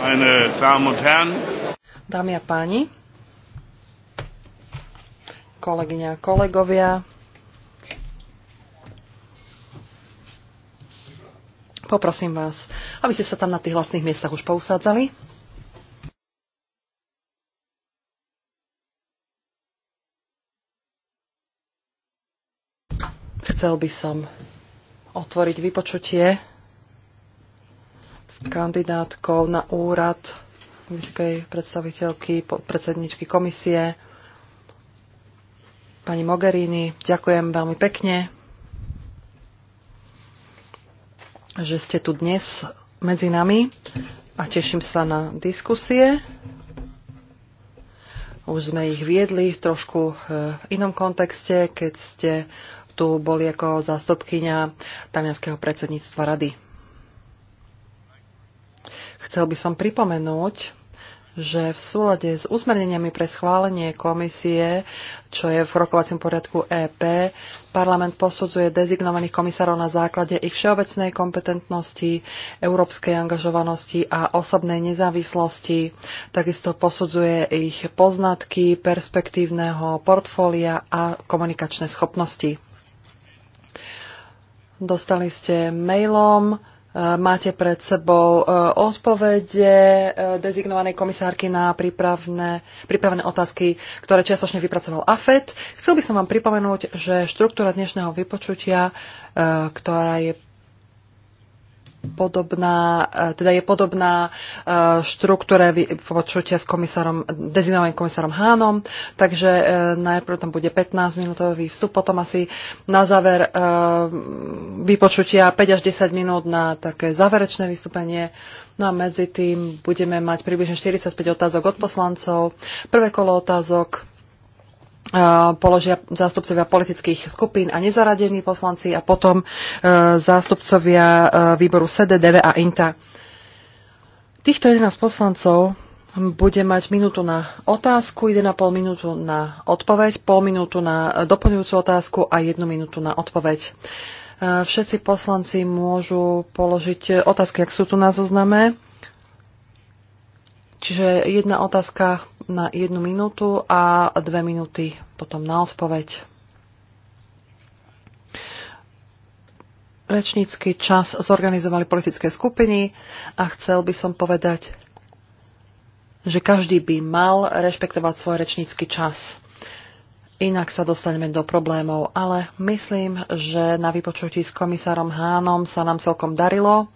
Meine Damen und Herren. Dámy a páni, kolegyňa a kolegovia, poprosím vás, aby ste sa tam na tých hlasných miestach už pousádzali. Chcel by som otvoriť vypočutie kandidátkou na úrad vysokej predstaviteľky, predsedničky komisie, pani Mogherini. Ďakujem veľmi pekne, že ste tu dnes medzi nami a teším sa na diskusie. Už sme ich viedli v trošku e, inom kontexte, keď ste tu boli ako zástupkynia talianského predsedníctva rady. Chcel by som pripomenúť, že v súlade s usmerneniami pre schválenie komisie, čo je v rokovacím poriadku EP, parlament posudzuje dezignovaných komisárov na základe ich všeobecnej kompetentnosti, európskej angažovanosti a osobnej nezávislosti. Takisto posudzuje ich poznatky, perspektívneho portfólia a komunikačné schopnosti. Dostali ste mailom Máte pred sebou e, odpovede e, dezignovanej komisárky na prípravné, prípravné otázky, ktoré čiastočne vypracoval AFED. Chcel by som vám pripomenúť, že štruktúra dnešného vypočutia, e, ktorá je podobná, e, teda je podobná e, štruktúre počutia s komisárom, dezinovaným komisárom Hánom, takže e, najprv tam bude 15-minútový vstup, potom asi na záver vypočutia 5 až 10 minút na také záverečné vystúpenie. No a medzi tým budeme mať približne 45 otázok od poslancov. Prvé kolo otázok E, položia zástupcovia politických skupín a nezaradení poslanci a potom e, zástupcovia e, výboru DV a INTA. Týchto 11 poslancov bude mať minútu na otázku, 1,5 minútu na odpoveď, pol minútu na doplňujúcu otázku a 1 minútu na odpoveď. Všetci poslanci môžu položiť otázky, ak sú tu na zozname Čiže jedna otázka na jednu minútu a dve minúty potom na odpoveď. Rečnícky čas zorganizovali politické skupiny a chcel by som povedať, že každý by mal rešpektovať svoj rečnícky čas. Inak sa dostaneme do problémov, ale myslím, že na vypočutí s komisárom Hánom sa nám celkom darilo.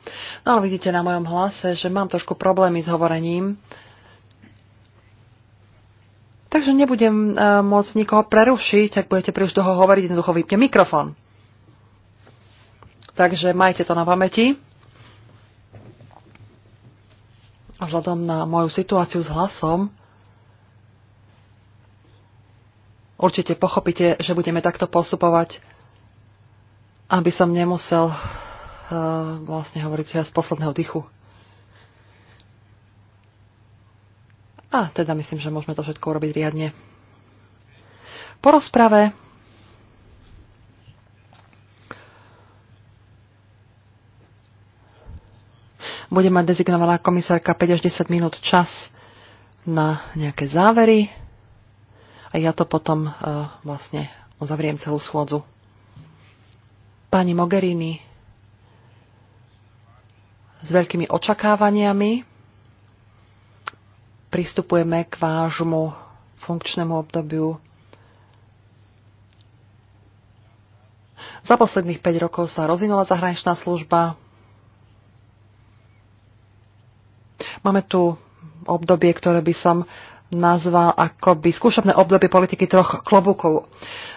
No ale vidíte na mojom hlase, že mám trošku problémy s hovorením. Takže nebudem uh, môcť nikoho prerušiť, ak budete príliš dlho hovoriť, jednoducho vypne mikrofón. Takže majte to na pamäti. Vzhľadom na moju situáciu s hlasom, Určite pochopíte, že budeme takto postupovať, aby som nemusel uh, vlastne hovoriť ja z posledného dychu. A teda myslím, že môžeme to všetko urobiť riadne. Po rozprave bude mať dezignovaná komisárka 5 až 10 minút čas na nejaké závery a ja to potom e, vlastne uzavriem celú schôdzu. Pani Mogherini s veľkými očakávaniami pristupujeme k vášmu funkčnému obdobiu. Za posledných 5 rokov sa rozvinula zahraničná služba. Máme tu obdobie, ktoré by som nazval akoby skúšobné obdobie politiky troch klobúkov.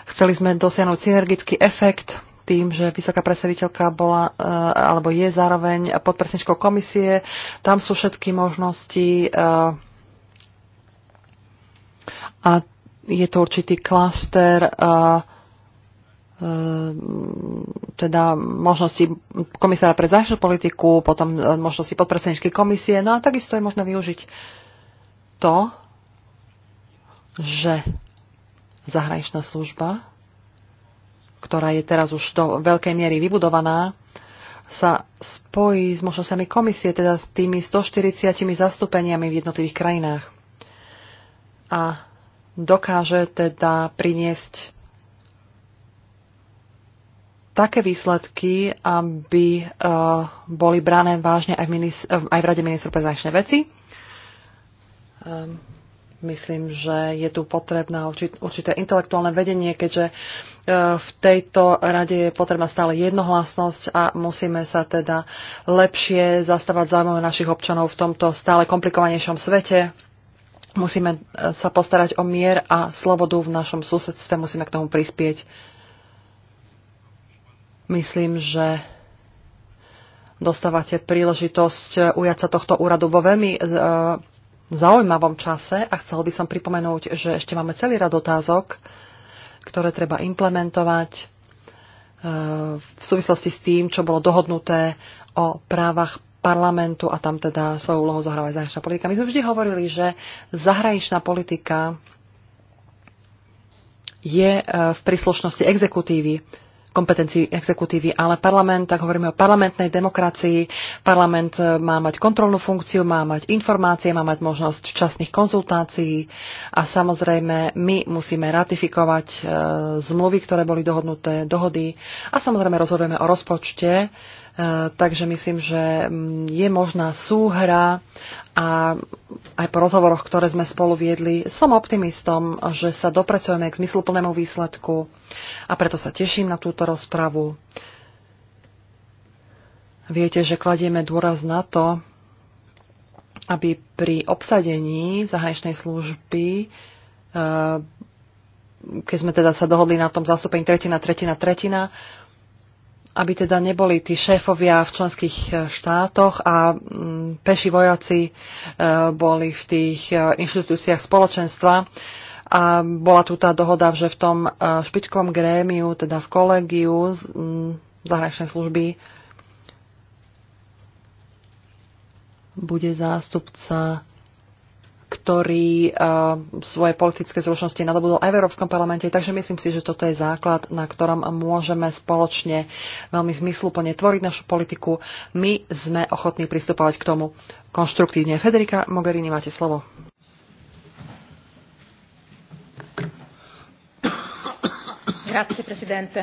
Chceli sme dosiahnuť synergický efekt tým, že vysoká predstaviteľka bola e, alebo je zároveň podpresničkou komisie. Tam sú všetky možnosti e, a je to určitý klaster e, teda možnosti komisára pre zahraničnú politiku, potom možnosti podpredsedničky komisie, no a takisto je možné využiť to, že zahraničná služba, ktorá je teraz už do veľkej miery vybudovaná, sa spojí s možnosťami komisie, teda s tými 140 zastúpeniami v jednotlivých krajinách. A dokáže teda priniesť také výsledky, aby uh, boli brané vážne aj v, minis- e, aj v Rade ministrov pre zahraničné veci. Um, Myslím, že je tu potrebné určité intelektuálne vedenie, keďže e, v tejto rade je potrebná stále jednohlasnosť a musíme sa teda lepšie zastávať záujmy našich občanov v tomto stále komplikovanejšom svete. Musíme e, sa postarať o mier a slobodu v našom susedstve, musíme k tomu prispieť. Myslím, že dostávate príležitosť ujať sa tohto úradu vo veľmi e, zaujímavom čase a chcel by som pripomenúť, že ešte máme celý rad otázok, ktoré treba implementovať e, v súvislosti s tým, čo bolo dohodnuté o právach parlamentu a tam teda svoju úlohu zohráva aj zahraničná politika. My sme vždy hovorili, že zahraničná politika je e, v príslušnosti exekutívy kompetencií exekutívy, ale parlament, tak hovoríme o parlamentnej demokracii, parlament e, má mať kontrolnú funkciu, má mať informácie, má mať možnosť včasných konzultácií a samozrejme my musíme ratifikovať e, zmluvy, ktoré boli dohodnuté, dohody a samozrejme rozhodujeme o rozpočte, E, takže myslím, že mm, je možná súhra a aj po rozhovoroch, ktoré sme spolu viedli, som optimistom, že sa dopracujeme k zmysluplnému výsledku a preto sa teším na túto rozpravu. Viete, že kladieme dôraz na to, aby pri obsadení zahraničnej služby e, keď sme teda sa dohodli na tom zastúpení tretina, tretina, tretina, aby teda neboli tí šéfovia v členských e, štátoch a mm, peši vojaci e, boli v tých e, inštitúciách spoločenstva. A bola tu tá dohoda, že v tom špičkovom grémiu, teda v kolegiu mm, zahraničnej služby, bude zástupca ktorý eh, svoje politické zručnosti nadobudol aj v Európskom parlamente. Takže myslím si, že toto je základ, na ktorom môžeme spoločne veľmi zmysluplne tvoriť našu politiku. My sme ochotní pristupovať k tomu konštruktívne. Federika Mogherini, máte slovo. Grazie, Presidente.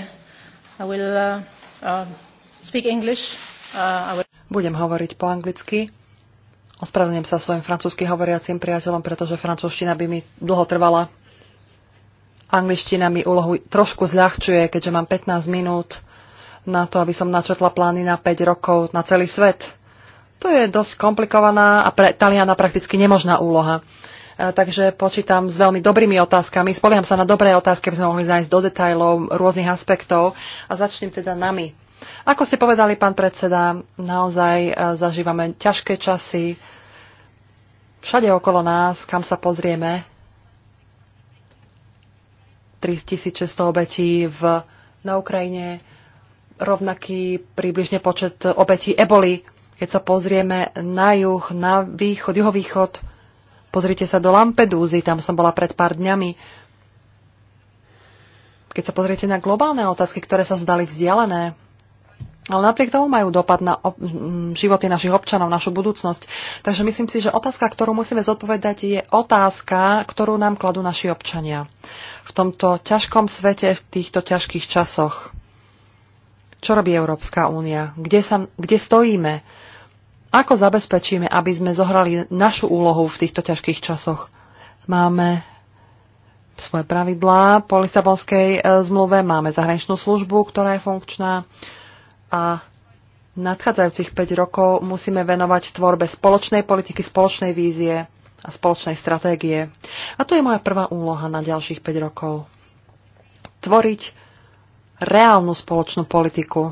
I will uh, uh, speak English. Uh, I will... Budem hovoriť po anglicky Ospravedlňujem sa svojim francúzsky hovoriacim priateľom, pretože francúzština by mi dlho trvala. Angličtina mi úlohu trošku zľahčuje, keďže mám 15 minút na to, aby som načetla plány na 5 rokov na celý svet. To je dosť komplikovaná a pre Taliana prakticky nemožná úloha. E, takže počítam s veľmi dobrými otázkami. Spolieham sa na dobré otázky, aby sme mohli nájsť do detajlov rôznych aspektov. A začnem teda nami. Ako ste povedali, pán predseda, naozaj e, zažívame ťažké časy. Všade okolo nás, kam sa pozrieme, 3600 obetí v, na Ukrajine, rovnaký približne počet obetí eboli. Keď sa pozrieme na juh, na východ, juhovýchod, pozrite sa do Lampedúzy, tam som bola pred pár dňami. Keď sa pozriete na globálne otázky, ktoré sa zdali vzdialené, ale napriek tomu majú dopad na životy našich občanov, našu budúcnosť. Takže myslím si, že otázka, ktorú musíme zodpovedať, je otázka, ktorú nám kladú naši občania v tomto ťažkom svete, v týchto ťažkých časoch. Čo robí Európska únia? Kde, sa, kde stojíme? Ako zabezpečíme, aby sme zohrali našu úlohu v týchto ťažkých časoch? Máme svoje pravidlá po Lisabonskej e, zmluve, máme zahraničnú službu, ktorá je funkčná a nadchádzajúcich 5 rokov musíme venovať tvorbe spoločnej politiky, spoločnej vízie a spoločnej stratégie. A to je moja prvá úloha na ďalších 5 rokov. Tvoriť reálnu spoločnú politiku.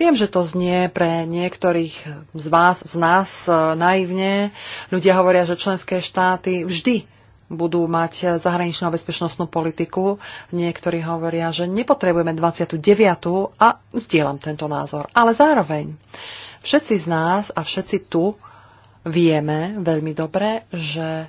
Viem, že to znie pre niektorých z vás, z nás e, naivne. Ľudia hovoria, že členské štáty vždy budú mať zahraničnú a bezpečnostnú politiku. Niektorí hovoria, že nepotrebujeme 29. a zdieľam tento názor. Ale zároveň všetci z nás a všetci tu vieme veľmi dobre, že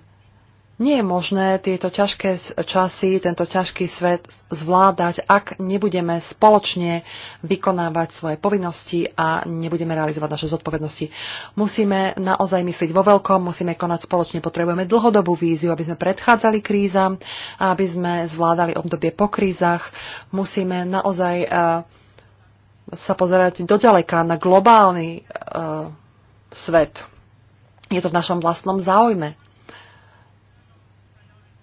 nie je možné tieto ťažké časy, tento ťažký svet zvládať, ak nebudeme spoločne vykonávať svoje povinnosti a nebudeme realizovať naše zodpovednosti. Musíme naozaj myslieť vo veľkom, musíme konať spoločne, potrebujeme dlhodobú víziu, aby sme predchádzali krízam, aby sme zvládali obdobie po krízach. Musíme naozaj eh, sa pozerať doďaleka na globálny eh, svet. Je to v našom vlastnom záujme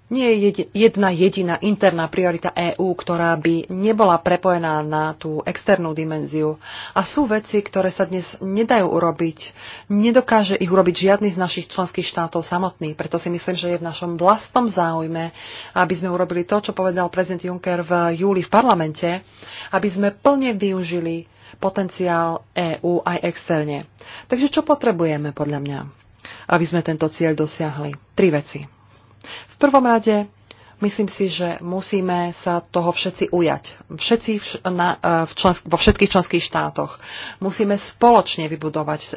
nie je jedna jediná interná priorita EÚ, ktorá by nebola prepojená na tú externú dimenziu. A sú veci, ktoré sa dnes nedajú urobiť. Nedokáže ich urobiť žiadny z našich členských štátov samotný. Preto si myslím, že je v našom vlastnom záujme, aby sme urobili to, čo povedal prezident Juncker v júli v parlamente, aby sme plne využili potenciál EÚ aj externe. Takže čo potrebujeme podľa mňa, aby sme tento cieľ dosiahli? Tri veci prvom rade myslím si, že musíme sa toho všetci ujať. Všetci v, na, e, v člensk- vo všetkých členských štátoch. Musíme spoločne vybudovať e,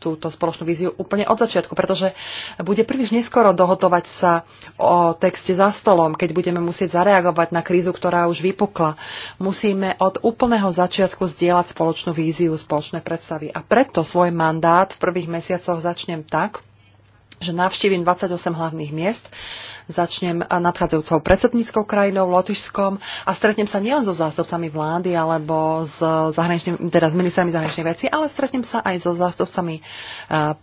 túto spoločnú víziu úplne od začiatku, pretože bude príliš neskoro dohotovať sa o texte za stolom, keď budeme musieť zareagovať na krízu, ktorá už vypukla. Musíme od úplného začiatku zdieľať spoločnú víziu, spoločné predstavy. A preto svoj mandát v prvých mesiacoch začnem tak, že navštívim 28 hlavných miest Začnem nadchádzajúcou predsedníckou krajinou, Lotyšskom a stretnem sa nielen so zástupcami vlády alebo s, zahraničným, teda s ministrami zahraničnej veci, ale stretnem sa aj so zástupcami eh,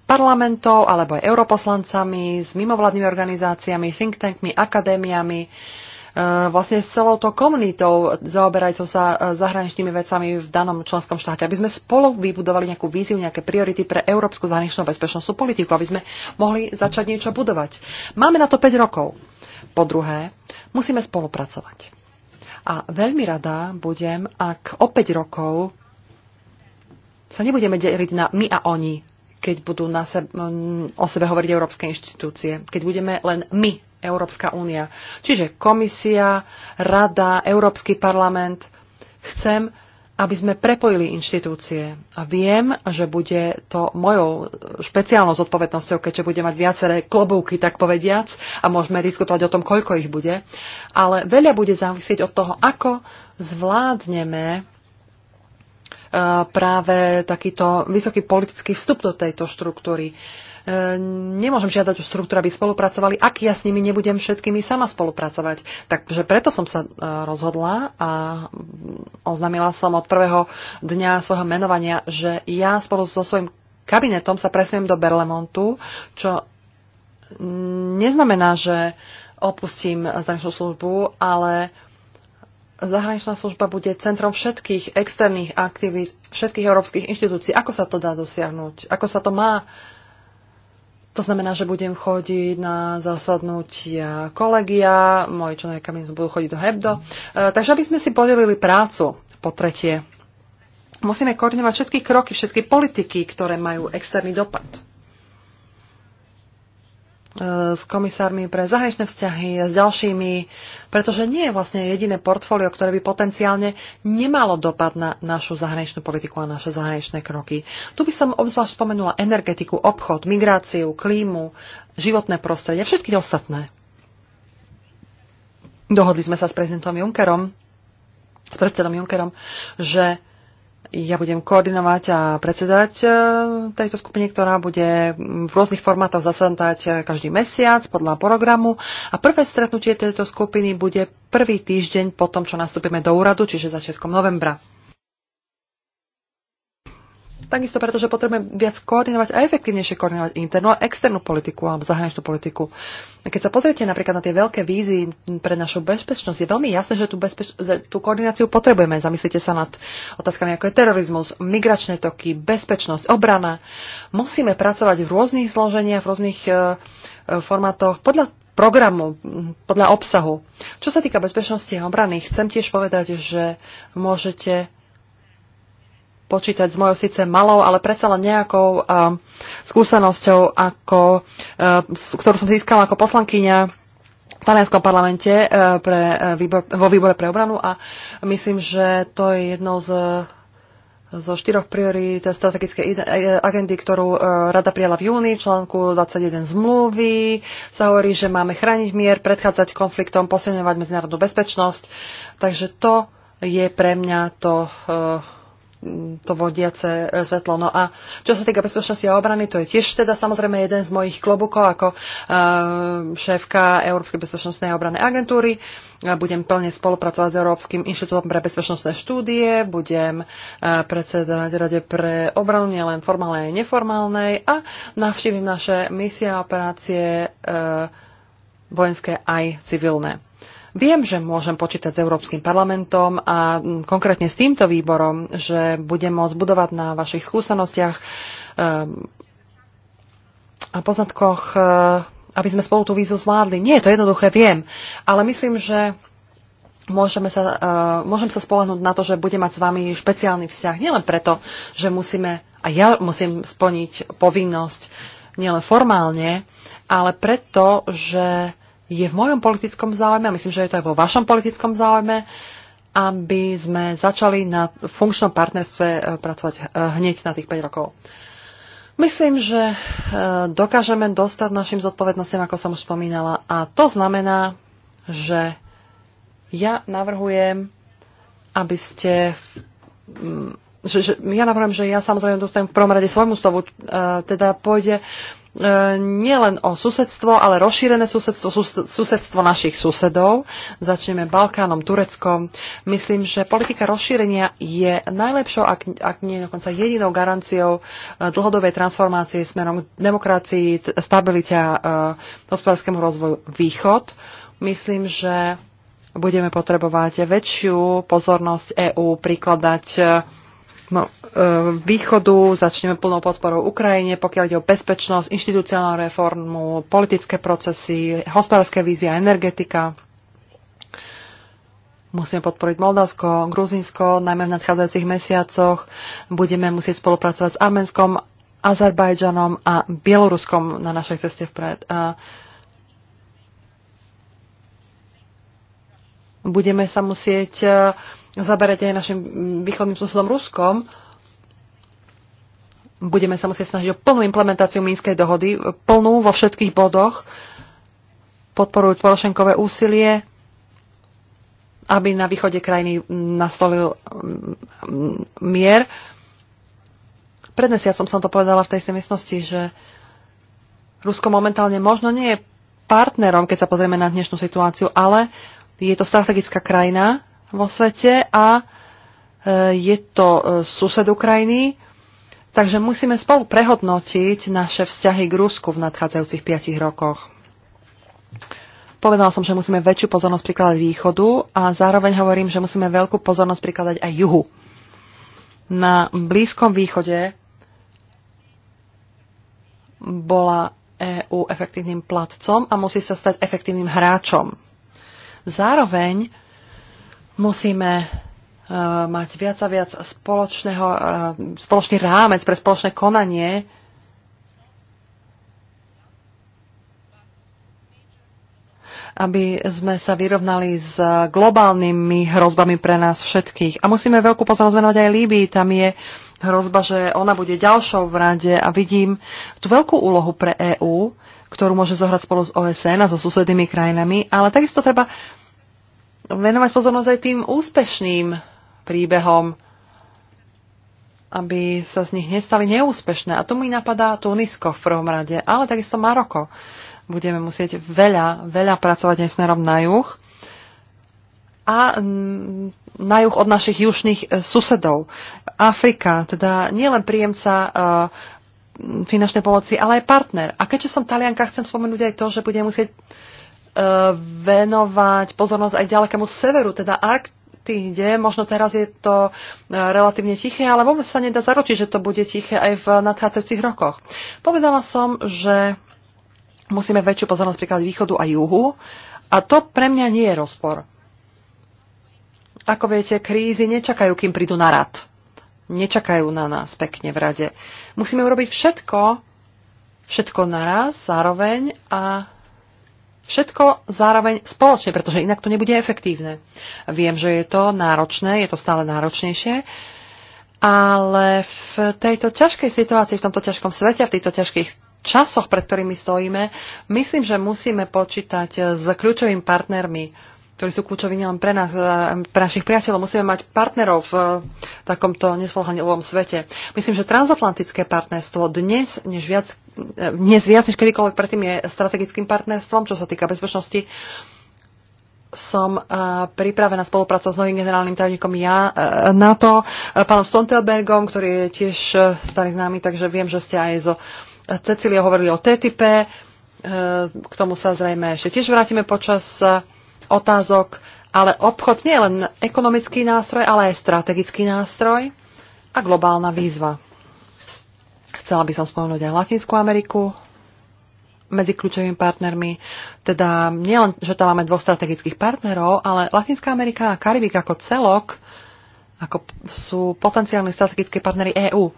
parlamentov alebo aj europoslancami, s mimovládnymi organizáciami, think tankmi, akadémiami E, vlastne s celou tou komunitou zaoberajúcou sa e, zahraničnými vecami v danom členskom štáte, aby sme spolu vybudovali nejakú víziu, nejaké priority pre európsku zahraničnú bezpečnostnú politiku, aby sme mohli začať niečo budovať. Máme na to 5 rokov. Po druhé, musíme spolupracovať. A veľmi rada budem, ak o 5 rokov sa nebudeme deliť na my a oni, keď budú na seb- o sebe hovoriť európske inštitúcie, keď budeme len my Európska únia. Čiže komisia, rada, Európsky parlament. Chcem, aby sme prepojili inštitúcie. A viem, že bude to mojou špeciálnou zodpovednosťou, keďže bude mať viaceré klobúky, tak povediac, a môžeme diskutovať o tom, koľko ich bude. Ale veľa bude závisieť od toho, ako zvládneme e, práve takýto vysoký politický vstup do tejto štruktúry. Uh, E, nemôžem žiadať o štruktúru, aby spolupracovali, ak ja s nimi nebudem všetkými sama spolupracovať. Takže preto som sa e, rozhodla a oznámila som od prvého dňa svojho menovania, že ja spolu so svojím kabinetom sa presujem do Berlemontu, čo neznamená, že opustím zahraničnú službu, ale zahraničná služba bude centrom všetkých externých aktivít, všetkých európskych inštitúcií. Ako sa to dá dosiahnuť? Ako sa to má uh, to znamená, že budem chodiť na zasadnutia kolegia, moji členovia kabinetu budú chodiť do Hebdo. E, takže aby sme si podelili prácu po tretie. Musíme koordinovať všetky kroky, všetky politiky, ktoré majú externý dopad. E, s komisármi pre zahraničné vzťahy a s ďalšími, pretože nie je vlastne jediné portfólio, ktoré by potenciálne nemalo dopad na našu zahraničnú politiku a naše zahraničné kroky. Tu by som obzvlášť spomenula energetiku, obchod, migráciu, klímu, životné prostredie, všetky ostatné. Dohodli sme sa s prezidentom Junckerom, s predsedom Junckerom, že ja budem koordinovať a predsedať e, tejto skupine, ktorá bude v rôznych formátoch zasadať e, každý mesiac podľa programu. A prvé stretnutie tejto skupiny bude prvý týždeň po tom, čo nastúpime do úradu, čiže začiatkom novembra. Takisto preto, že potrebujeme viac koordinovať a efektívnejšie koordinovať internú a externú politiku alebo zahraničnú politiku. Keď sa pozriete napríklad na tie veľké vízy pre našu bezpečnosť, je veľmi jasné, že tú, bezpeč- tú koordináciu potrebujeme. Zamyslite sa nad otázkami ako je terorizmus, migračné toky, bezpečnosť, obrana. Musíme pracovať v rôznych zloženiach, v rôznych uh, formátoch podľa programu, podľa obsahu. Čo sa týka bezpečnosti a obrany, chcem tiež povedať, že môžete počítať s mojou síce malou, ale predsa len nejakou uh, skúsenosťou, ako, uh, ktorú som získala ako poslankyňa v talianskom parlamente uh, pre, uh, výbor, vo výbore pre obranu a myslím, že to je jednou z zo štyroch priorít strategickej e, agendy, ktorú uh, rada prijala v júni, článku 21 zmluvy, sa hovorí, že máme chrániť mier, predchádzať konfliktom, posilňovať medzinárodnú bezpečnosť. Takže to je pre mňa to uh, to vodiace e, svetlo. No a čo sa týka bezpečnosti a obrany, to je tiež teda samozrejme jeden z mojich klobukov ako e, šéfka Európskej bezpečnostnej obrany agentúry. E, budem plne spolupracovať s Európskym inštitútom pre bezpečnostné štúdie, budem predsedať Rade pre obranu nielen formálnej, aj neformálnej a navštívim naše misie a operácie vojenské aj civilné. Viem, že môžem počítať s Európskym parlamentom a konkrétne s týmto výborom, že budem môcť budovať na vašich skúsenostiach ehm, a poznatkoch, e, aby sme spolu tú vízu zvládli. Nie to jednoduché, viem, ale myslím, že môžeme sa, e, môžem sa spolahnúť na to, že budem mať s vami špeciálny vzťah. Nielen preto, že musíme, a ja musím splniť povinnosť nielen formálne, ale preto, že je v mojom politickom záujme a myslím, že je to aj vo vašom politickom záujme, aby sme začali na funkčnom partnerstve e, pracovať e, hneď na tých 5 rokov. Myslím, že e, dokážeme dostať našim zodpovednostiam, ako som už spomínala, a to znamená, že ja navrhujem, aby ste mm, že, že ja navrhujem, že ja samozrejme dostanem v prvom rade svojmu stovu, teda pôjde E, nielen o susedstvo, ale rozšírené susedstvo, susedstvo našich susedov. Začneme Balkánom, Tureckom. Myslím, že politika rozšírenia je najlepšou, ak, ak nie dokonca jedinou garanciou e, dlhodobej transformácie smerom k demokracii, stabilite a e, hospodárskému rozvoju Východ. Myslím, že budeme potrebovať väčšiu pozornosť EÚ prikladať no, E, východu, začneme plnou podporou Ukrajine, pokiaľ ide o bezpečnosť, inštitucionálnu reformu, politické procesy, hospodárske výzvy a energetika. Musíme podporiť Moldavsko, Gruzinsko, najmä v nadchádzajúcich mesiacoch. Budeme musieť spolupracovať s Arménskom, Azerbajdžanom a Bieloruskom na našej ceste vpred. A e, budeme sa musieť e, zaberať aj našim východným susedom Ruskom, budeme sa musieť snažiť o plnú implementáciu Mínskej dohody, plnú vo všetkých bodoch, podporujú Porošenkové úsilie, aby na východe krajiny nastolil mm, mier. Pred mesiacom som to povedala v tej si miestnosti, že Rusko momentálne možno nie je partnerom, keď sa pozrieme na dnešnú situáciu, ale je to strategická krajina vo svete a e, je to e, sused Ukrajiny, Takže musíme spolu prehodnotiť naše vzťahy k Rusku v nadchádzajúcich 5 rokoch. Povedala som, že musíme väčšiu pozornosť prikladať východu a zároveň hovorím, že musíme veľkú pozornosť prikladať aj juhu. Na Blízkom východe bola EU efektívnym platcom a musí sa stať efektívnym hráčom. Zároveň musíme Eh, mať viac a viac spoločného, eh, spoločný rámec pre spoločné konanie. aby sme sa vyrovnali s globálnymi hrozbami pre nás všetkých. A musíme veľkú pozornosť venovať aj Líbii. Tam je hrozba, že ona bude ďalšou v rade a vidím tú veľkú úlohu pre EÚ, ktorú môže zohrať spolu s OSN a so susednými krajinami, ale takisto treba venovať pozornosť aj tým úspešným príbehom, aby sa z nich nestali neúspešné. A tu mi napadá Tunisko v prvom rade, ale takisto Maroko. Budeme musieť veľa, veľa pracovať aj smerom na juh a na juh od našich južných e, susedov. Afrika, teda nielen príjemca e, finančnej pomoci, ale aj partner. A keďže som talianka, chcem spomenúť aj to, že budem musieť e, venovať pozornosť aj ďalekému severu, teda Arkt ty ide. Možno teraz je to e, relatívne tiché, ale vôbec sa nedá zaručiť, že to bude tiché aj v nadchádzajúcich rokoch. Povedala som, že musíme väčšiu pozornosť príklad východu a juhu a to pre mňa nie je rozpor. Ako viete, krízy nečakajú, kým prídu na rad. Nečakajú na nás pekne v rade. Musíme urobiť všetko, všetko naraz, zároveň a Všetko zároveň spoločne, pretože inak to nebude efektívne. Viem, že je to náročné, je to stále náročnejšie, ale v tejto ťažkej situácii, v tomto ťažkom svete, v týchto ťažkých časoch, pred ktorými stojíme, myslím, že musíme počítať s kľúčovými partnermi, ktorí sú kľúčoví nielen pre nás, e, pre našich priateľov. Musíme mať partnerov v e, takomto nespolhanilovom svete. Myslím, že transatlantické partnerstvo dnes než viac dnes viac než kedykoľvek predtým je strategickým partnerstvom, čo sa týka bezpečnosti. Som eh, pripravená spolupracovať s novým generálnym tajomníkom ja eh, na to, eh, pánom Stontelbergom, ktorý je tiež starý známy, takže viem, že ste aj zo Cecilia hovorili o TTIP. K tomu sa zrejme ešte tiež vrátime počas otázok. Ale obchod nie je len ekonomický nástroj, ale aj strategický nástroj a globálna výzva. Chcela by som spomenúť aj Latinskú Ameriku medzi kľúčovými partnermi. Teda nielen, že tam máme dvoch strategických partnerov, ale Latinská Amerika a Karibik ako celok ako sú potenciálni strategickí partnery EÚ.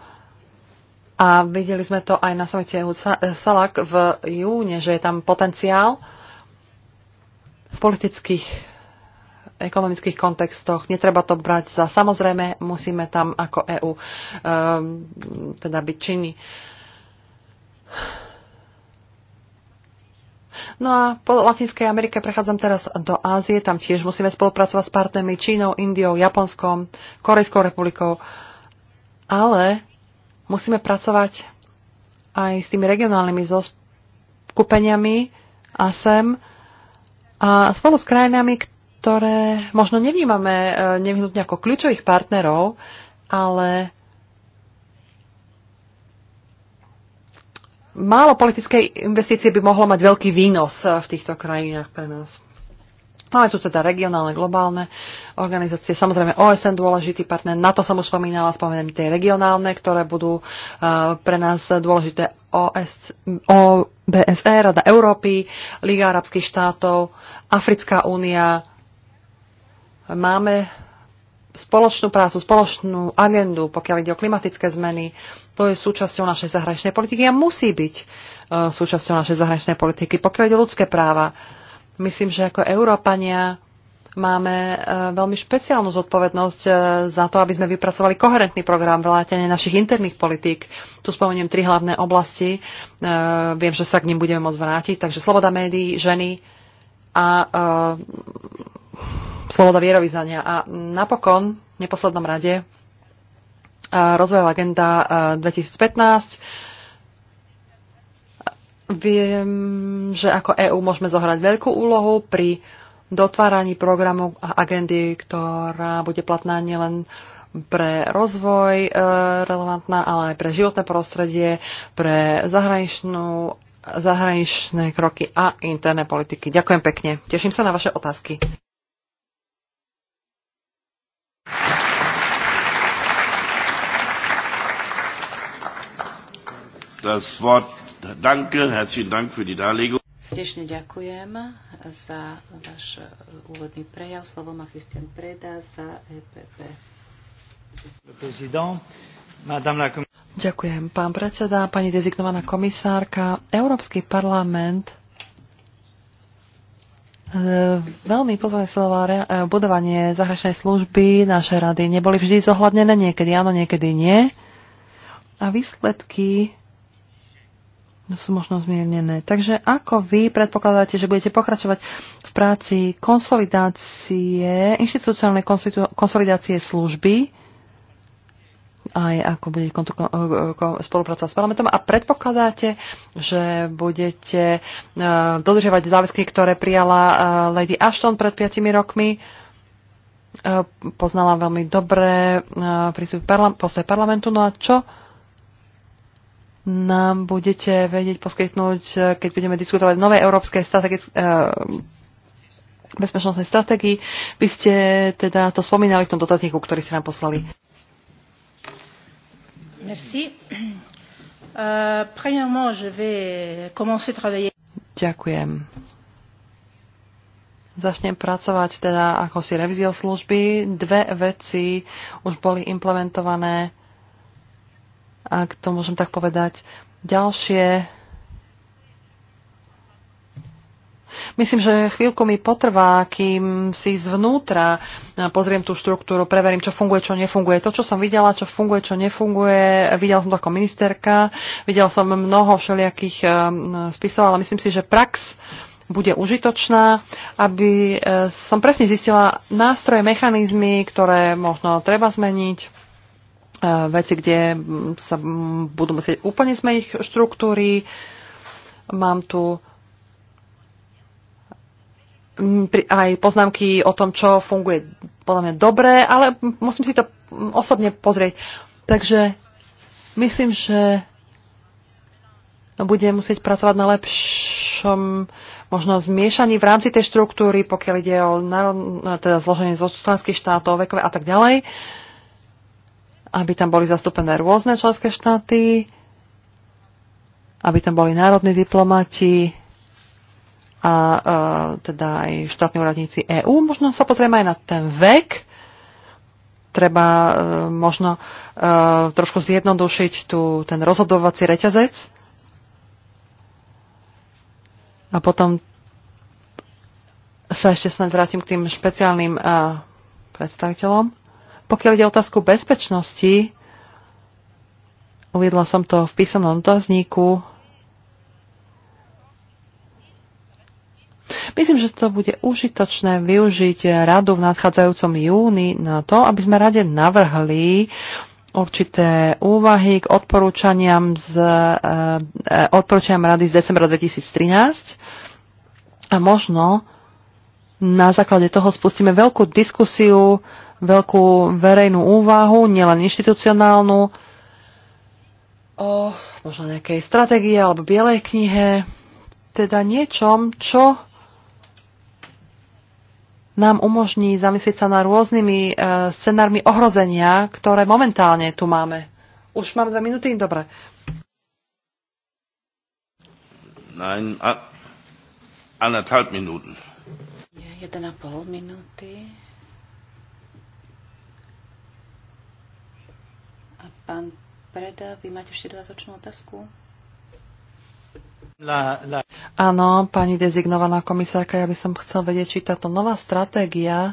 A videli sme to aj na samite EU eh, Salak v júne, že je tam potenciál v politických ekonomických kontextoch. Netreba to brať za samozrejme, musíme tam ako EÚ um, teda byť činní. No a po Latinskej Amerike prechádzam teraz do Ázie, tam tiež musíme spolupracovať s partnermi Čínou, Indiou, Japonskom, Korejskou republikou, ale musíme pracovať aj s tými regionálnymi zoskupeniami ASEM a spolu s krajinami, ktoré možno nevnímame e, nevyhnutne ako kľúčových partnerov, ale málo politickej investície by mohlo mať veľký výnos e, v týchto krajinách pre nás. Máme tu teda regionálne, globálne organizácie, samozrejme OSN dôležitý partner, na to som už spomínala, spomeniem tie regionálne, ktoré budú e, pre nás dôležité OS, OBSE, Rada Európy, Liga arabských štátov, Africká únia, máme spoločnú prácu, spoločnú agendu, pokiaľ ide o klimatické zmeny. To je súčasťou našej zahraničnej politiky a musí byť e, súčasťou našej zahraničnej politiky. Pokiaľ ide o ľudské práva, myslím, že ako Európania máme e, veľmi špeciálnu zodpovednosť e, za to, aby sme vypracovali koherentný program vrátane našich interných politík. Tu spomeniem tri hlavné oblasti. Viem, že sa k nim budeme môcť vrátiť. Takže sloboda médií, ženy a sloboda vierovýznania. A napokon, v neposlednom rade, rozvojová agenda 2015. Viem, že ako EÚ môžeme zohrať veľkú úlohu pri dotváraní programu a agendy, ktorá bude platná nielen pre rozvoj e, relevantná, ale aj pre životné prostredie, pre zahraničnú, zahraničné kroky a interné politiky. Ďakujem pekne. Teším sa na vaše otázky. das Wort. Danke, herzlichen Dank für die Darlegung. Srdečne ďakujem za váš eh, úvodný prejav. Slovo má Christian Preda za EPP. Ďakujem, pán predseda, pani dezignovaná komisárka. Európsky parlament eh, Veľmi pozorne sledovala eh, budovanie zahraničnej služby. našej rady neboli vždy zohľadnené, niekedy áno, niekedy nie. A výsledky sú možno zmiernené. Takže ako vy predpokladáte, že budete pokračovať v práci konsolidácie, inštitucionálnej konsolidácie služby, aj ako bude spolupracovať s parlamentom a predpokladáte, že budete e, dodržiavať záväzky, ktoré prijala e, Lady Ashton pred 5 rokmi. E, poznala veľmi dobré postoje parlamentu. No a čo nám budete vedieť poskytnúť, eh, keď budeme diskutovať nové európske eh, bezpečnostnej strategii. Vy ste teda to spomínali v tom dotazníku, ktorý ste nám poslali. Merci. Euh, premièrement, je vais commencer travailler. Ďakujem. Začnem pracovať teda ako si revizio služby. Dve veci už boli implementované ak to môžem tak povedať. Ďalšie. Myslím, že chvíľku mi potrvá, kým si zvnútra e, pozriem tú štruktúru, preverím, čo funguje, čo nefunguje. To, čo som videla, čo funguje, čo nefunguje, videla som to ako ministerka, videla som mnoho všelijakých e, spisov, ale myslím si, že prax bude užitočná, aby e, som presne zistila nástroje, mechanizmy, ktoré možno treba zmeniť E, veci, kde sa budú musieť úplne zmeniť štruktúry. Mám tu aj poznámky o tom, čo funguje podľa mňa dobre, ale musím si to osobne pozrieť. Takže myslím, že budem musieť pracovať na lepšom možno zmiešaní v rámci tej štruktúry, pokiaľ ide o národ, teda zloženie zo členských štátov, vekové a tak ďalej. Uh, aby tam boli zastúpené rôzne členské štáty, aby tam boli národní diplomati a e, teda aj štátni úradníci EÚ. Možno sa pozrieme aj na ten vek. Treba e, možno e, trošku zjednodušiť tu ten rozhodovací reťazec. A potom sa ešte snad vrátim k tým špeciálnym e, predstaviteľom. Pokiaľ ide o otázku bezpečnosti, uviedla som to v písomnom dotazníku. Myslím, že to bude užitočné využiť radu v nadchádzajúcom júni na to, aby sme rade navrhli určité úvahy k odporúčaniam, z, e, e, odporúčaniam rady z decembra 2013 a možno na základe toho spustíme veľkú diskusiu veľkú verejnú úvahu, nielen inštitucionálnu, o možno nejakej stratégie alebo bielej knihe, teda niečom, čo nám umožní zamyslieť sa na rôznymi e, scenármi ohrozenia, ktoré momentálne tu máme. Už mám dve minúty, dobre. Nein, a, anderthalb Minuten. Ja, jeden a pol minúty. Pán Preda, vy máte ešte dodatočnú otázku? La, la. Áno, pani dezignovaná komisárka, ja by som chcel vedieť, či táto nová stratégia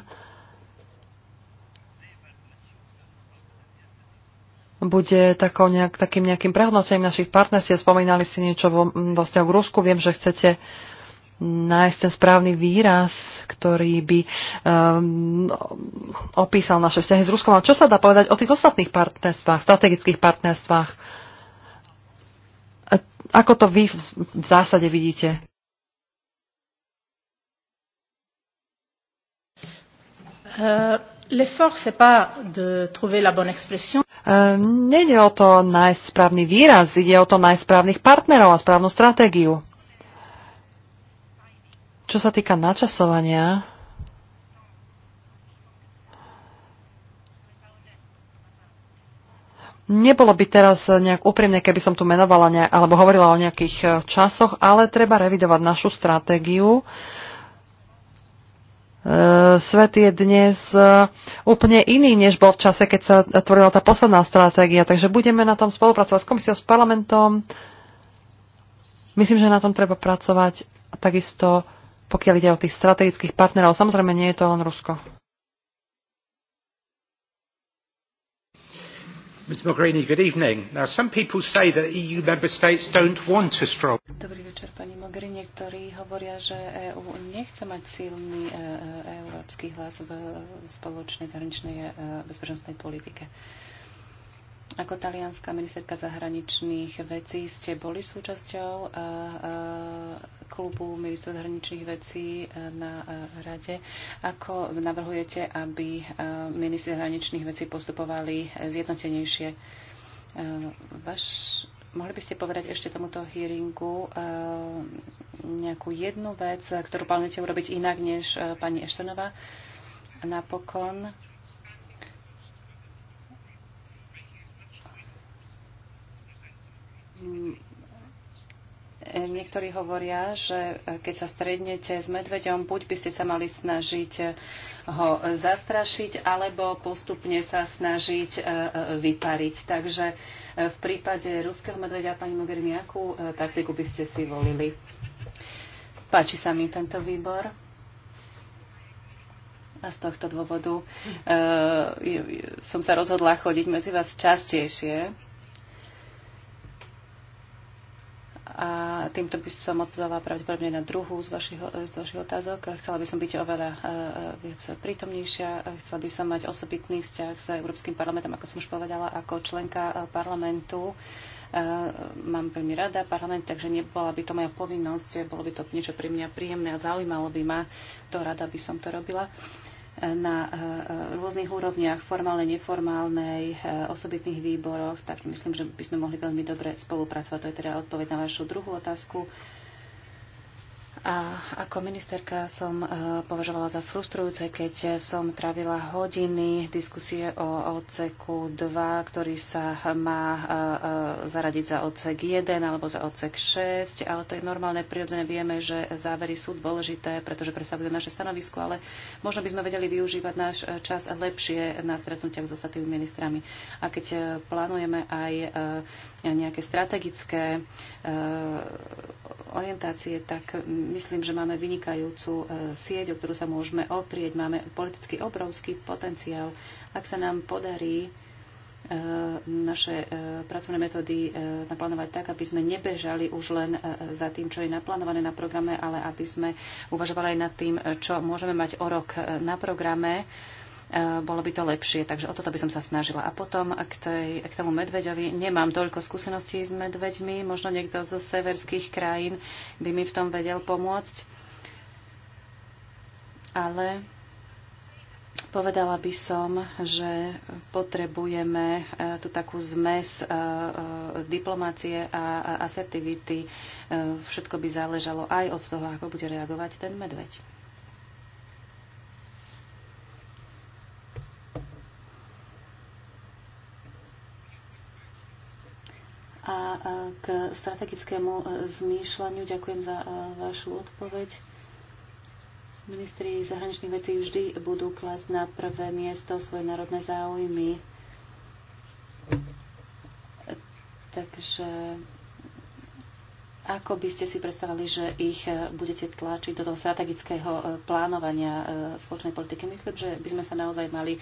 bude takou nejak, takým nejakým prehodnotením našich partnerstiev. Spomínali ste niečo vo, vo vzťahu k Rusku. Viem, že chcete uh, nájsť ten správny výraz, ktorý by um, opísal naše vzťahy s Ruskom. A čo sa dá povedať o tých ostatných partnerstvách, strategických partnerstvách? Ako to vy v, zásade vidíte? Nede euh, euh, o to nájsť správny výraz, ide o to nájsť správnych partnerov a správnu stratégiu. Čo sa týka načasovania, Nebolo by teraz nejak úprimne, keby som tu menovala ne, alebo hovorila o nejakých e, časoch, ale treba revidovať našu stratégiu. E, svet je dnes e, úplne iný, než bol v čase, keď sa tvorila tá posledná stratégia. Takže budeme na tom spolupracovať s komisiou, s parlamentom. Myslím, že na tom treba pracovať takisto pokiaľ ide o tých strategických partnerov. Samozrejme, nie je to len Rusko. Ms. Mogherini, good evening. Now, some people say that EU member states don't want a strong... Dobrý večer, pani Mogherini. Niektorí hovoria, že EU nechce mať silný e, e európsky hlas v spoločnej zahraničnej e, bezpečnostnej politike. E, ako talianská ministerka zahraničných vecí ste boli súčasťou eh, eh, klubu ministrov zahraničných vecí eh, na rade. Ako navrhujete, aby ministri zahraničných vecí postupovali zjednotenejšie? Vaš, mohli by ste povedať ešte tomuto hearingu nejakú jednu vec, ktorú plánujete urobiť inak než pani Eštenová? Napokon Mm, niektorí hovoria, že e, keď sa strednete s medveďom, buď by ste sa mali snažiť e, ho zastrašiť, alebo postupne sa snažiť e, vypariť. Takže v prípade ruského medveďa, pani Mogherini, akú taktiku by ste si volili? Páči sa mi tento výbor. A z tohto dôvodu som sa rozhodla chodiť medzi vás častejšie A týmto by som odpovedala pravdepodobne na druhú z vašich, z vašich otázok. Chcela by som byť oveľa e, e, viac prítomnejšia. Chcela by som mať osobitný vzťah s Európskym parlamentom, ako som už povedala, ako členka e, parlamentu. Mám veľmi rada parlament, takže nebola by to moja povinnosť, bolo by to niečo pre mňa príjemné a zaujímalo by ma to, rada by som to robila na e, e, rôznych úrovniach, formálnej, neformálnej, e, osobitných výboroch, tak myslím, že by sme mohli veľmi dobre spolupracovať. To je teda odpoveď na vašu druhú otázku. A ako ministerka som e, považovala za frustrujúce, keď som trávila hodiny diskusie o odseku 2, ktorý sa má e, e, zaradiť za odsek 1 alebo za odsek 6, ale to je normálne, prirodzene vieme, že závery sú dôležité, pretože predstavujú naše stanovisko, ale možno by sme vedeli využívať náš čas lepšie na stretnutiach s ostatnými ministrami. A keď plánujeme aj nejaké strategické orientácie, tak myslím, že máme vynikajúcu e, sieť, o ktorú sa môžeme oprieť. Máme politicky obrovský potenciál. Ak sa nám podarí e, naše e, pracovné metódy naplánovať tak, aby sme nebežali už len za tým, čo je naplánované na programe, ale aby sme uvažovali aj nad tým, čo môžeme mať o rok na programe Eh, bolo by to lepšie. Takže o toto by som sa snažila. A potom k, tej, k tomu medveďovi nemám toľko skúseností s medveďmi. Možno niekto zo severských krajín by mi v tom vedel pomôcť. Ale Povedala by som, že potrebujeme eh, tu takú zmes eh, diplomácie a asertivity. Všetko by záležalo aj od toho, ako bude reagovať ten medveď. A k strategickému e, zmýšľaniu ďakujem za e, vašu odpoveď. Ministri zahraničných vecí vždy budú klasť na prvé miesto svoje národné záujmy. Takže ako by ste si predstavali, že ich e, budete tlačiť do toho strategického plánovania spoločnej politiky? Myslím, že by sme sa naozaj mali uh,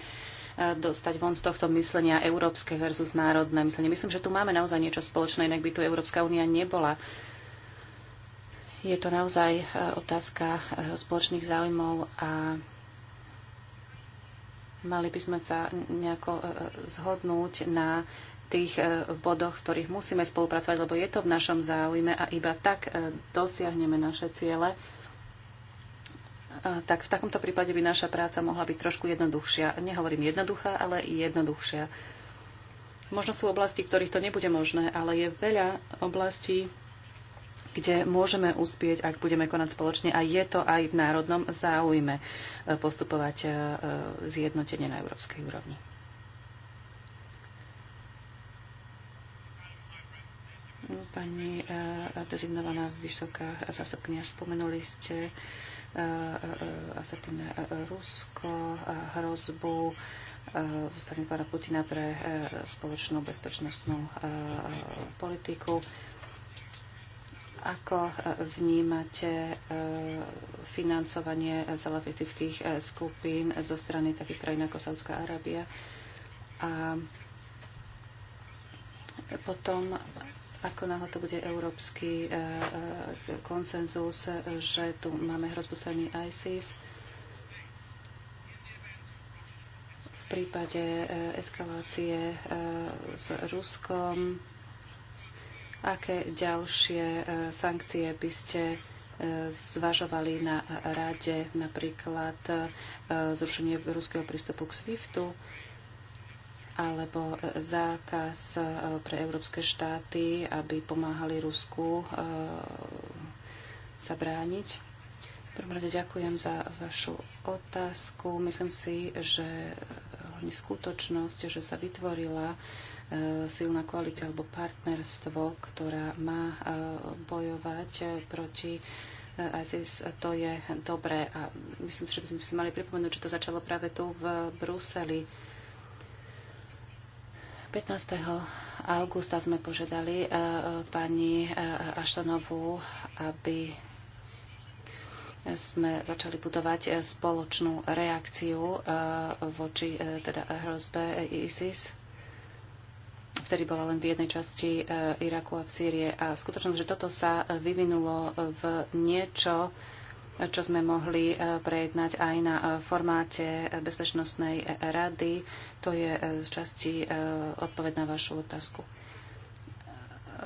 dostať von z tohto myslenia európske versus národné myslenie. Myslím, že tu máme naozaj niečo spoločné, inak by tu Európska únia nebola. Je to naozaj e, otázka e, spoločných záujmov a mali by sme sa nejako e, zhodnúť na tých bodoch, v ktorých musíme spolupracovať, lebo je to v našom záujme a iba tak dosiahneme naše ciele tak v takomto prípade by naša práca mohla byť trošku jednoduchšia. Nehovorím jednoduchá, ale i jednoduchšia. Možno sú oblasti, ktorých to nebude možné, ale je veľa oblastí, kde môžeme uspieť, ak budeme konať spoločne a je to aj v národnom záujme e, postupovať e, zjednotenie na európskej úrovni. Pani e, dezignovaná vysoká zastupkňa, spomenuli ste asertívne Rusko, hrozbu zo strany pána Putina pre spoločnú bezpečnostnú politiku. Ako vnímate financovanie zalafistických skupín zo strany takých krajín ako Saudská Arábia? A potom ako náhle to bude európsky e, e, konsenzus, e, že tu máme hrozbu strany ISIS. V prípade eskalácie s Ruskom, aké ďalšie sankcie by ste zvažovali na rade, napríklad zrušenie ruského prístupu k SWIFTu? alebo zákaz e, pre európske štáty, aby pomáhali Rusku e, sa brániť. V prvom rade ďakujem za vašu otázku. Myslím si, že hlavne skutočnosť, že sa vytvorila e, silná koalícia alebo partnerstvo, ktorá má bojovať proti ISIS, to je dobré. A myslím, že by sme si mali pripomenúť, že to začalo práve tu v Bruseli 15. augusta sme požiadali eh, pani eh, Aštanovú, aby sme začali budovať eh, spoločnú reakciu voči teda hrozbe ISIS. Vtedy bola len v jednej časti Iraku a v Sýrie. A skutočnosť, že toto sa vyvinulo v niečo, čo sme mohli e, prejednať aj na e, formáte Bezpečnostnej rady. To je v e, časti odpoveď na vašu otázku.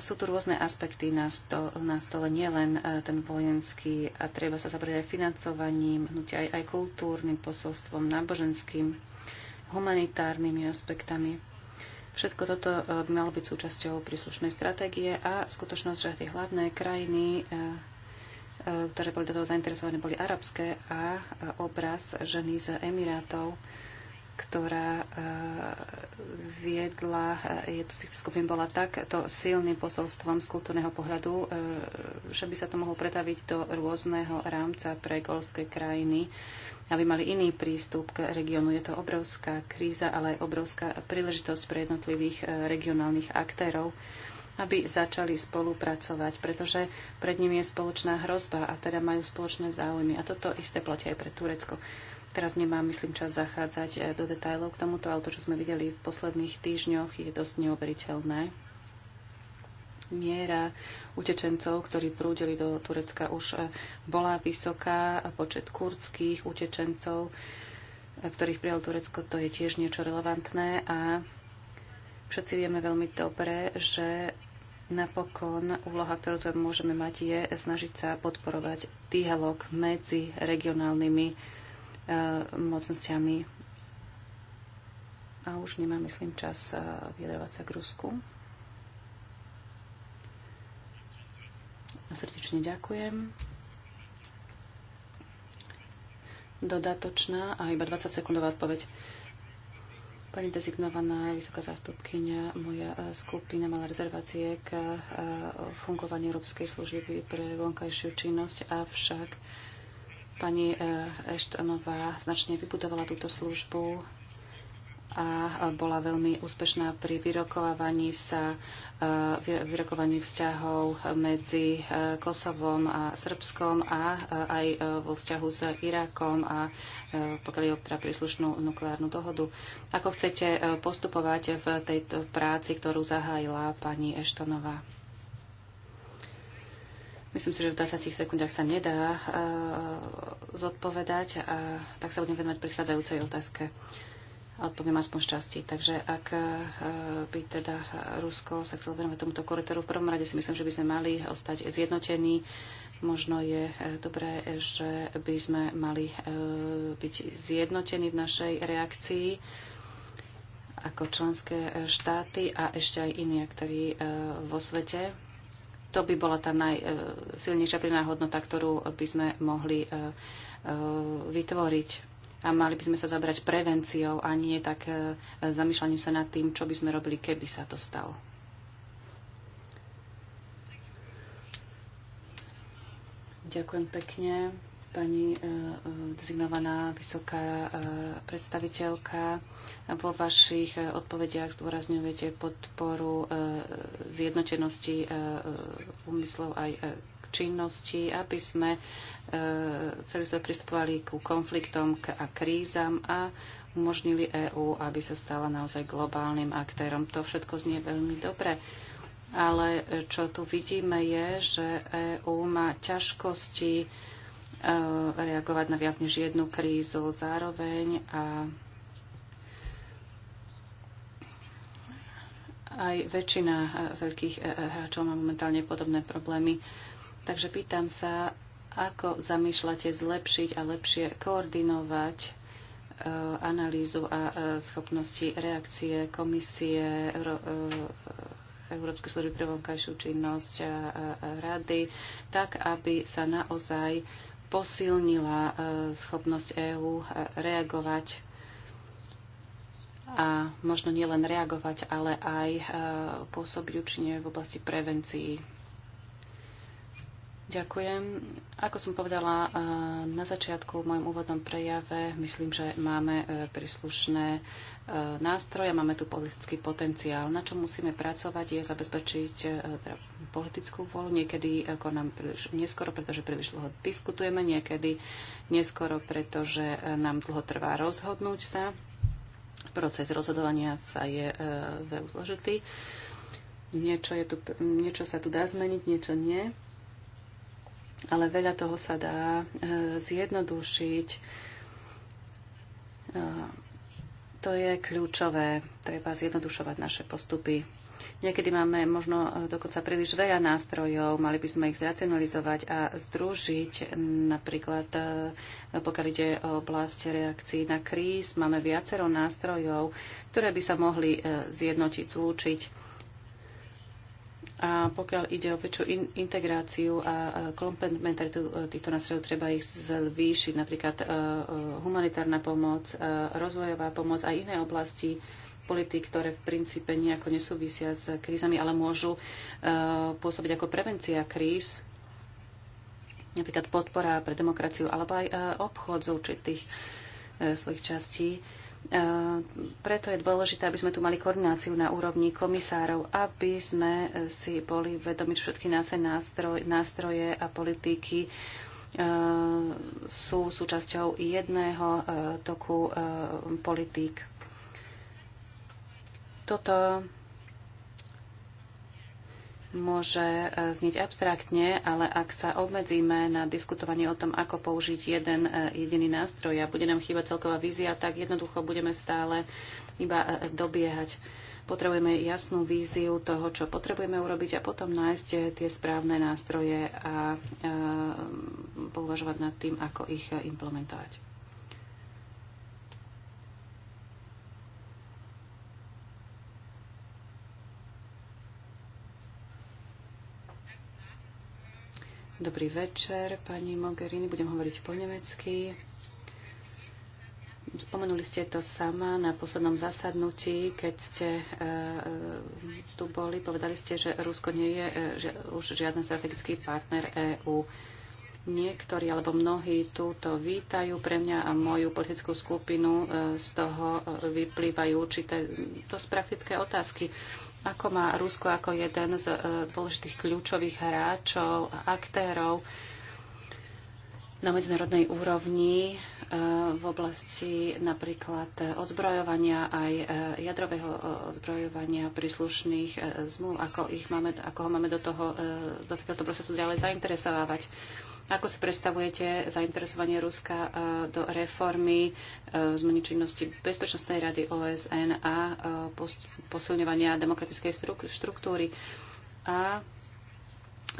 Sú tu rôzne aspekty na, sto, na stole, nielen ten vojenský, a treba sa zabrať aj financovaním, hnutia aj, aj kultúrnym posolstvom, náboženským, humanitárnymi aspektami. Všetko toto by malo byť súčasťou príslušnej stratégie a skutočnosť, že tie hlavné krajiny E, ktoré boli do toho zainteresované, boli arabské a e, obraz ženy z Emirátov, ktorá e, viedla to z týchto skupín, bola takto silným posolstvom z kultúrneho pohľadu, že by sa to mohlo pretaviť do rôzneho rámca pre golské krajiny, aby mali iný prístup k regiónu. Je to obrovská kríza, ale aj obrovská príležitosť pre jednotlivých regionálnych aktérov aby začali spolupracovať, pretože pred nimi je spoločná hrozba a teda majú spoločné záujmy. A toto isté platí aj pre Turecko. Teraz nemám, myslím, čas zachádzať eh, do detajlov k tomuto, ale to, čo sme videli v posledných týždňoch, je dosť neoveriteľné. Miera utečencov, ktorí prúdili do Turecka, už eh, bola vysoká a počet kurdských utečencov, eh, ktorých prijal Turecko, to je tiež niečo relevantné a Všetci vieme veľmi dobre, že napokon úloha, ktorú tu môžeme mať, je snažiť sa podporovať dialog medzi regionálnymi e, mocnosťami. A už nemám myslím, čas e, vyjadrovať sa k Rusku. Srdečne ďakujem. Dodatočná a iba 20-sekundová odpoveď. Pani dezignovaná vysoká zástupkynia, moja e, skupina mala rezervácie k e, fungovaniu Európskej služby pre vonkajšiu činnosť, avšak pani e, Eštanová značne vybudovala túto službu a bola veľmi úspešná pri vyrokovávaní sa e, vyrokovaní vzťahov medzi e, Kosovom a Srbskom a e, aj vo vzťahu s Irakom a pokiaľ je teda príslušnú nukleárnu dohodu. Ako chcete postupovať v tejto práci, ktorú zahájila pani Eštonová? Myslím si, že v 20 sekundách sa nedá zodpovedať, a tak sa budem venovať prichádzajúcej otázke odpoviem aspoň šťastí. Takže ak e, by teda Rusko sa chcelo venovať tomuto koritoru, v prvom rade si myslím, že by sme mali ostať zjednotení. Možno je e, dobré, že by sme mali e, byť zjednotení v našej reakcii ako členské štáty a ešte aj iní aktéri vo svete. To by bola tá najsilnejšia pridaná hodnota, ktorú by sme mohli vytvoriť a mali by sme sa zabrať prevenciou a nie tak e, zamýšľaním sa nad tým, čo by sme robili, keby sa to stalo. Ďakujem pekne, pani e, e, dezignovaná vysoká predstaviteľka. Vo vašich odpovediach zdôrazňujete podporu zjednotenosti úmyslov aj činností, aby sme e, celý svet pristupovali ku konfliktom a krízam a umožnili EÚ, aby sa stala naozaj globálnym aktérom. To všetko znie veľmi dobre. Ale e, čo tu vidíme je, že EÚ má ťažkosti e, reagovať na viac než jednu krízu zároveň a aj väčšina veľkých hráčov má momentálne podobné problémy. Takže pýtam sa, ako zamýšľate zlepšiť a lepšie koordinovať e, analýzu a e, schopnosti reakcie komisie Euró e, Európskej služby pre vonkajšiu činnosť a rady, tak aby sa naozaj posilnila schopnosť EÚ reagovať a možno nielen reagovať, ale aj pôsobiť účinne v oblasti prevencií Ďakujem. Ako som povedala eh, na začiatku v mojom úvodnom prejave, myslím, že máme eh, príslušné eh, nástroje, máme tu politický potenciál. Na čo musíme pracovať je zabezpečiť teda politickú vôľu. Niekedy nám príliš neskoro, pretože príliš dlho diskutujeme, niekedy neskoro, pretože nám dlho trvá rozhodnúť sa. Proces rozhodovania sa je veľmi zložitý. Niečo, je tu, niečo sa tu dá zmeniť, niečo nie ale veľa toho sa dá e, zjednodušiť. E, to je kľúčové. Treba zjednodušovať naše postupy. Niekedy máme možno e, dokonca príliš veľa nástrojov, mali by sme ich zracionalizovať a združiť. Napríklad, pokiaľ ide o oblasť reakcií na kríz, máme viacero nástrojov, ktoré by sa mohli zjednotiť, zlúčiť a pokiaľ ide o väčšiu in, integráciu a komplementaritu e, týchto nástrojov, treba ich zvýšiť, napríklad e, e, humanitárna pomoc, rozvojová pomoc a iné oblasti politik, ktoré v princípe nejako nesúvisia s krízami, ale môžu pôsobiť ako prevencia kríz, napríklad podpora pre demokraciu alebo aj obchod z určitých svojich častí E, preto je dôležité, aby sme tu mali koordináciu na úrovni komisárov, aby sme si boli vedomi, že všetky naše nástroj, nástroje a politiky e, sú súčasťou jedného e, toku politík. Toto môže e, znieť abstraktne, ale ak sa obmedzíme na diskutovanie o tom, ako použiť jeden e, jediný nástroj a bude nám chýbať celková vízia, tak jednoducho budeme stále iba e, dobiehať. Potrebujeme jasnú víziu toho, čo potrebujeme urobiť a potom nájsť tie správne nástroje a pouvažovať nad tým, ako ich implementovať. Dobrý večer, pani Mogherini. Budem hovoriť po nemecky. Spomenuli ste to sama na poslednom zasadnutí, keď ste e, e, tu boli. Povedali ste, že Rusko nie je e, že už žiadny strategický partner EÚ. Niektorí alebo mnohí túto vítajú pre mňa a moju politickú skupinu. Z toho vyplývajú určité dosť praktické otázky ako má Rusko ako jeden z e, dôležitých kľúčových hráčov a aktérov na medzinárodnej úrovni e, v oblasti napríklad odzbrojovania aj e, jadrového odzbrojovania príslušných zmluv, ako, ich máme, ako ho máme do, toho, do takéhoto procesu ďalej zainteresovávať. Ako si predstavujete zainteresovanie Ruska e, do reformy e, zmeny činnosti Bezpečnostnej rady OSN a e, posilňovania demokratickej štruktúry? A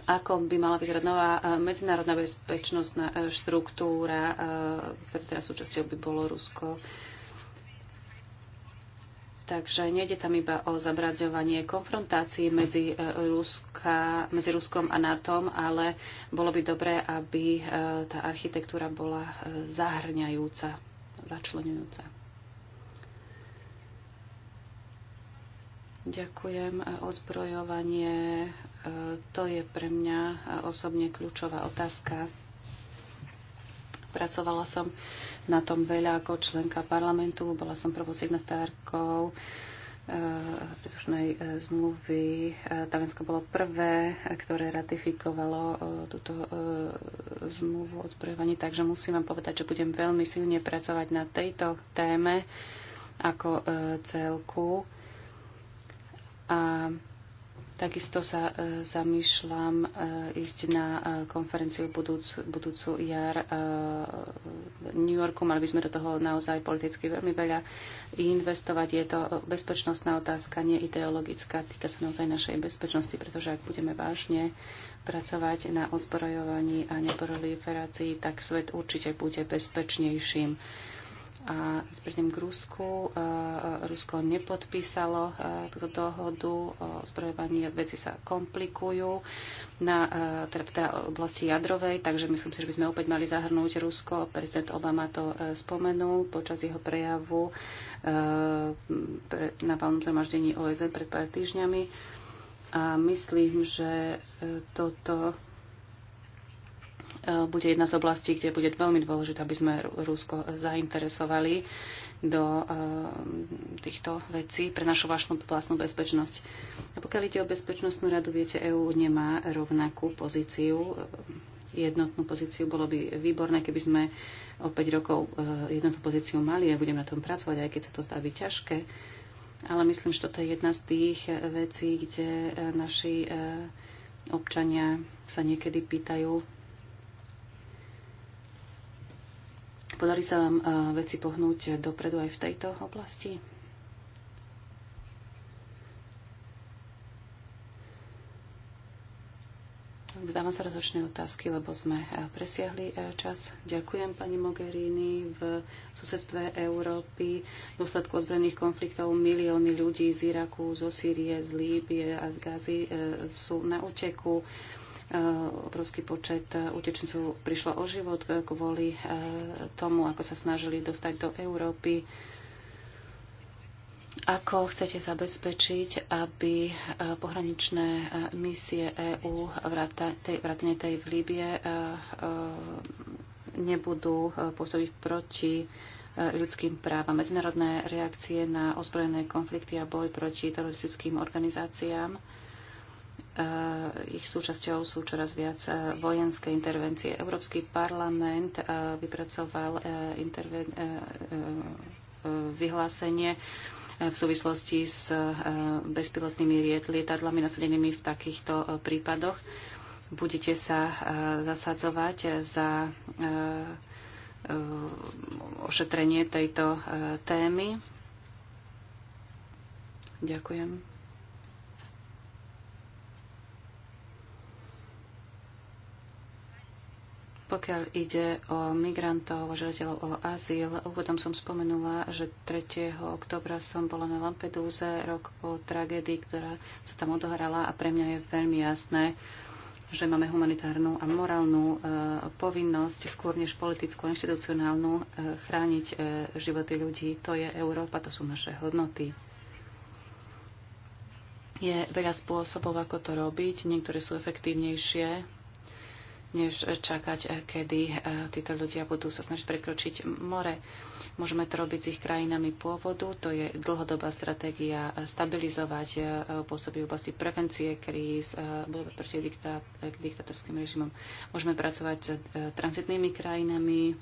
ako by mala vyzerať nová medzinárodná bezpečnostná štruktúra, ktorá teraz súčasťou by bolo Rusko? Takže nejde tam iba o zabraďovanie konfrontácií medzi, e, Ruska, medzi Ruskom a NATO, ale bolo by dobré, aby e, tá architektúra bola e, zahrňajúca, začlenujúca. Ďakujem. Odzbrojovanie, to je pre mňa osobne kľúčová otázka. Pracovala som na tom veľa ako členka parlamentu, bola som prvou signatárkou eh, príslušnej eh, zmluvy. Eh, Talensko bolo prvé, ktoré ratifikovalo túto zmluvu o zbrojovaní, takže musím vám povedať, že budem veľmi silne pracovať na tejto téme ako celku. A Takisto sa e, zamýšľam e, ísť na e, konferenciu budúc, budúcu jar v New Yorku. Mali by sme do toho naozaj politicky veľmi veľa investovať. Je to bezpečnostná otázka, nie ideologická. Týka sa naozaj našej bezpečnosti, pretože ak budeme vážne pracovať na odzbrojovaní a neproliferácii, tak svet určite bude bezpečnejším. A prídem k Rusku. Rusko nepodpísalo túto dohodu o zbrojovaní. Veci sa komplikujú na teda, teda oblasti jadrovej, takže myslím si, že by sme opäť mali zahrnúť Rusko. Prezident Obama to e, spomenul počas jeho prejavu e, na valnom zhromaždení OSN pred pár týždňami. A myslím, že e, toto Eh, bude jedna z oblastí, kde bude veľmi dôležité, aby sme Rusko zainteresovali do eh, týchto vecí pre našu vlastnú, vlastnú bezpečnosť. A pokiaľ ide o bezpečnostnú radu, viete, EÚ nemá rovnakú pozíciu eh, jednotnú pozíciu. Bolo by výborné, keby sme o 5 rokov jednotnú pozíciu mali a budeme na tom pracovať, aj keď sa to zdá byť ťažké. Ale myslím, že toto je jedna z tých vecí, kde naši občania sa niekedy pýtajú, Podarí sa vám eh, veci pohnúť dopredu aj v tejto oblasti? Vzdávam sa rozličné otázky, lebo sme eh, presiahli eh, čas. Ďakujem pani Mogherini. V susedstve Európy v dôsledku ozbrojených konfliktov milióny ľudí z Iraku, zo Sýrie, z Líbie a z Gazy sú na uteku obrovský počet e, utečencov prišlo o život e, kvôli e, tomu, ako sa snažili dostať do Európy. Ako chcete zabezpečiť, aby pohraničné misie EÚ vrátane tej v Líbie nebudú pôsobiť proti ľudským právam. Medzinárodné reakcie na ozbrojené konflikty a boj proti teroristickým organizáciám E, ich súčasťou sú čoraz viac e, vojenské intervencie. Európsky parlament e, vypracoval interven- vyhlásenie v súvislosti s bezpilotnými lietadlami nasadenými v takýchto prípadoch. Budete sa zasadzovať za ošetrenie tejto témy. Ďakujem. Pokiaľ ide o migrantov, o žiadateľov o azyl, úvodom som spomenula, že 3. oktobra som bola na Lampedúze, rok po tragédii, ktorá sa tam odohrala a pre mňa je veľmi jasné, že máme humanitárnu a morálnu e, povinnosť, skôr než politickú a inštitucionálnu, e, chrániť e, životy ľudí. To je Európa, to sú naše hodnoty. Je veľa spôsobov, ako to robiť. Niektoré sú efektívnejšie, než čakať, eh, kedy eh, títo ľudia budú sa snažiť prekročiť more. Môžeme to robiť s ich krajinami pôvodu, to je dlhodobá stratégia eh, stabilizovať pôsoby v oblasti prevencie kríz, bojovať proti diktát, diktatorským režimom. Môžeme pracovať s transitnými krajinami,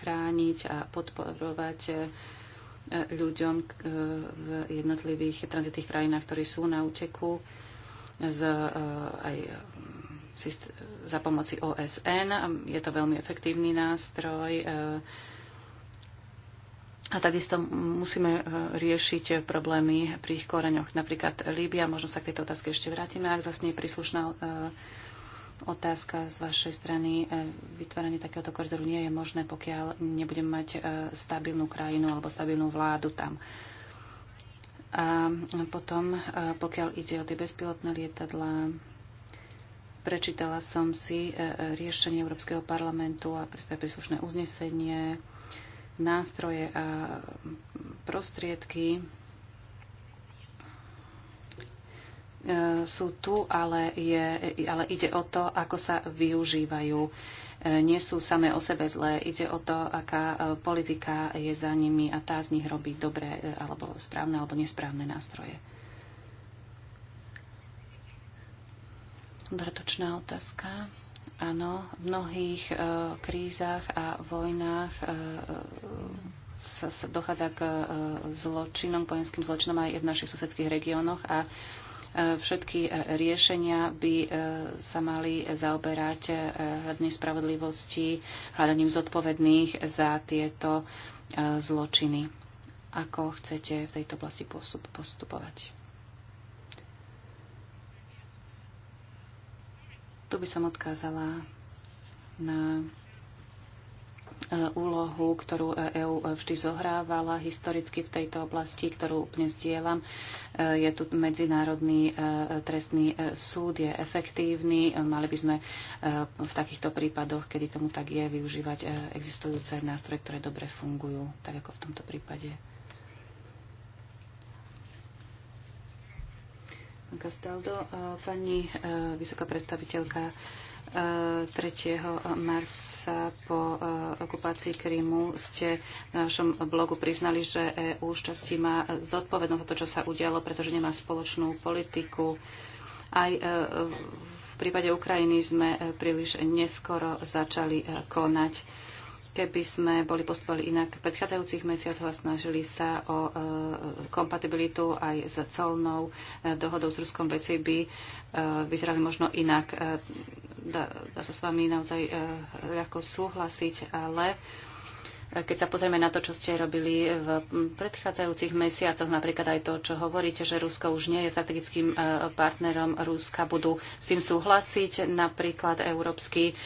chrániť a podporovať ľuďom v jednotlivých tranzitných krajinách, ktorí sú na úteku z aj za pomoci OSN. Je to veľmi efektívny nástroj. E, a takisto musíme e, riešiť problémy pri ich koreňoch. Napríklad Líbia, možno sa k tejto otázke ešte vrátime, ak zasnie príslušná e, otázka z vašej strany. Vytváranie takéhoto koridoru nie je možné, pokiaľ nebudeme mať stabilnú krajinu alebo stabilnú vládu tam. A potom, pokiaľ ide o tie bezpilotné lietadla, Prečítala som si e, e, riešenie Európskeho parlamentu a príslušné uznesenie, nástroje a prostriedky. E, sú tu, ale, je, ale ide o to, ako sa využívajú. Nie sú samé o sebe zlé, ide o to, aká politika je za nimi a tá z nich robí dobré alebo správne alebo nesprávne nástroje. Dratočná otázka. Áno, v mnohých e, krízach a vojnách e, e, sa, sa dochádza k e, zločinom, vojenským zločinom aj v našich susedských regiónoch a e, všetky e, riešenia by e, sa mali zaoberať e, hľadaním spravodlivosti, hľadaním zodpovedných za tieto e, zločiny. Ako chcete v tejto oblasti postupovať? Tu by som odkázala na e, úlohu, ktorú EÚ e vždy zohrávala historicky v tejto oblasti, ktorú úplne zdieľam. E, je tu Medzinárodný trestný súd, je efektívny. Mali by sme v takýchto prípadoch, kedy tomu tak je, využívať existujúce nástroje, ktoré dobre fungujú, tak ako v tomto prípade. Castaldo. Pani e, vysoká predstaviteľka 3. E, marca po e, okupácii Krymu ste na vašom blogu priznali, že EU šťastí má zodpovednosť za to, čo sa udialo, pretože nemá spoločnú politiku. Aj v prípade Ukrajiny sme príliš neskoro začali konať Keby sme boli postupovali inak v predchádzajúcich mesiacoch a snažili sa o e, kompatibilitu aj s colnou e, dohodou s Ruskom veci, by e, vyzerali možno inak. Dá, dá sa s vami naozaj ľahko súhlasiť, ale keď sa pozrieme na to, čo ste robili v predchádzajúcich mesiacoch, napríklad aj to, čo hovoríte, že Rusko už nie je strategickým partnerom Ruska, budú s tým súhlasiť napríklad Európsky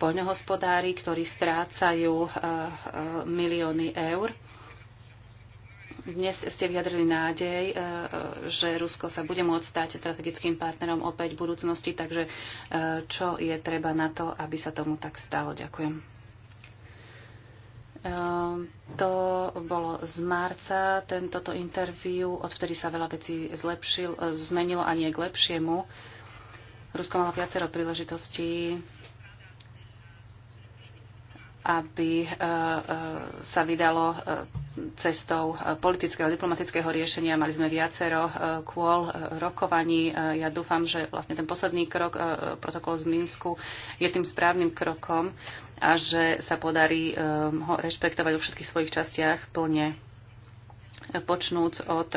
poľnohospodári, ktorí strácajú eh, eh, milióny eur. Dnes ste vyjadrili nádej, eh, že Rusko sa bude môcť stať strategickým partnerom opäť v budúcnosti, takže čo je treba na to, aby sa tomu tak stalo? Ďakujem. To bolo z marca, tento interviu, odvtedy sa veľa vecí zlepšil, zmenilo a nie k lepšiemu. Rusko malo viacero príležitostí aby e, e, sa vydalo e, cestou politického a diplomatického riešenia. Mali sme viacero kôl rokovaní. Ja dúfam, že vlastne ten posledný krok protokol z Minsku je tým správnym krokom a že sa podarí ho rešpektovať vo všetkých svojich častiach plne počnúť od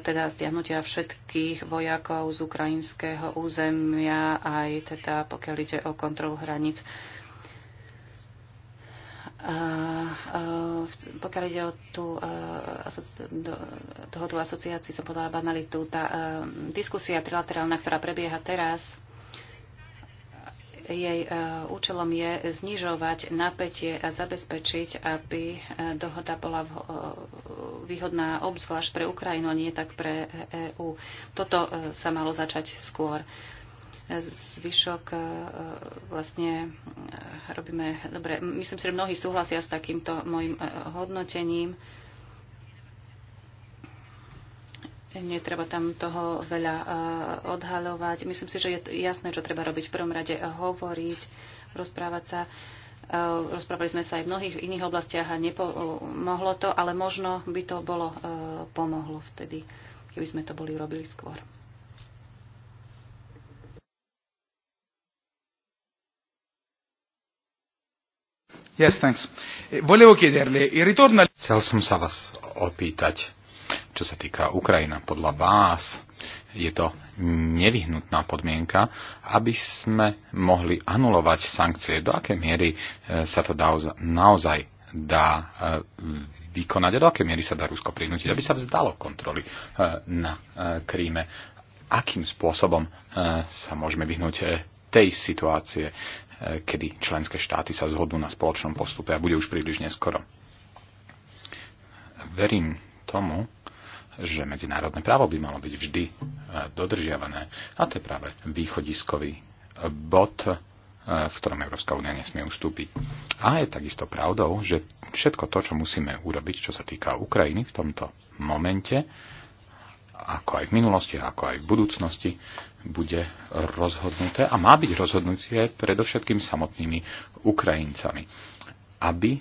teda stiahnutia všetkých vojakov z ukrajinského územia, aj teda pokiaľ ide o kontrolu hraníc. A, a, pokiaľ ide o tú, aso- do, tohoto asociáciu, som podala banalitu, tá uh, diskusia trilaterálna, ktorá prebieha teraz, jej a, účelom je znižovať napätie a zabezpečiť, aby a, dohoda bola v, a, výhodná obzvlášť pre Ukrajinu a nie tak pre EÚ. E Toto a, sa malo začať skôr zvyšok e, e, vlastne e, robíme dobre. Myslím si, že mnohí súhlasia s takýmto môjim hodnotením. Netreba tam toho veľa odhalovať. Myslím si, že je jasné, čo treba robiť. V prvom rade hovoriť, rozprávať sa. Rozprávali sme sa aj v mnohých iných oblastiach a nepomohlo to, ale možno by to bolo pomohlo vtedy, keby sme to boli robili skôr. Yes, thanks. Volevo chiederle, il ritorno... Chcel som sa vás opýtať, čo sa týka Ukrajina. Podľa vás je to nevyhnutná podmienka, aby sme mohli anulovať sankcie. Do akej miery e, sa to dá, naozaj dá e, vykonať a do akej miery sa dá Rusko prinútiť, aby sa vzdalo kontroly e, na Kríme. Akým spôsobom sa môžeme vyhnúť tej situácie, kedy členské štáty sa zhodnú na spoločnom postupe a bude už príliš neskoro. Verím tomu, že medzinárodné právo by malo byť vždy e, dodržiavané. A to je práve východiskový e, bod, e, v ktorom Európska únia nesmie ustúpiť. A je takisto pravdou, že všetko to, čo musíme urobiť, čo sa týka Ukrajiny v tomto momente, ako aj v minulosti, ako aj v budúcnosti, bude rozhodnuté a má byť rozhodnutie predovšetkým samotnými Ukrajincami, aby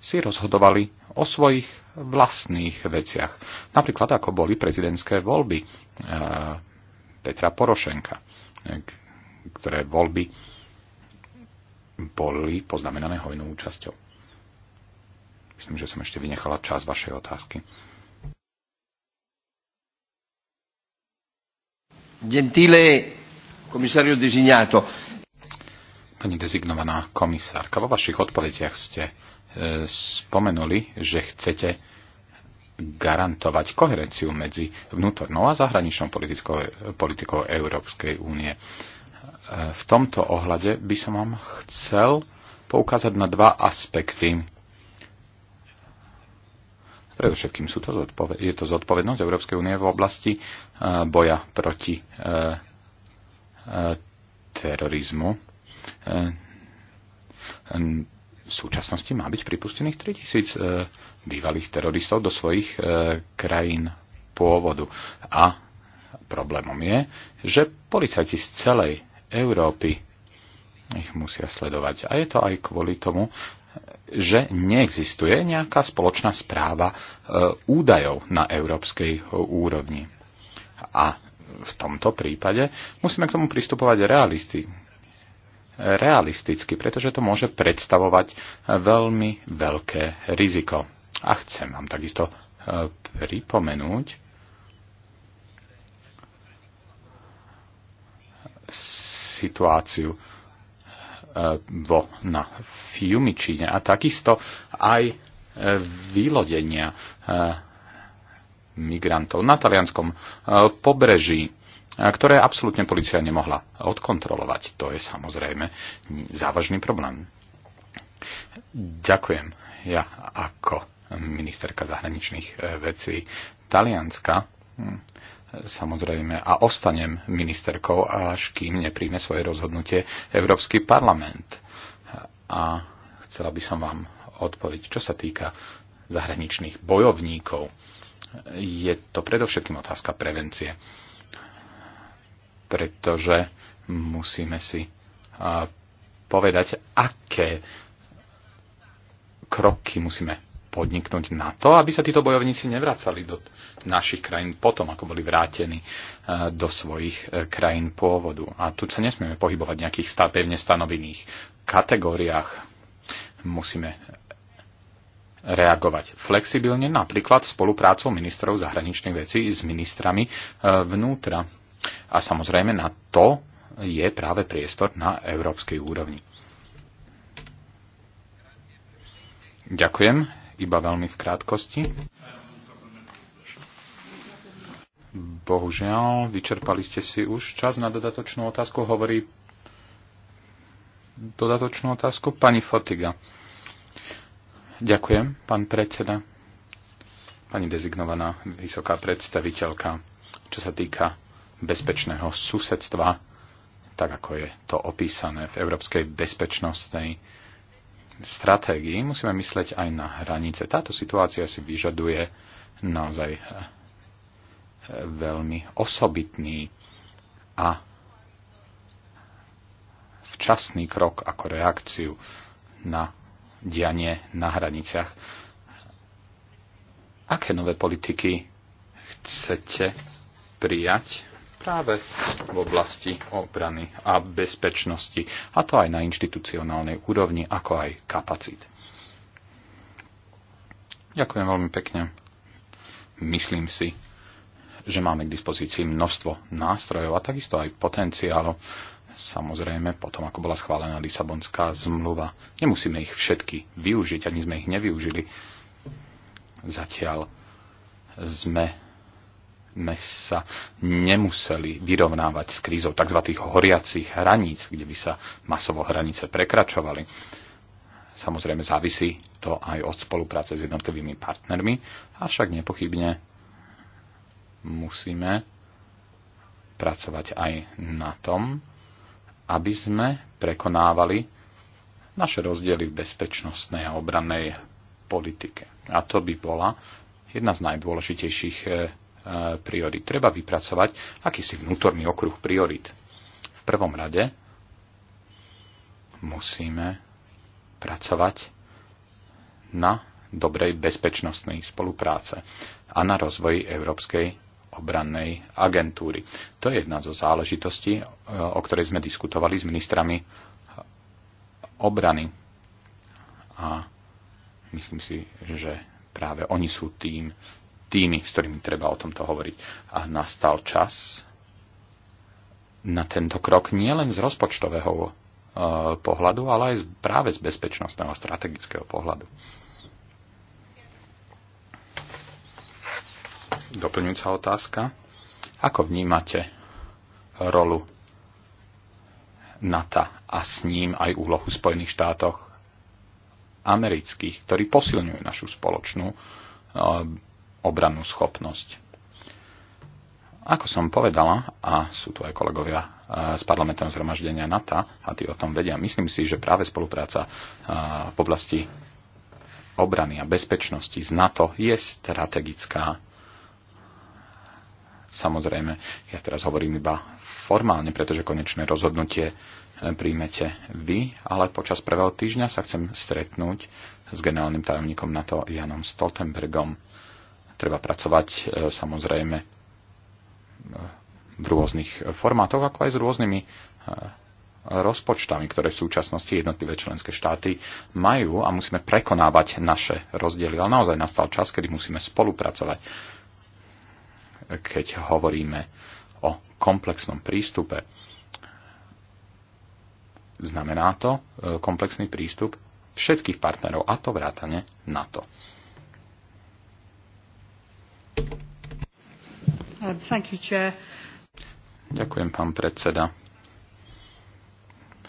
si rozhodovali o svojich vlastných veciach. Napríklad ako boli prezidentské voľby eh, Petra Porošenka, eh, ktoré voľby boli poznamenané hojnou účasťou. Myslím, že som ešte vynechala čas vašej otázky. Gentile komisario designato. Pani dezignovaná komisárka, vo vašich odpovediach ste e, spomenuli, že chcete garantovať koherenciu medzi vnútornou a zahraničnou politikou, politikou Európskej únie. E, v tomto ohľade by som vám chcel poukázať na dva aspekty Predovšetkým sú to zodpoved- je to zodpovednosť Európskej únie v oblasti eh, boja proti eh, eh, terorizmu. V súčasnosti má byť pripustených 3000 bývalých teroristov do svojich krajín pôvodu. A problémom je, že policajti z celej Európy ich musia sledovať. A je to aj kvôli tomu, že neexistuje nejaká spoločná správa e, údajov na európskej e, úrovni. A v tomto prípade musíme k tomu pristupovať realisti, realisticky, pretože to môže predstavovať e, veľmi veľké riziko. A chcem vám takisto pripomenúť situáciu vo, na Fiumičine a takisto aj e, vylodenia e, migrantov na talianskom e, pobreží, ktoré absolútne policia nemohla odkontrolovať. To je samozrejme závažný problém. Ďakujem. Ja ako ministerka zahraničných vecí Talianska hm, samozrejme, a ostanem ministerkou, až kým nepríjme svoje rozhodnutie Európsky parlament. A chcela by som vám odpoveď, čo sa týka zahraničných bojovníkov. Je to predovšetkým otázka prevencie, pretože musíme si povedať, aké kroky musíme podniknúť na to, aby sa títo bojovníci nevracali do našich krajín potom, ako boli vrátení e, do svojich e, krajín pôvodu. A tu sa nesmieme pohybovať v nejakých pevne stanovených kategóriách. Musíme e, reagovať flexibilne, napríklad spoluprácou ministrov zahraničných vecí s ministrami vnútra. A samozrejme na to je práve priestor na európskej úrovni. Ďakujem iba veľmi v krátkosti. Bohužiaľ, vyčerpali ste si už čas na dodatočnú otázku, hovorí dodatočnú otázku pani Fotiga. Ďakujem, pán predseda. Pani dezignovaná vysoká predstaviteľka, čo sa týka bezpečného susedstva, tak ako je to opísané v Európskej bezpečnostnej stratégii musíme mysleť aj na hranice. Táto situácia si vyžaduje naozaj eh, veľmi osobitný a včasný krok ako reakciu na dianie na hraniciach. Aké nové politiky chcete prijať práve v oblasti obrany a bezpečnosti, a to aj na inštitucionálnej úrovni, ako aj kapacít. Ďakujem veľmi pekne. Myslím si, že máme k dispozícii množstvo nástrojov a takisto aj potenciál. Samozrejme, potom ako bola schválená Lisabonská zmluva, nemusíme ich všetky využiť, ani sme ich nevyužili. Zatiaľ sme sme sa nemuseli vyrovnávať s krízou tzv. horiacich hraníc, kde by sa masovo hranice prekračovali. Samozrejme závisí to aj od spolupráce s jednotlivými partnermi, avšak nepochybne musíme pracovať aj na tom, aby sme prekonávali naše rozdiely v bezpečnostnej a obrannej politike. A to by bola jedna z najdôležitejších eh, E, priorit. Treba vypracovať akýsi vnútorný okruh priorit. V prvom rade musíme pracovať na dobrej bezpečnostnej spolupráce a na rozvoji Európskej obrannej agentúry. To je jedna zo záležitostí, e, o ktorej sme diskutovali s ministrami obrany. A myslím si, že práve oni sú tým tými, s ktorými treba o tomto hovoriť. A nastal čas na tento krok nielen z rozpočtového e, pohľadu, ale aj práve z bezpečnostného strategického pohľadu. Doplňujúca otázka. Ako vnímate rolu NATO a s ním aj úlohu v Spojených štátoch amerických, ktorí posilňujú našu spoločnú e, obrannú schopnosť. Ako som povedala, a sú tu aj kolegovia e, z parlamentného zhromaždenia NATO a tí o tom vedia, myslím si, že práve spolupráca e, v oblasti obrany a bezpečnosti z NATO je strategická. Samozrejme, ja teraz hovorím iba formálne, pretože konečné rozhodnutie e, príjmete vy, ale počas prvého týždňa sa chcem stretnúť s generálnym tajomníkom NATO Janom Stoltenbergom Treba pracovať e, samozrejme e, v rôznych formátoch, ako aj s rôznymi e, rozpočtami, ktoré v súčasnosti jednotlivé členské štáty majú a musíme prekonávať naše rozdiely. Ale naozaj nastal čas, kedy musíme spolupracovať, keď hovoríme o komplexnom prístupe. Znamená to komplexný prístup všetkých partnerov, a to vrátane NATO. Uh, Ďakujem, pán predseda.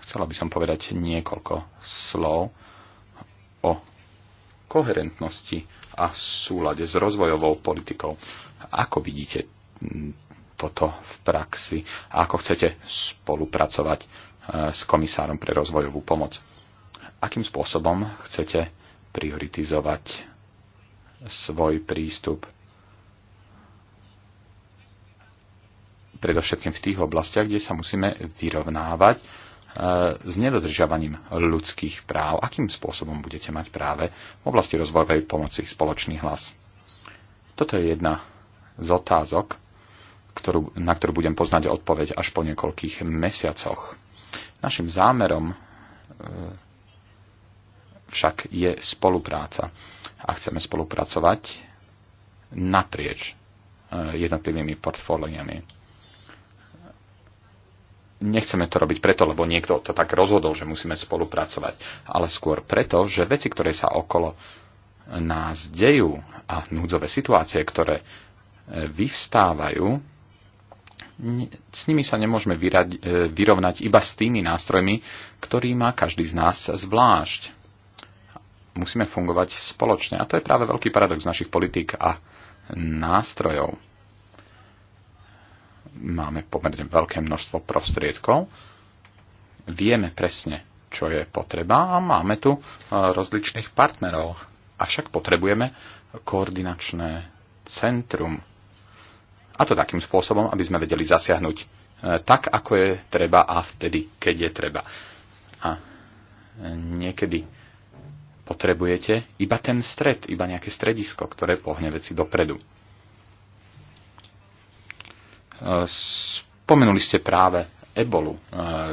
Chcela by som povedať niekoľko slov o koherentnosti a súlade s rozvojovou politikou. Ako vidíte toto v praxi a ako chcete spolupracovať eh, s komisárom pre rozvojovú pomoc? Akým spôsobom chcete prioritizovať svoj prístup predovšetkým v tých oblastiach, kde sa musíme vyrovnávať e, s nedodržiavaním ľudských práv. Akým spôsobom budete mať práve v oblasti rozvojovej pomoci spoločný hlas? Toto je jedna z otázok, ktorú, na ktorú budem poznať odpoveď až po niekoľkých mesiacoch. Našim zámerom e, však je spolupráca a chceme spolupracovať naprieč e, jednotlivými portfóliami nechceme to robiť preto, lebo niekto to tak rozhodol, že musíme spolupracovať, ale skôr preto, že veci, ktoré sa okolo nás dejú a núdzové situácie, ktoré e, vyvstávajú, s nimi sa nemôžeme e, vyrovnať iba s tými nástrojmi, ktorý má každý z nás zvlášť. Musíme fungovať spoločne. A to je práve veľký paradox našich politík a nástrojov máme pomerne veľké množstvo prostriedkov, vieme presne, čo je potreba a máme tu e, rozličných partnerov. Avšak potrebujeme koordinačné centrum. A to takým spôsobom, aby sme vedeli zasiahnuť e, tak, ako je treba a vtedy, keď je treba. A e, niekedy potrebujete iba ten stred, iba nejaké stredisko, ktoré pohne veci dopredu. Spomenuli ste práve ebolu, eh,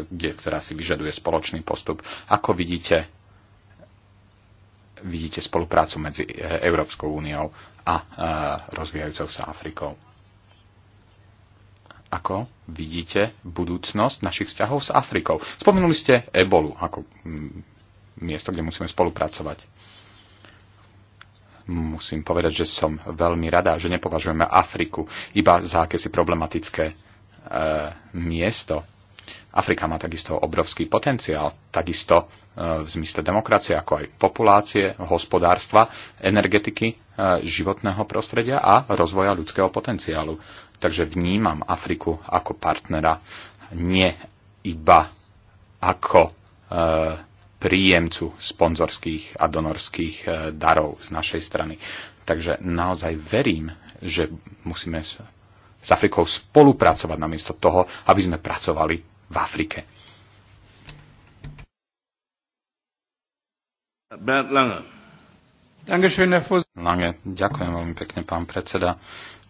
kde, ktorá si vyžaduje spoločný postup. Ako vidíte, vidíte spoluprácu medzi eh, Európskou úniou a eh, rozvíjajúcou sa Afrikou? Ako vidíte budúcnosť našich vzťahov s Afrikou? Spomenuli ste ebolu ako mm, miesto, kde musíme spolupracovať musím povedať, že som veľmi rada, že nepovažujeme Afriku iba za akési problematické e, miesto. Afrika má takisto obrovský potenciál, takisto e, v zmysle demokracie, ako aj populácie, hospodárstva, energetiky, e, životného prostredia a rozvoja ľudského potenciálu. Takže vnímam Afriku ako partnera, nie iba ako e, príjemcu sponzorských a donorských e, darov z našej strany. Takže naozaj verím, že musíme s Afrikou spolupracovať namiesto toho, aby sme pracovali v Afrike. Lange. Lange, ďakujem veľmi pekne, pán predseda.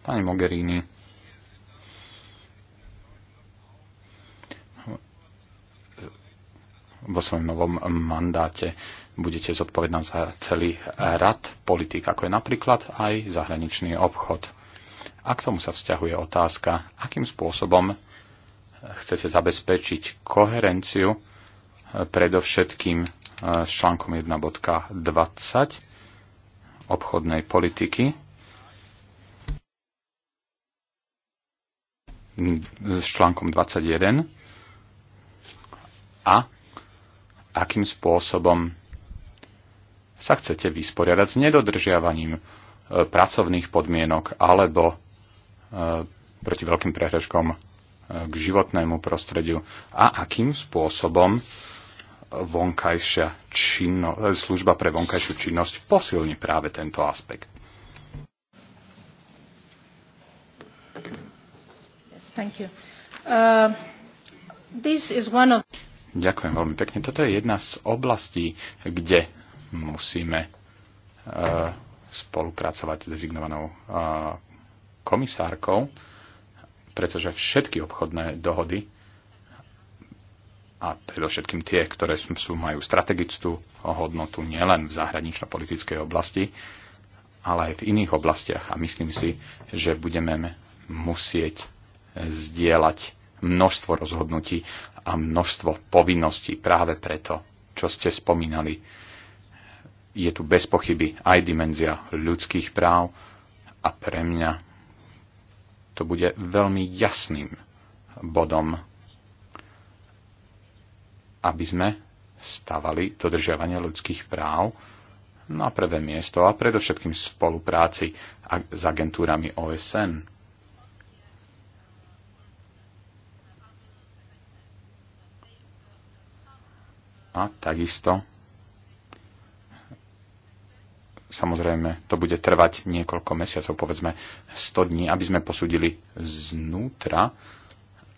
Pani Mogherini, vo svojom novom mandáte budete zodpovedná za celý rad politik, ako je napríklad aj zahraničný obchod. A k tomu sa vzťahuje otázka, akým spôsobom chcete zabezpečiť koherenciu predovšetkým eh, s článkom 1.20 obchodnej politiky, s článkom 21 a akým spôsobom sa chcete vysporiadať s nedodržiavaním e, pracovných podmienok alebo e, proti veľkým prehražkom e, k životnému prostrediu a akým spôsobom vonkajšia činno, služba pre vonkajšiu činnosť posilní práve tento aspekt. thank you. Uh, this is one of Ďakujem veľmi pekne. Toto je jedna z oblastí, kde musíme e, spolupracovať s dezignovanou e, komisárkou, pretože všetky obchodné dohody a predovšetkým tie, ktoré sú, majú strategickú hodnotu nielen v zahranično-politickej oblasti, ale aj v iných oblastiach. A myslím si, že budeme musieť zdieľať množstvo rozhodnutí a množstvo povinností práve preto, čo ste spomínali. Je tu bez pochyby aj dimenzia ľudských práv a pre mňa to bude veľmi jasným bodom, aby sme stavali dodržiavanie ľudských práv na prvé miesto a predovšetkým v spolupráci s agentúrami OSN A takisto samozrejme to bude trvať niekoľko mesiacov, povedzme 100 dní, aby sme posúdili znútra,